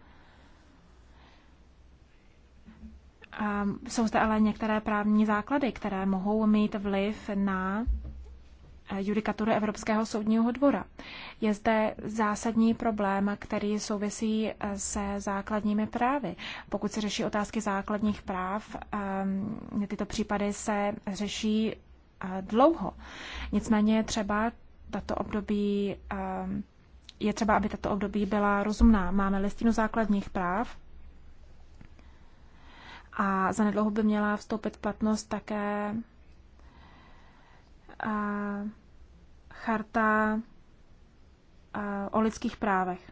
Jsou zde ale některé právní základy, které mohou mít vliv na eh, judikatury Evropského soudního dvora. Je zde zásadní problém, který souvisí eh, se základními právy. Pokud se řeší otázky základních práv, ehm, tyto případy se řeší eh, dlouho. Nicméně je třeba tato období ehm, je třeba, aby tato období byla rozumná. Máme listinu základních práv, a zanedlouho by měla vstoupit v platnost také charta o lidských právech.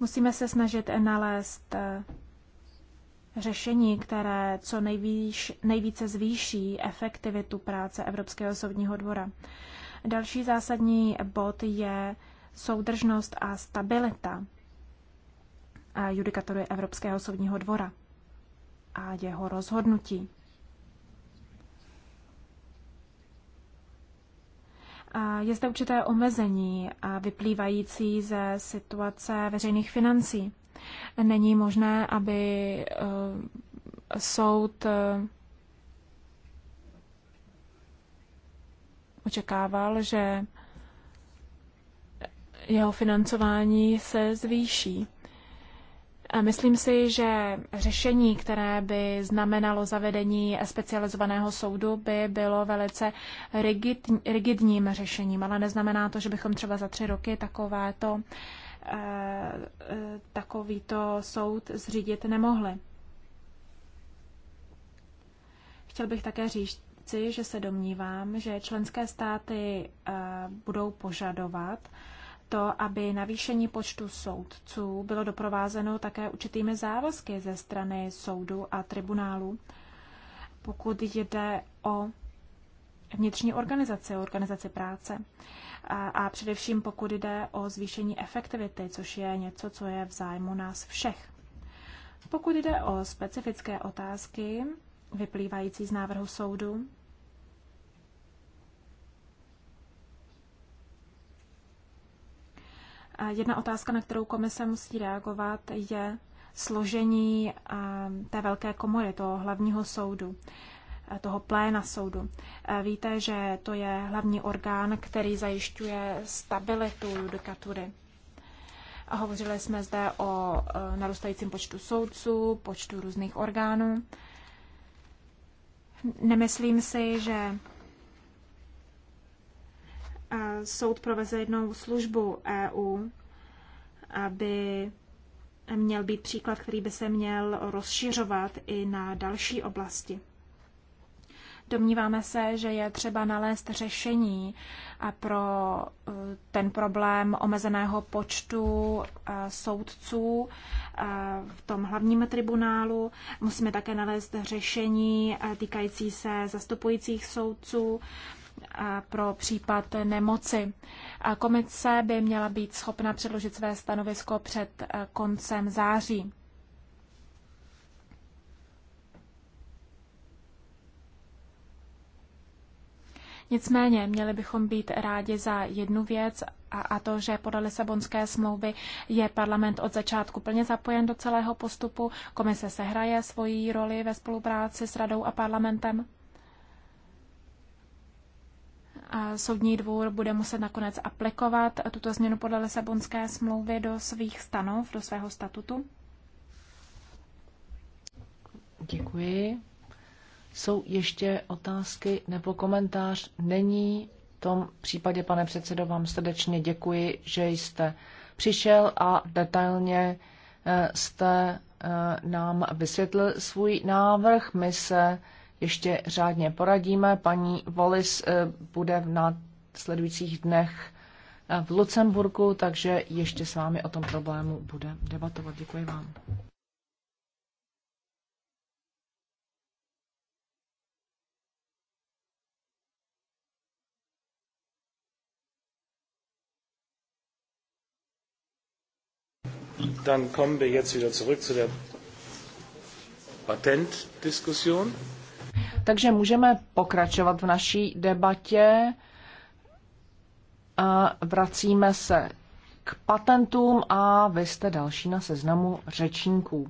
Musíme se snažit nalézt e, řešení, které co nejvíš, nejvíce zvýší efektivitu práce Evropského soudního dvora. Další zásadní bod je soudržnost a stabilita judikatury Evropského soudního dvora a jeho rozhodnutí. Je zde určité omezení a vyplývající ze situace veřejných financí. Není možné, aby eh, soud eh, očekával, že jeho financování se zvýší. Myslím si, že řešení, které by znamenalo zavedení specializovaného soudu, by bylo velice rigid, rigidním řešením, ale neznamená to, že bychom třeba za tři roky takovéto, eh, takovýto soud zřídit nemohli. Chtěl bych také říct, že se domnívám, že členské státy eh, budou požadovat, to, aby navýšení počtu soudců bylo doprovázeno také určitými závazky ze strany soudu a tribunálu, pokud jde o vnitřní organizaci, organizaci práce. A, a především pokud jde o zvýšení efektivity, což je něco, co je v zájmu nás všech. Pokud jde o specifické otázky vyplývající z návrhu soudu, Jedna otázka, na kterou komise musí reagovat, je složení eh, té velké komory, toho hlavního soudu, eh, toho pléna soudu. Eh, víte, že to je hlavní orgán, který zajišťuje stabilitu judikatury. A hovořili jsme zde o narůstajícím počtu soudců, počtu různých orgánů. Nemyslím si, že soud pro veřejnou službu EU aby měl být příklad, který by se měl rozšiřovat i na další oblasti. Domníváme se, že je třeba nalézt řešení pro eh, ten problém omezeného počtu eh, soudců eh, v tom hlavním tribunálu. Musíme také nalézt řešení týkající se zastupujících soudců pro případ nemoci. Komise by měla být schopna předložit své stanovisko před eh, koncem září. Nicméně měli bychom být rádi za jednu věc a, to, že podle Lisabonské smlouvy je parlament od začátku plně zapojen do celého postupu, komise sehraje svoji roli ve spolupráci s radou a parlamentem. Soudní dvůr bude muset nakonec aplikovat tuto změnu podle Lisabonské smlouvy do svých stanov, do svého statutu? Děkuji. Jsou ještě otázky nebo komentář? Není. V tom případě, pane předsedo, vám srdečně děkuji, že jste přišel a detailně eh, jste eh, nám vysvětlil svůj návrh. My se ještě řádně poradíme. Paní Volis eh, bude v následujících dnech eh, v Lucemburku, takže ještě s vámi o tom problému bude debatovat. Děkuji vám. Dann kommen wir jetzt wieder zurück zu der Patentdiskussion. Takže můžeme pokračovat v naší debatě. A vracíme se k patentům a vy jste další na seznamu řečníků.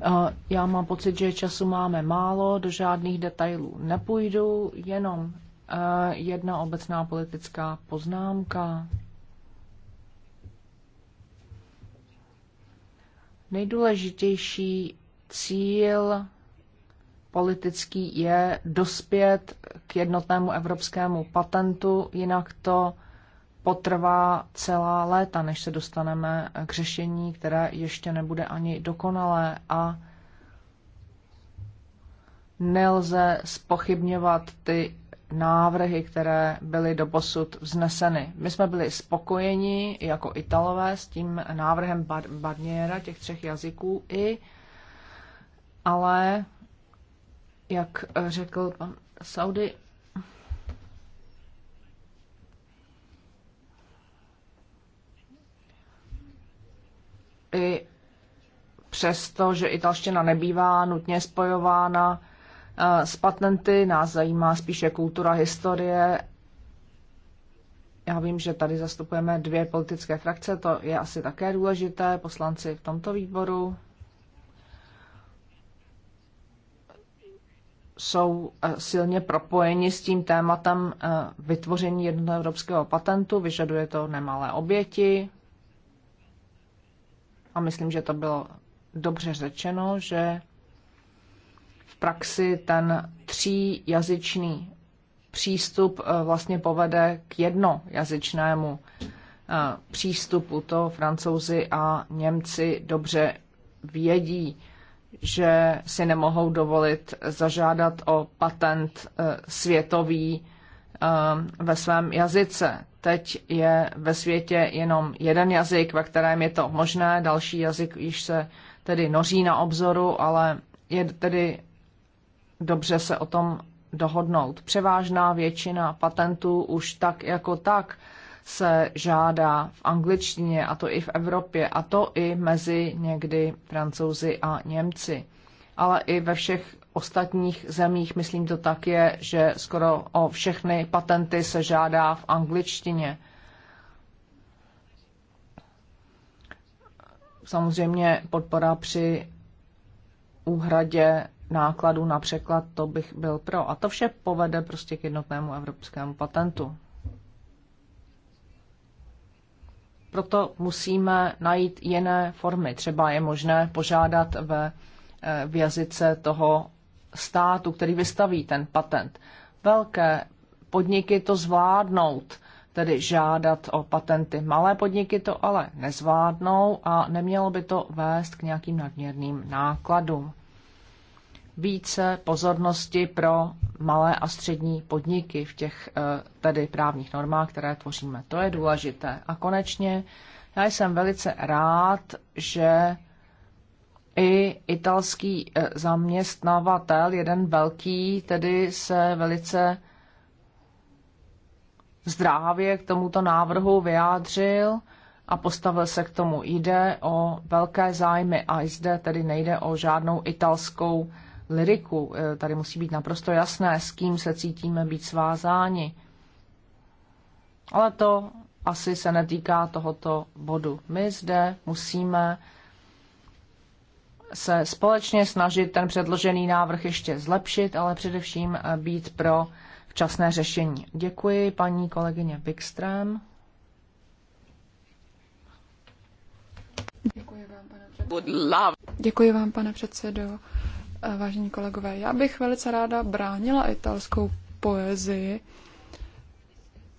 Eh, já mám pocit, že času máme málo, do žádných detailů nepůjdu, jenom Eh, jedna obecná politická poznámka. Nejdůležitější cíl politický je dospět k jednotnému evropskému patentu, jinak to potrvá celá léta, než se dostaneme k řešení, které ještě nebude ani dokonalé a nelze spochybňovat ty návrhy, které byly doposud vzneseny. My jsme byli spokojeni jako Italové s tím návrhem Barniera těch třech jazyků i, ale jak řekl pan Saudy, i přesto, že italština nebývá nutně spojována Eh, s patenty, nás zajímá spíše kultura, historie. Já vím, že tady zastupujeme dvě politické frakce, to je asi také důležité, poslanci v tomto výboru. jsou eh, silně propojeni s tím tématem eh, vytvoření jednotného evropského patentu, vyžaduje to nemalé oběti. A myslím, že to bylo dobře řečeno, že praxi ten tříjazyčný přístup eh, vlastně povede k jednojazyčnému eh, přístupu. To francouzi a Němci dobře vědí, že si nemohou dovolit zažádat o patent eh, světový ve svém jazyce. Teď je ve světě jenom jeden jazyk, ve kterém je to možné, další jazyk již se tedy noří na obzoru, ale je tedy dobře se o tom dohodnout. Převážná většina patentů už tak jako tak se žádá v angličtině, a to i v Evropě, a to i mezi někdy francouzi a Němci. Ale i ve všech ostatních zemích, myslím to tak je, že skoro o všechny patenty se žádá v angličtině. Samozřejmě podpora při úhradě nákladů na překlad, to bych byl pro. A to vše povede prostě k jednotnému evropskému patentu. Proto musíme najít jiné formy. Třeba je možné požádat ve, eh, v jazyce toho státu, který vystaví ten patent. Velké podniky to zvládnout, tedy žádat o patenty. Malé podniky to ale nezvládnou a nemělo by to vést k nějakým nadměrným nákladům více pozornosti pro malé a střední podniky v těch eh, tedy právních normách, které tvoříme. To je důležité. A konečně já jsem velice rád, že i italský eh, zaměstnavatel, jeden velký, tedy se velice zdrávě k tomuto návrhu vyjádřil a postavil se k tomu. Jde o velké zájmy a zde tedy nejde o žádnou italskou liriku. Eh, tady musí být naprosto jasné, s kým se cítíme být svázáni. Ale to asi se netýká tohoto bodu. My zde musíme se společně snažit ten předložený návrh ještě zlepšit, ale především eh, být pro včasné řešení. Děkuji paní kolegyně Bikström. Děkuji vám, pane předsedo. Děkuji vám, pane předsedo. Eh, vážení kolegové. Já bych velice ráda bránila italskou poezii.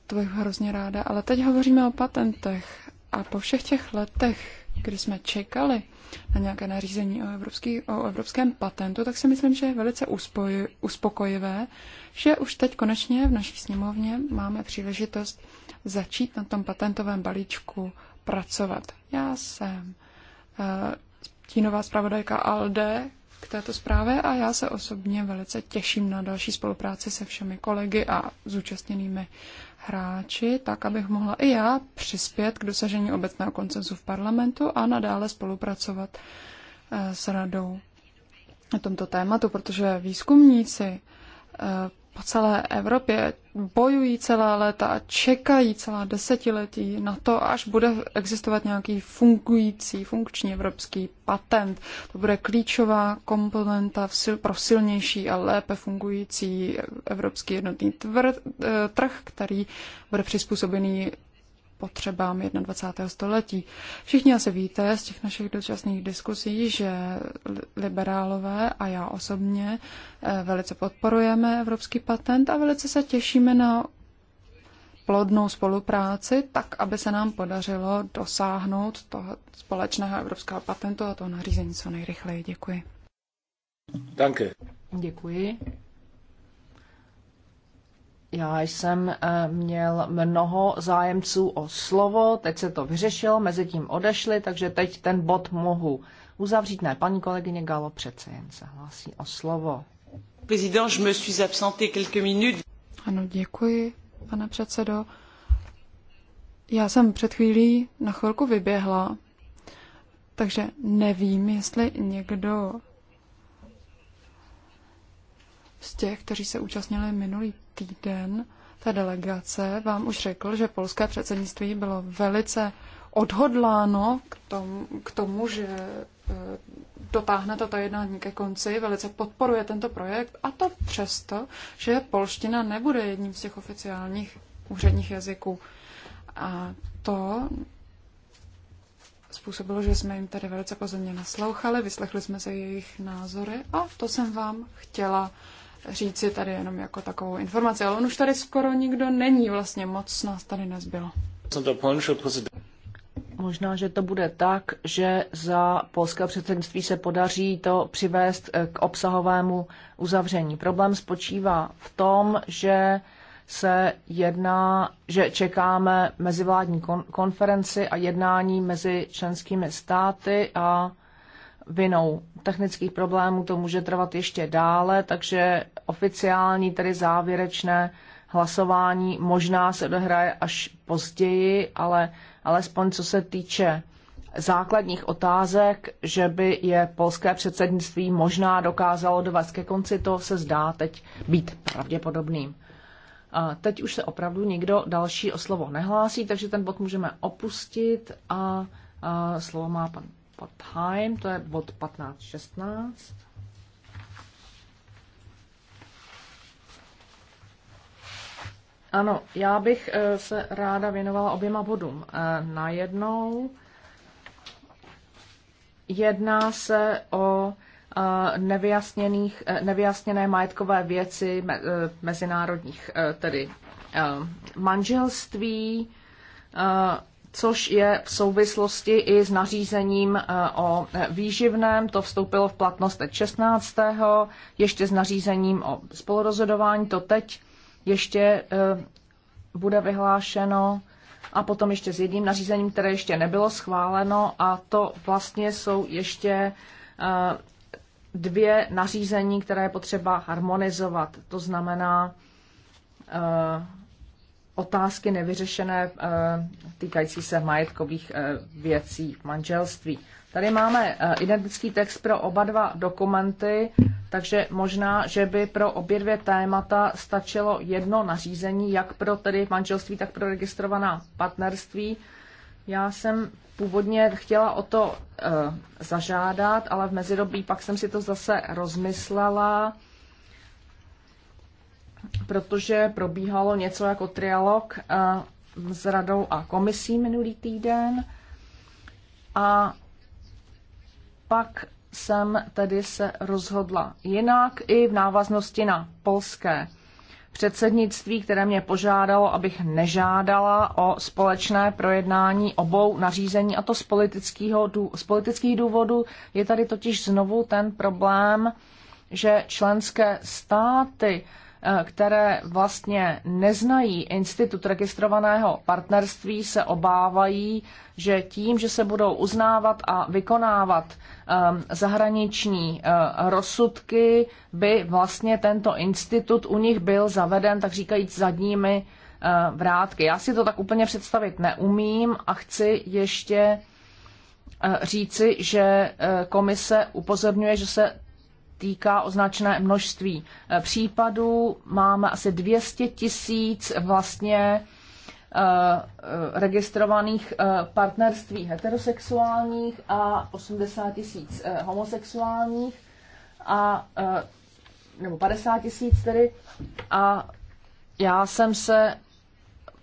To bych hrozně ráda. Ale teď hovoříme o patentech. A po všech těch letech, kdy jsme čekali na nějaké nařízení o, evropský, o evropském patentu, tak si myslím, že je velice uspoji, uspokojivé, že už teď konečně v naší sněmovně máme příležitost začít na tom patentovém balíčku pracovat. Já jsem uh, eh, tínová zpravodajka ALDE k této zprávě a já se osobně velice těším na další spolupráci se všemi kolegy a zúčastněnými hráči, tak abych mohla i já přispět k dosažení obecného koncenzu v parlamentu a nadále spolupracovat eh, s radou na tomto tématu, protože výzkumníci eh, po celé Evropě bojují celá léta a čekají celá desetiletí na to, až bude existovat nějaký fungující, funkční evropský patent. To bude klíčová komponenta pro silnější a lépe fungující evropský jednotný tvr, eh, trh, který bude přizpůsobený potřebám 21. století. Všichni asi víte z těch našich dočasných diskusí, že liberálové a já osobně eh, velice podporujeme evropský patent a velice se těšíme na plodnou spolupráci, tak aby se nám podařilo dosáhnout toho společného evropského patentu a toho nařízení co nejrychleji. Děkuji. Danke. Děkuji. Já jsem eh, měl mnoho zájemců o slovo, teď se to vyřešilo, mezi tím odešli, takže teď ten bod mohu uzavřít. Ne, paní kolegyně Galo přece jen se hlásí o slovo. Président, je me suis absenté quelques minutes. Ano, děkuji, pane předsedo. Já jsem před chvílí na chvilku vyběhla, takže nevím, jestli někdo z těch, kteří se účastnili minulý týden ta delegace vám už řekl, že polské předsednictví bylo velice odhodláno k tomu, k tomu že e, dotáhne toto jednání ke konci, velice podporuje tento projekt a to přesto, že polština nebude jedním z těch oficiálních úředních jazyků. A to způsobilo, že jsme jim tady velice pozorně naslouchali, vyslechli jsme se jejich názory a to jsem vám chtěla uh, říci tady jenom jako takovou informaci, ale on už tady skoro nikdo není, vlastně moc nás tady nezbylo. Možná, že to bude tak, že za polské předsednictví se podaří to přivést eh, k obsahovému uzavření. Problém spočívá v tom, že se jedná, že čekáme mezivládní konferenci a jednání mezi členskými státy a vinou technických problémů to může trvat ještě dále, takže oficiální, tedy závěrečné hlasování možná se odehraje až později, ale alespoň co se týče základních otázek, že by je polské předsednictví možná dokázalo dovést ke konci, to se zdá teď být pravděpodobným. A teď už se opravdu nikdo další o slovo nehlásí, takže ten bod můžeme opustit a, a slovo má pan Time, to je bod 15.16. Ano, já bych eh, se ráda věnovala oběma bodům. Eh, najednou jedná se o eh, nevyjasněných, nevyjasněné majetkové věci mezinárodních, tedy manželství, což je v souvislosti i s nařízením eh, o eh, výživném. To vstoupilo v platnost teď 16. ještě s nařízením o spolurozhodování. To teď ještě eh, bude vyhlášeno a potom ještě s jedním nařízením, které ještě nebylo schváleno a to vlastně jsou ještě dvě nařízení, které je potřeba harmonizovat. To znamená otázky nevyřešené eh, týkající se majetkových eh, věcí v manželství. Tady máme eh, identický text pro oba dva dokumenty, takže možná, že by pro obě dvě témata stačilo jedno nařízení, jak pro tedy manželství, tak pro registrovaná partnerství. Já jsem původně chtěla o to e, zažádat, ale v mezidobí pak jsem si to zase rozmyslela protože probíhalo něco jako trialog eh, s radou a komisí minulý týden. A pak jsem tedy se rozhodla jinak i v návaznosti na polské předsednictví, které mě požádalo, abych nežádala o společné projednání obou nařízení, a to z, politického, z politických důvodů. Je tady totiž znovu ten problém, že členské státy uh, Eh, které vlastně neznají institut registrovaného partnerství, se obávají, že tím, že se budou uznávat a vykonávat ehm, zahraniční eh, rozsudky, by vlastně tento institut u nich byl zaveden, tak říkajíc, zadními eh, vrátky. Já si to tak úplně představit neumím a chci ještě říci, že komise upozorňuje, že se týká označené množství eh, případů. Máme asi 200 tisíc vlastně eh, registrovaných eh, partnerství heterosexuálních a 80 tisíc homosexuálních a nebo 50 tisíc tedy a já jsem se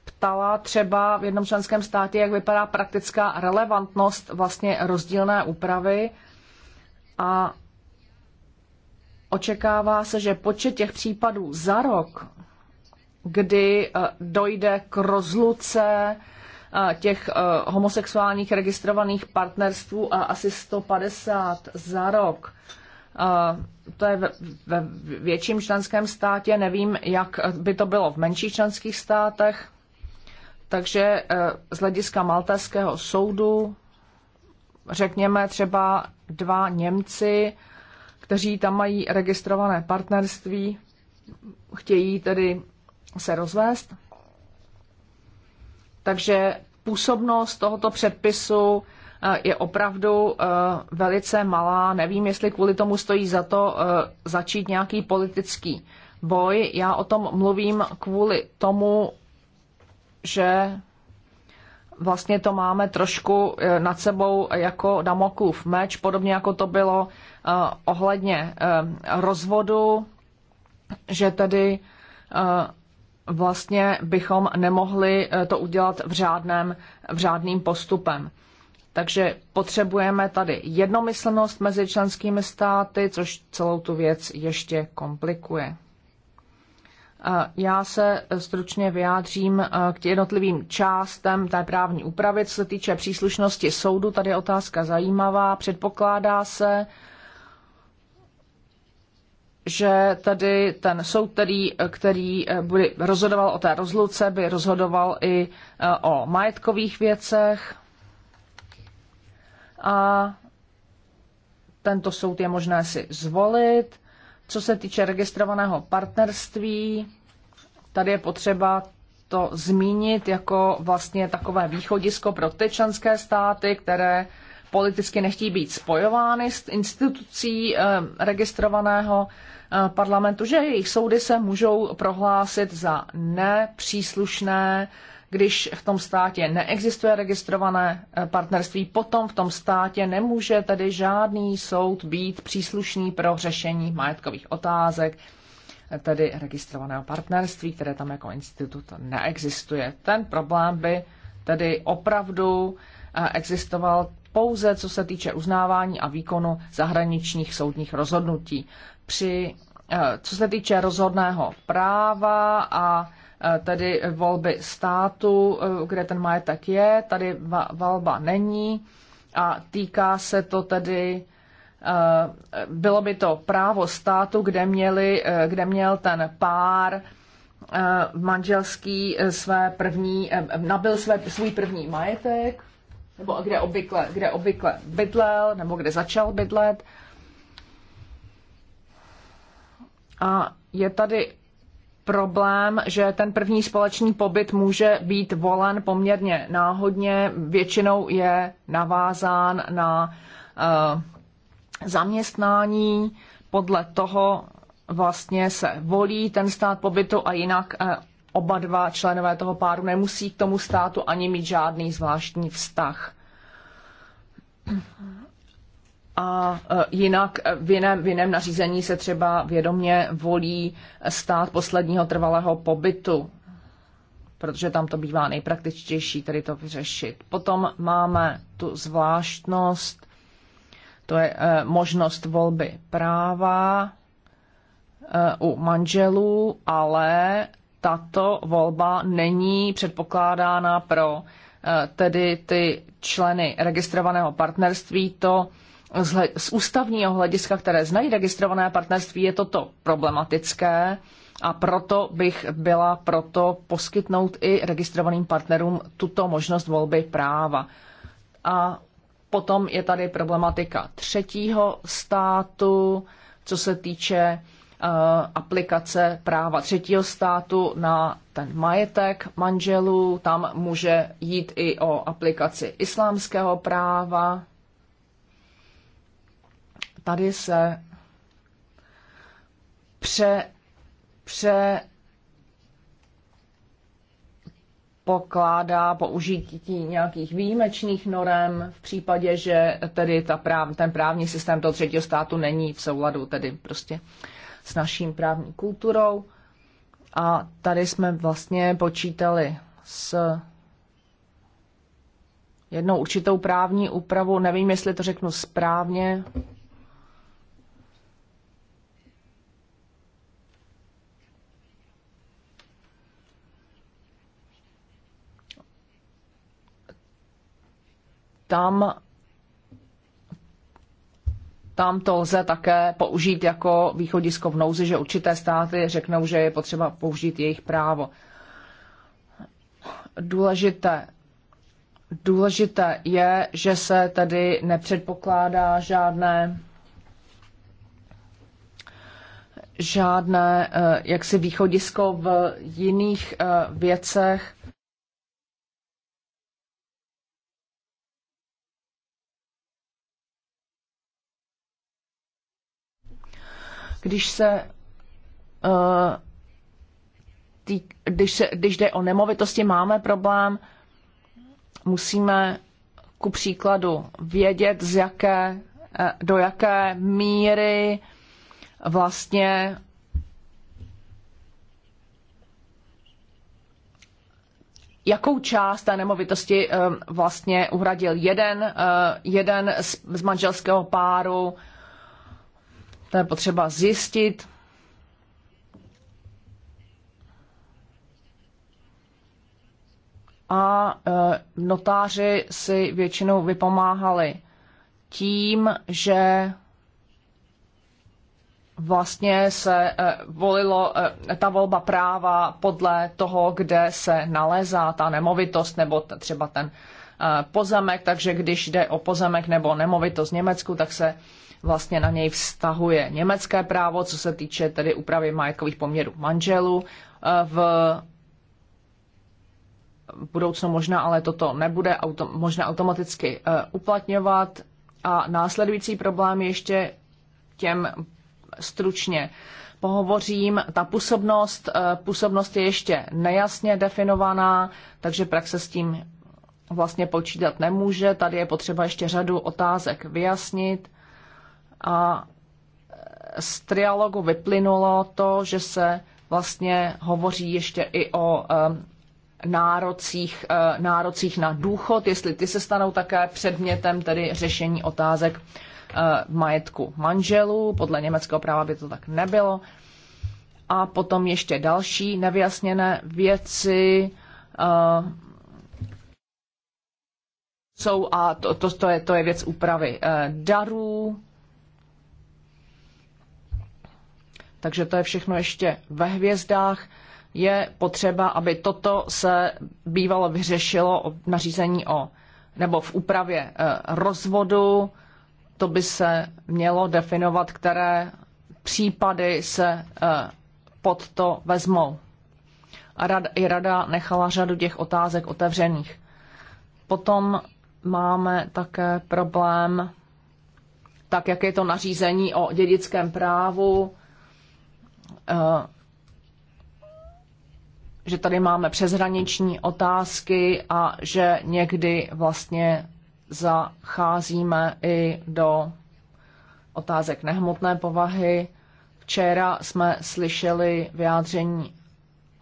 ptala třeba v jednom členském státě, jak vypadá praktická relevantnost vlastně rozdílné úpravy a Očekává se, že počet těch případů za rok, kdy eh, dojde k rozluce eh, těch eh, homosexuálních registrovaných partnerstvů a asi 150 za rok, to je ve větším členském státě, nevím, jak by to bylo v menších členských státech, takže z hlediska maltéského soudu, řekněme třeba dva Němci, kteří tam mají registrované partnerství, chtějí tedy se rozvést. Takže působnost tohoto předpisu eh, je opravdu eh, velice malá. Nevím, jestli kvůli tomu stojí za to eh, začít nějaký politický boj. Já o tom mluvím kvůli tomu, že vlastně to máme trošku eh, nad sebou jako Damoklův meč, podobně jako to bylo eh, ohledně eh, rozvodu, že tedy vlastně bychom nemohli to udělat v řádném, v řádným postupem. Takže potřebujeme tady jednomyslnost mezi členskými státy, což celou tu věc ještě komplikuje. Já se eh, stručně vyjádřím eh, k jednotlivým částem té právní úpravy. Co se týče příslušnosti soudu, tady je otázka zajímavá. Předpokládá se, že tady ten soud, který, eh, který bude rozhodoval o té rozluce, by rozhodoval i o majetkových věcech. A tento soud je možné si zvolit co se týče registrovaného partnerství, tady je potřeba to zmínit jako vlastně takové východisko pro ty členské státy, které politicky nechtí být spojovány s institucí eh, registrovaného eh, parlamentu, že jejich soudy se můžou prohlásit za nepříslušné když v tom státě neexistuje registrované eh, partnerství, potom v tom státě nemůže tedy žádný soud být příslušný pro řešení majetkových otázek, eh, tedy registrovaného partnerství, které tam jako institut neexistuje. Ten problém by tedy opravdu eh, existoval pouze co se týče uznávání a výkonu zahraničních soudních rozhodnutí. Při, co se týče rozhodného práva a Eh, tedy volby státu, eh, kde ten majetek je, tady valba není a týká se to tedy eh, bylo by to právo státu, kde, měli, kde měl ten pár manželský své první, nabil své, svůj první majetek, nebo kde obvykle, kde obvykle bydlel, nebo kde začal bydlet. A je tady problém, že ten první společný pobyt může být volen poměrně náhodně, většinou je navázán na eh, zaměstnání, podle toho vlastně se volí ten stát pobytu a jinak eh, oba dva členové toho páru nemusí k tomu státu ani mít žádný zvláštní vztah a e, jinak v jiném, v jiném nařízení se třeba vědomě volí stát posledního trvalého pobytu, protože tam to bývá nejpraktičtější tedy to vyřešit. Potom máme tu zvláštnost, to je e, možnost volby práva e, u manželů, ale tato volba není předpokládána pro tedy ty členy registrovaného partnerství. To z ústavního hlediska, které znají registrované partnerství, je toto problematické a proto bych byla proto poskytnout i registrovaným partnerům tuto možnost volby práva. A potom je tady problematika třetího státu, co se týče eh, aplikace práva třetího státu na ten majetek manželů. Tam může jít i o aplikaci islámského práva, tady se pře, pře pokládá použití nějakých výjimečných norem v případě, že tedy ta práv, ten právní systém toho třetího státu není v souladu tedy prostě s naším právní kulturou. A tady jsme vlastně počítali s jednou určitou právní úpravu, nevím, jestli to řeknu správně, tam tam to lze také použít jako východisko v nouzi, že určité státy řeknou, že je potřeba použít jejich právo. Důležité, důležité je, že se tady nepředpokládá žádné žádné eh, jaksi východisko v jiných eh, věcech, Když se uh, tý, když, se, když jde o nemovitosti, máme problém, musíme ku příkladu vědět, z jaké, eh, do jaké míry vlastně jakou část té nemovitosti eh, vlastně uhradil jeden, jeden z manželského páru to je potřeba zjistit. A e, notáři si většinou vypomáhali tím, že vlastně se e, volilo e, ta volba práva podle toho, kde se nalézá ta nemovitost nebo třeba ten pozemek, takže když jde o pozemek nebo nemovitost v Německu, tak se vlastně na něj vztahuje německé právo, co se týče tedy úpravy majetkových poměrů manželů. Eh, v budoucnu možná, ale toto nebude auto, možná automaticky eh, uplatňovat. A následující problém ještě těm stručně pohovořím. Ta působnost, eh, působnost je ještě nejasně definovaná, takže praxe s tím vlastně počítat nemůže. Tady je potřeba ještě řadu otázek vyjasnit a z trialogu vyplynulo to, že se vlastně hovoří ještě i o nárocích, e, nárocích na důchod, jestli ty se stanou také předmětem tedy řešení otázek e, majetku manželů. Podle německého práva by to tak nebylo. A potom ještě další nevyjasněné věci e, jsou, a to, to, to, je, to je věc úpravy darů, takže to je všechno ještě ve hvězdách. Je potřeba, aby toto se bývalo vyřešilo nařízení o nebo v úpravě eh, rozvodu. To by se mělo definovat, které případy se eh, pod to vezmou. A rada, i rada nechala řadu těch otázek otevřených. Potom máme také problém, tak jak je to nařízení o dědickém právu, Eh, že tady máme přeshraniční otázky a že někdy vlastně zacházíme i do otázek nehmotné povahy. Včera jsme slyšeli vyjádření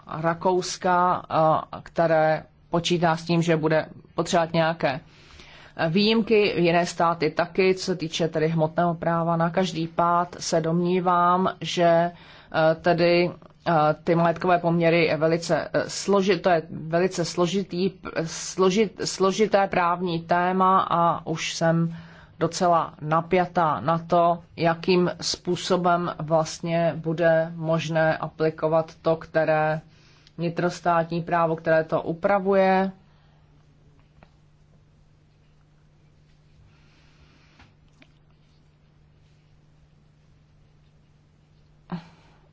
Rakouska, eh, které počítá s tím, že bude potřebovat nějaké výjimky, jiné státy taky, co se týče tedy hmotného práva. Na každý pád se domnívám, že Eh, tedy eh, ty majetkové poměry je velice eh, složité, velice složitý, složit, složité právní téma a už jsem docela napjatá na to, jakým způsobem vlastně bude možné aplikovat to, které nitrostátní právo, které to upravuje.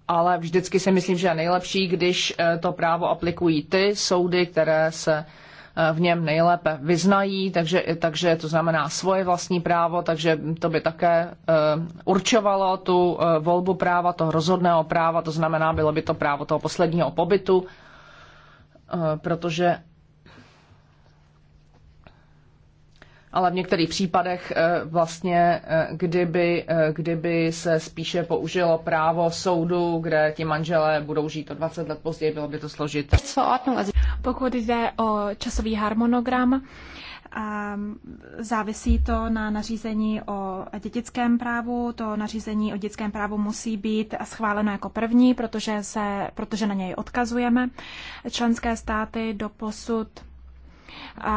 ale vždycky si myslím, že je nejlepší, když eh, to právo aplikují ty soudy, které se eh, v něm nejlépe vyznají, takže, takže to znamená svoje vlastní právo, takže to by také eh, určovalo tu volbu práva, toho rozhodného práva, to znamená, bylo by to právo toho posledního pobytu, protože ale v některých případech eh, vlastně, eh, kdyby, eh, kdyby se spíše použilo právo soudu, kde ti manželé budou žít o 20 let později, bylo by to složité. Pokud jde o časový harmonogram, závisí to na nařízení o dětickém právu. To nařízení o dětském právu musí být schváleno jako první, protože, se, protože na něj odkazujeme. Členské státy do posud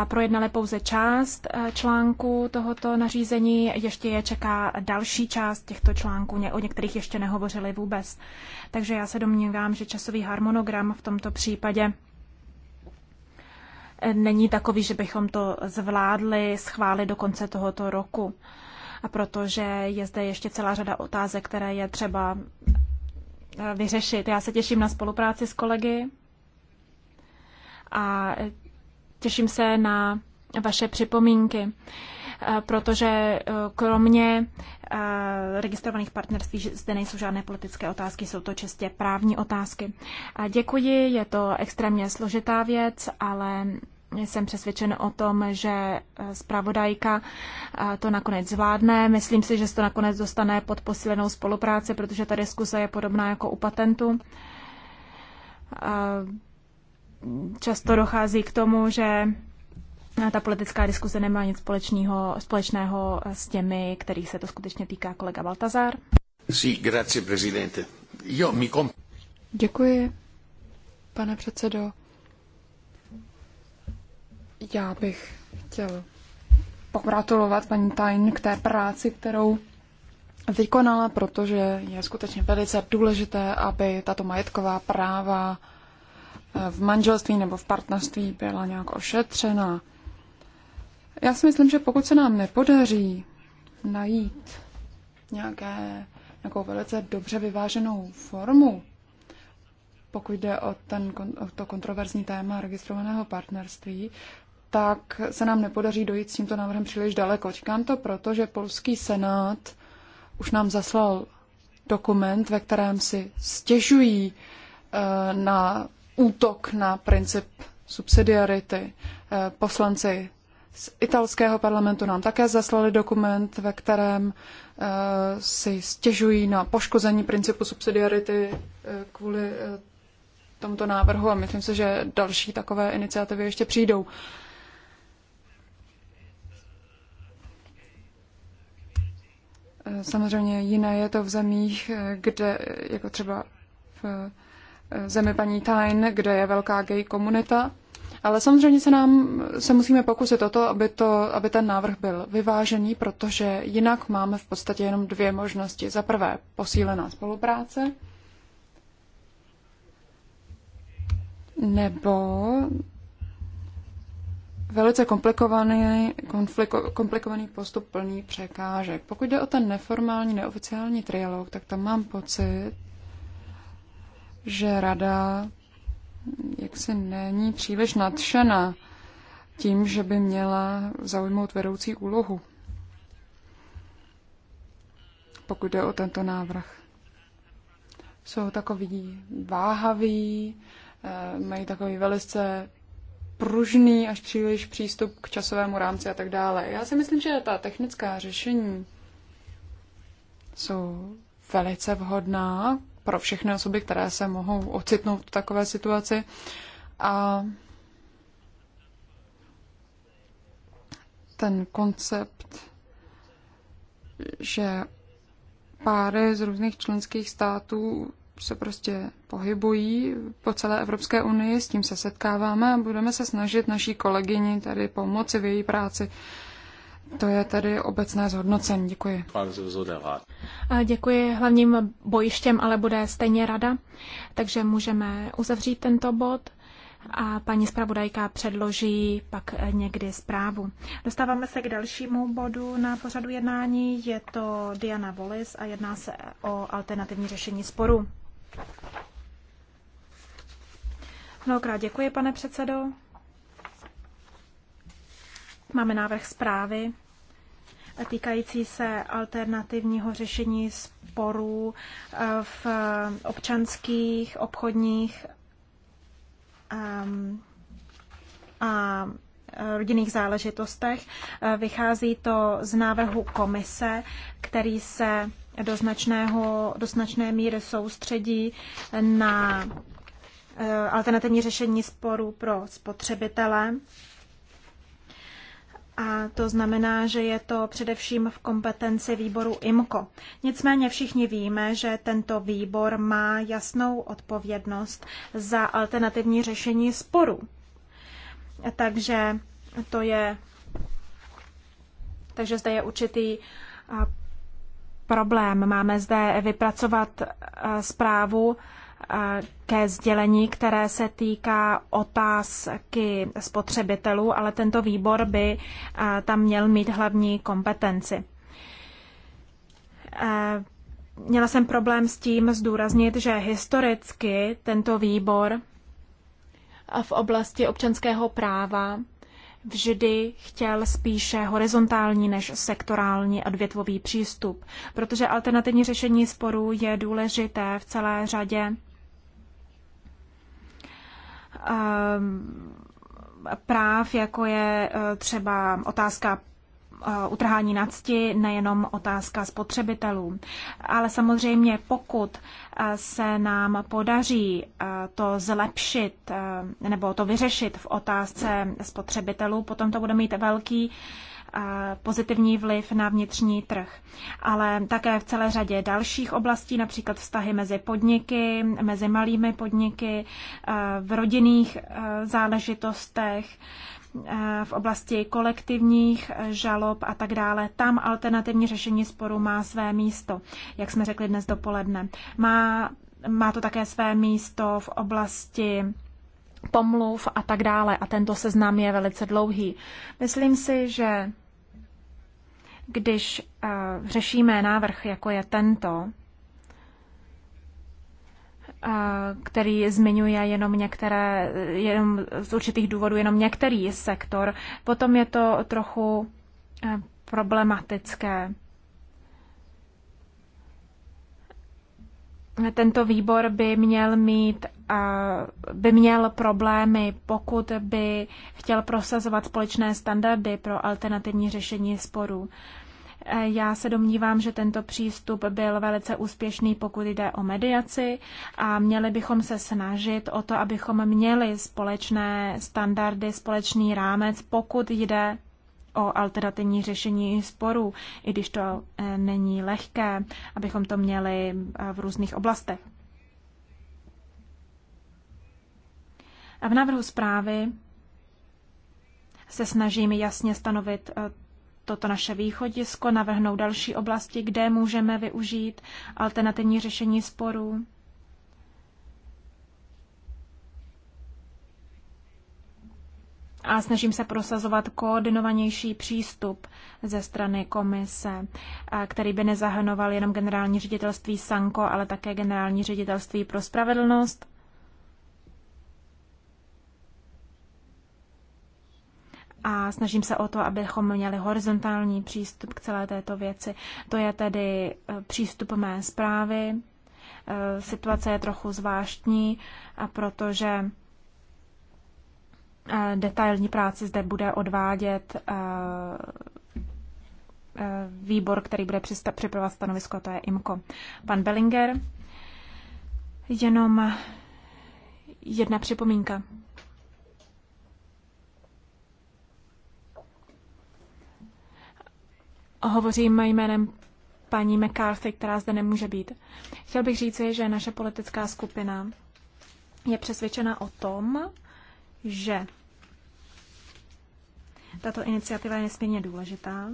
projednali pouze část eh, článku tohoto nařízení, ještě je čeká další část těchto článků, o některých ještě nehovořili vůbec. Takže já se domnívám, že časový harmonogram v tomto případě eh, není takový, že bychom to zvládli schválit do konce tohoto roku. A protože je zde ještě celá řada otázek, které je třeba eh, vyřešit. Já se těším na spolupráci s kolegy a Těším se na vaše připomínky, eh, protože eh, kromě eh, registrovaných partnerství zde nejsou žádné politické otázky, jsou to čistě právní otázky. Děkuji, je to extrémně složitá věc, ale jsem přesvědčen o tom, že zpravodajka to nakonec zvládne. Myslím si, že se to nakonec dostane pod posílenou spolupráci, protože ta diskuse je podobná jako u patentu často dochází k tomu, že ta politická diskuse nemá nic společného, společného s těmi, kterých se to skutečně týká kolega Baltazar. Sí, grazie, presidente. Jo, mi kom... Děkuji, pane předsedo. Já bych chtěl pogratulovat paní Tajn k té práci, kterou vykonala, protože je skutečně velice důležité, aby tato majetková práva v manželství nebo v partnerství byla nějak ošetřena. Já si myslím, že pokud se nám nepodaří najít nějaké, nějakou velice dobře vyváženou formu, pokud jde o, ten, o to kontroverzní téma registrovaného partnerství, tak se nám nepodaří dojít s tímto návrhem příliš daleko. Říkám to proto, že polský senát už nám zaslal dokument, ve kterém si stěžují eh, na útok na princip subsidiarity. Eh, poslanci z italského parlamentu nám také zaslali dokument, ve kterém eh, si stěžují na poškození principu subsidiarity eh, kvůli tomuto návrhu a myslím si, že další takové iniciativy ještě přijdou. Samozřejmě jiné je to v zemích, kde, jako třeba v zemi paní Tain, kde je velká gay komunita. Ale samozřejmě se nám se musíme pokusit o to, aby, to, aby ten návrh byl vyvážený, protože jinak máme v podstatě jenom dvě možnosti. Za prvé posílená spolupráce, nebo velice komplikovaný, konfliko, komplikovaný postup plný překážek. Pokud jde o ten neformální, neoficiální trialog, tak tam mám pocit, že rada jaksi není příliš nadšena tím, že by měla zaujmout vedoucí úlohu, pokud jde o tento návrh. Jsou takový váhavý, eh, mají takový velice pružný až příliš přístup k časovému rámci a tak dále. Já si myslím, že ta technická řešení jsou velice vhodná pro všechny osoby, které se mohou ocitnout v takové situaci. A ten koncept, že páry z různých členských států se prostě pohybují po celé Evropské unii, s tím se setkáváme a budeme se snažit naší kolegyni tady pomoci v její práci to je tedy obecné zhodnocení. Děkuji. Děkuji. Hlavním bojištěm ale bude stejně rada, takže můžeme uzavřít tento bod a paní zpravodajka předloží pak někdy zprávu. Dostáváme se k dalšímu bodu na pořadu jednání. Je to Diana Volis a jedná se o alternativní řešení sporu. Mnohokrát děkuji, pane předsedo. Máme návrh zprávy týkající se alternativního řešení sporů eh, v občanských, obchodních ehm, a eh, rodinných záležitostech. Eh, vychází to z návrhu komise, který se do, značného, do značné míry soustředí na alternativní řešení sporů pro spotřebitele a to znamená, že je to především v kompetenci výboru IMCO. Nicméně všichni víme, že tento výbor má jasnou odpovědnost za alternativní řešení sporů. Takže to je, takže zde je určitý problém. Máme zde vypracovat zprávu ke sdělení, které se týká otázky spotřebitelů, ale tento výbor by tam měl mít hlavní kompetenci. Měla jsem problém s tím zdůraznit, že historicky tento výbor v oblasti občanského práva vždy chtěl spíše horizontální než sektorální odvětvový přístup, protože alternativní řešení sporů je důležité v celé řadě Ehm, práv, jako je eh, třeba otázka eh, utrhání nadsti, nejenom otázka spotřebitelů. Ale samozřejmě, pokud eh, se nám podaří to zlepšit nebo to vyřešit v otázce spotřebitelů, potom to bude mít velký pozitivní vliv na vnitřní trh, ale také v celé řadě dalších oblastí, například vztahy mezi podniky, mezi malými podniky, eh, v rodinných eh, záležitostech, eh, v oblasti kolektivních žalob a tak dále. Tam alternativní řešení sporu má své místo, jak jsme řekli dnes dopoledne. Má, má to také své místo v oblasti pomluv a tak dále. A tento seznam je velice dlouhý. Myslím si, že když eh, řešíme návrh, jako je tento, eh, který zmiňuje jenom některé, eh, jenom z určitých důvodů jenom některý sektor, potom je to trochu problematické. Tento výbor by měl mít by měl problémy, pokud by chtěl prosazovat společné standardy pro alternativní řešení sporů. E, já se domnívám, že tento přístup byl velice úspěšný, pokud jde o mediaci a měli bychom se snažit o to, abychom měli společné standardy, společný rámec, pokud jde o alternativní řešení sporů, i když to e, není lehké, abychom to měli e, v různých oblastech. V návrhu zprávy se snažíme jasně stanovit eh, toto naše východisko, navrhnout další oblasti, kde můžeme využít alternativní řešení sporů. a snažím se prosazovat koordinovanější přístup ze strany komise, eh, který by nezahrnoval jenom generální ředitelství Sanko, ale také generální ředitelství pro spravedlnost a snažím se o to, abychom měli horizontální přístup k celé této věci. To je tedy eh, přístup mé zprávy. Eh, situace je trochu zvláštní, protože eh, detailní práci zde bude odvádět výbor, který bude připravovat stanovisko, to je IMKO. Pan Bellinger, jenom jedna připomínka. Hovořím jménem paní McCarthy, která zde nemůže být. Chtěl bych říci, že naše politická skupina je přesvědčena o tom, že tato iniciativa je nesmírně důležitá.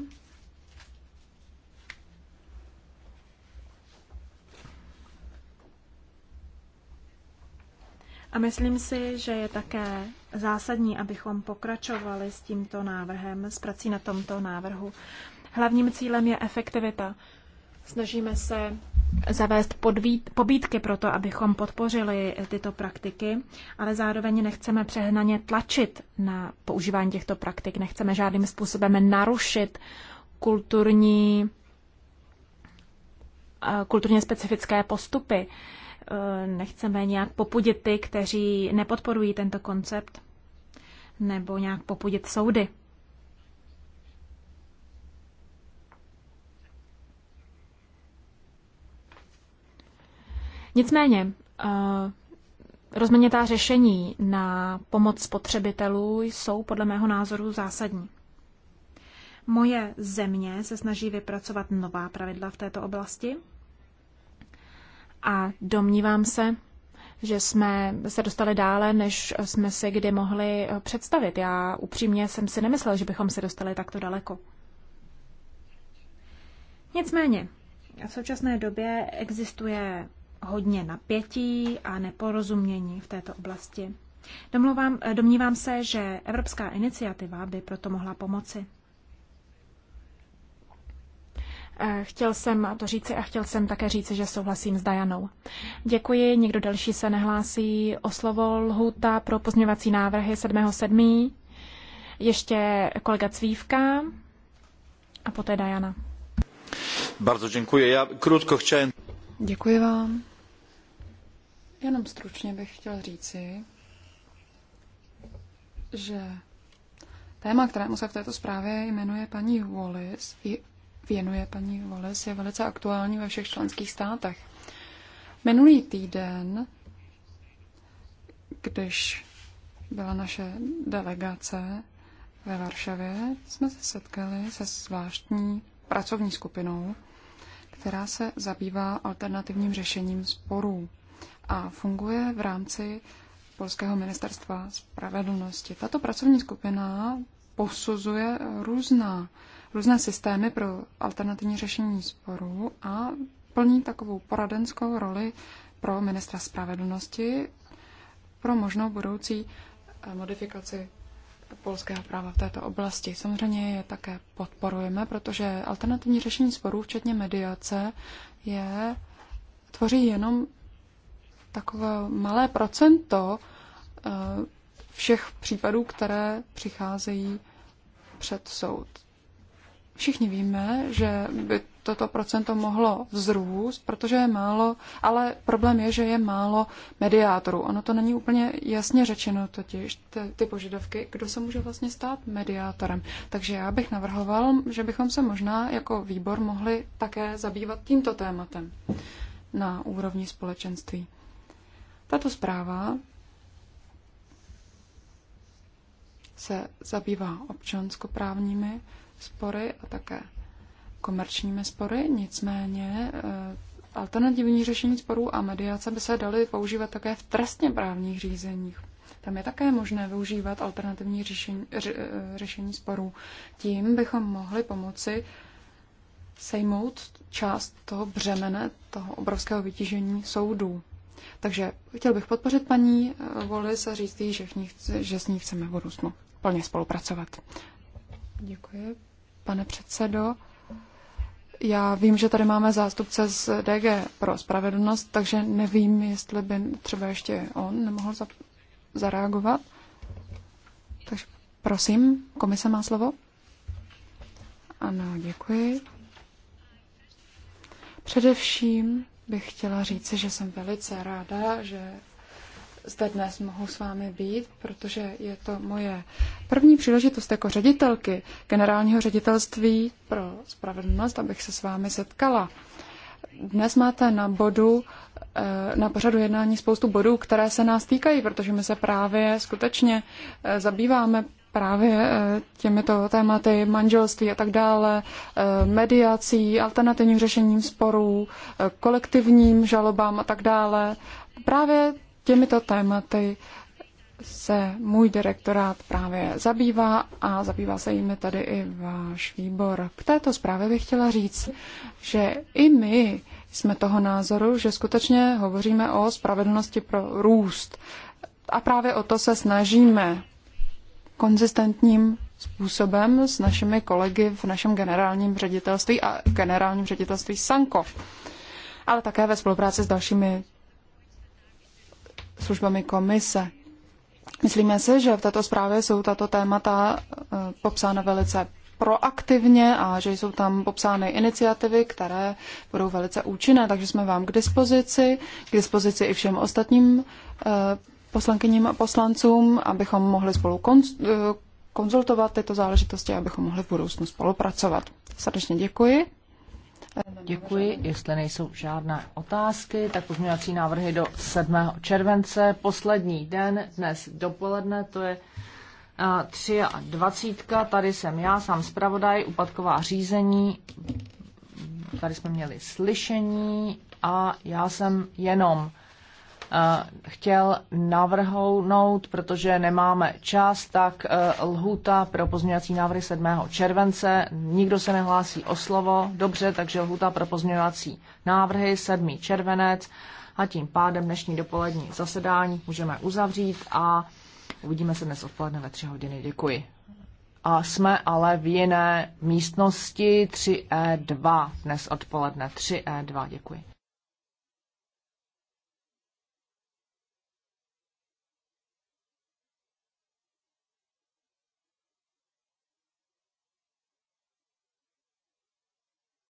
A myslím si, že je také zásadní, abychom pokračovali s tímto návrhem, s prací na tomto návrhu. Hlavním cílem je efektivita. Snažíme se zavést podvít, pobídky pro to, abychom podpořili tyto praktiky, ale zároveň nechceme přehnaně tlačit na používání těchto praktik. Nechceme žádným způsobem narušit kulturní, eh, kulturně specifické postupy. Eh, nechceme nějak popudit ty, kteří nepodporují tento koncept, nebo nějak popudit soudy. Nicméně, eh, rozmanitá řešení na pomoc spotřebitelů jsou podle mého názoru zásadní. Moje země se snaží vypracovat nová pravidla v této oblasti a domnívám se, že jsme se dostali dále, než jsme si kdy mohli eh, představit. Já upřímně jsem si nemyslel, že bychom se dostali takto daleko. Nicméně, v současné době existuje hodně napětí a neporozumění v této oblasti. Domluvám, eh, domnívám se, že evropská iniciativa by proto mohla pomoci. Eh, chtěl jsem to říci a chtěl jsem také říci, že souhlasím s Dajanou. Děkuji, někdo další se nehlásí o slovo. Lhuta pro pozměňovací návrhy 7.7. Ještě kolega Cvívka a poté Dajana. Bardzo dziękuję. Ja krótko chciałem... Děkuji vám. Jenom stručně bych chtěl říci, že téma, kterému se v této zprávě jmenuje paní Wallis, věnuje paní Wallis, je velice aktuální ve všech členských státech. Minulý týden, když byla naše delegace ve Varšavě, jsme se setkali se zvláštní pracovní skupinou, která se zabývá alternativním řešením sporů a funguje v rámci Polského ministerstva spravedlnosti. Tato pracovní skupina posuzuje různá, různé systémy pro alternativní řešení sporů a plní takovou poradenskou roli pro ministra spravedlnosti pro možnou budoucí modifikaci polského práva v této oblasti. Samozřejmě je také podporujeme, protože alternativní řešení sporů, včetně mediace, je, tvoří jenom takové malé procento eh, všech případů, které přicházejí před soud. Všichni víme, že by toto procento mohlo vzrůst, protože je málo, ale problém je, že je málo mediátorů. Ono to není úplně jasně řečeno totiž, ty, ty požadavky, kdo se může vlastně stát mediátorem. Takže já bych navrhoval, že bychom se možná jako výbor mohli také zabývat tímto tématem na úrovni společenství. Tato zpráva se zabývá občanskoprávními spory a také komerčními spory, nicméně eh, alternativní řešení sporů a mediace by se daly používat také v trestně právních řízeních. Tam je také možné využívat alternativní řešení, eh, řešení sporů. Tím bychom mohli pomoci sejmout část toho břemene, toho obrovského vytížení soudů. Takže chtěl bych podpořit paní eh, Wallis a říct jí, že, ní, že s ní chceme v budoucnu plně spolupracovat. Děkuji pane předsedo. Já vím, že tady máme zástupce z DG pro spravedlnost, takže nevím, jestli by třeba ještě on nemohl za- zareagovat. Takže prosím, komise má slovo. Ano, děkuji. Především bych chtěla říci, že jsem velice ráda, že zde dnes mohu s vámi být, protože je to moje první příležitost jako ředitelky generálního ředitelství pro spravedlnost, abych se s vámi setkala. Dnes máte na bodu eh, na pořadu jednání spoustu bodů, které se nás týkají, protože my se právě skutečně eh, zabýváme právě eh, těmito tématy manželství a tak dále, mediací, alternativním řešením sporů, kolektivním žalobám a tak dále. Právě Těmito tématy se můj direktorát právě zabývá a zabývá se jimi tady i váš výbor. K této zprávě bych chtěla říct, že i my jsme toho názoru, že skutečně hovoříme o spravedlnosti pro růst. A právě o to se snažíme konzistentním způsobem s našimi kolegy v našem generálním ředitelství a generálním ředitelství Sanko, ale také ve spolupráci s dalšími službami komise. Myslíme si, že v této zprávě jsou tato témata eh, popsána velice proaktivně a že jsou tam popsány iniciativy, které budou velice účinné, takže jsme vám k dispozici, k dispozici i všem ostatním eh, poslankyním a poslancům, abychom mohli spolu eh, konzultovat tyto záležitosti, abychom mohli v budoucnu spolupracovat. Srdečně děkuji. Děkuji. Jestli nejsou žádné otázky, tak pozměňovací návrhy do 7. července. Poslední den dnes dopoledne, to je 23. Tady jsem já, sám zpravodaj, upadková řízení. Tady jsme měli slyšení a já jsem jenom Eh, chtěl navrhnout, protože nemáme čas, tak eh, lhůta pro pozměňovací návrhy 7. července. Nikdo se nehlásí o slovo, dobře, takže lhůta pro pozměňovací návrhy 7. červenec. A tím pádem dnešní dopolední zasedání můžeme uzavřít a uvidíme se dnes odpoledne ve 3 hodiny. Děkuji. A jsme ale v jiné místnosti 3E2 dnes odpoledne. 3E2, děkuji.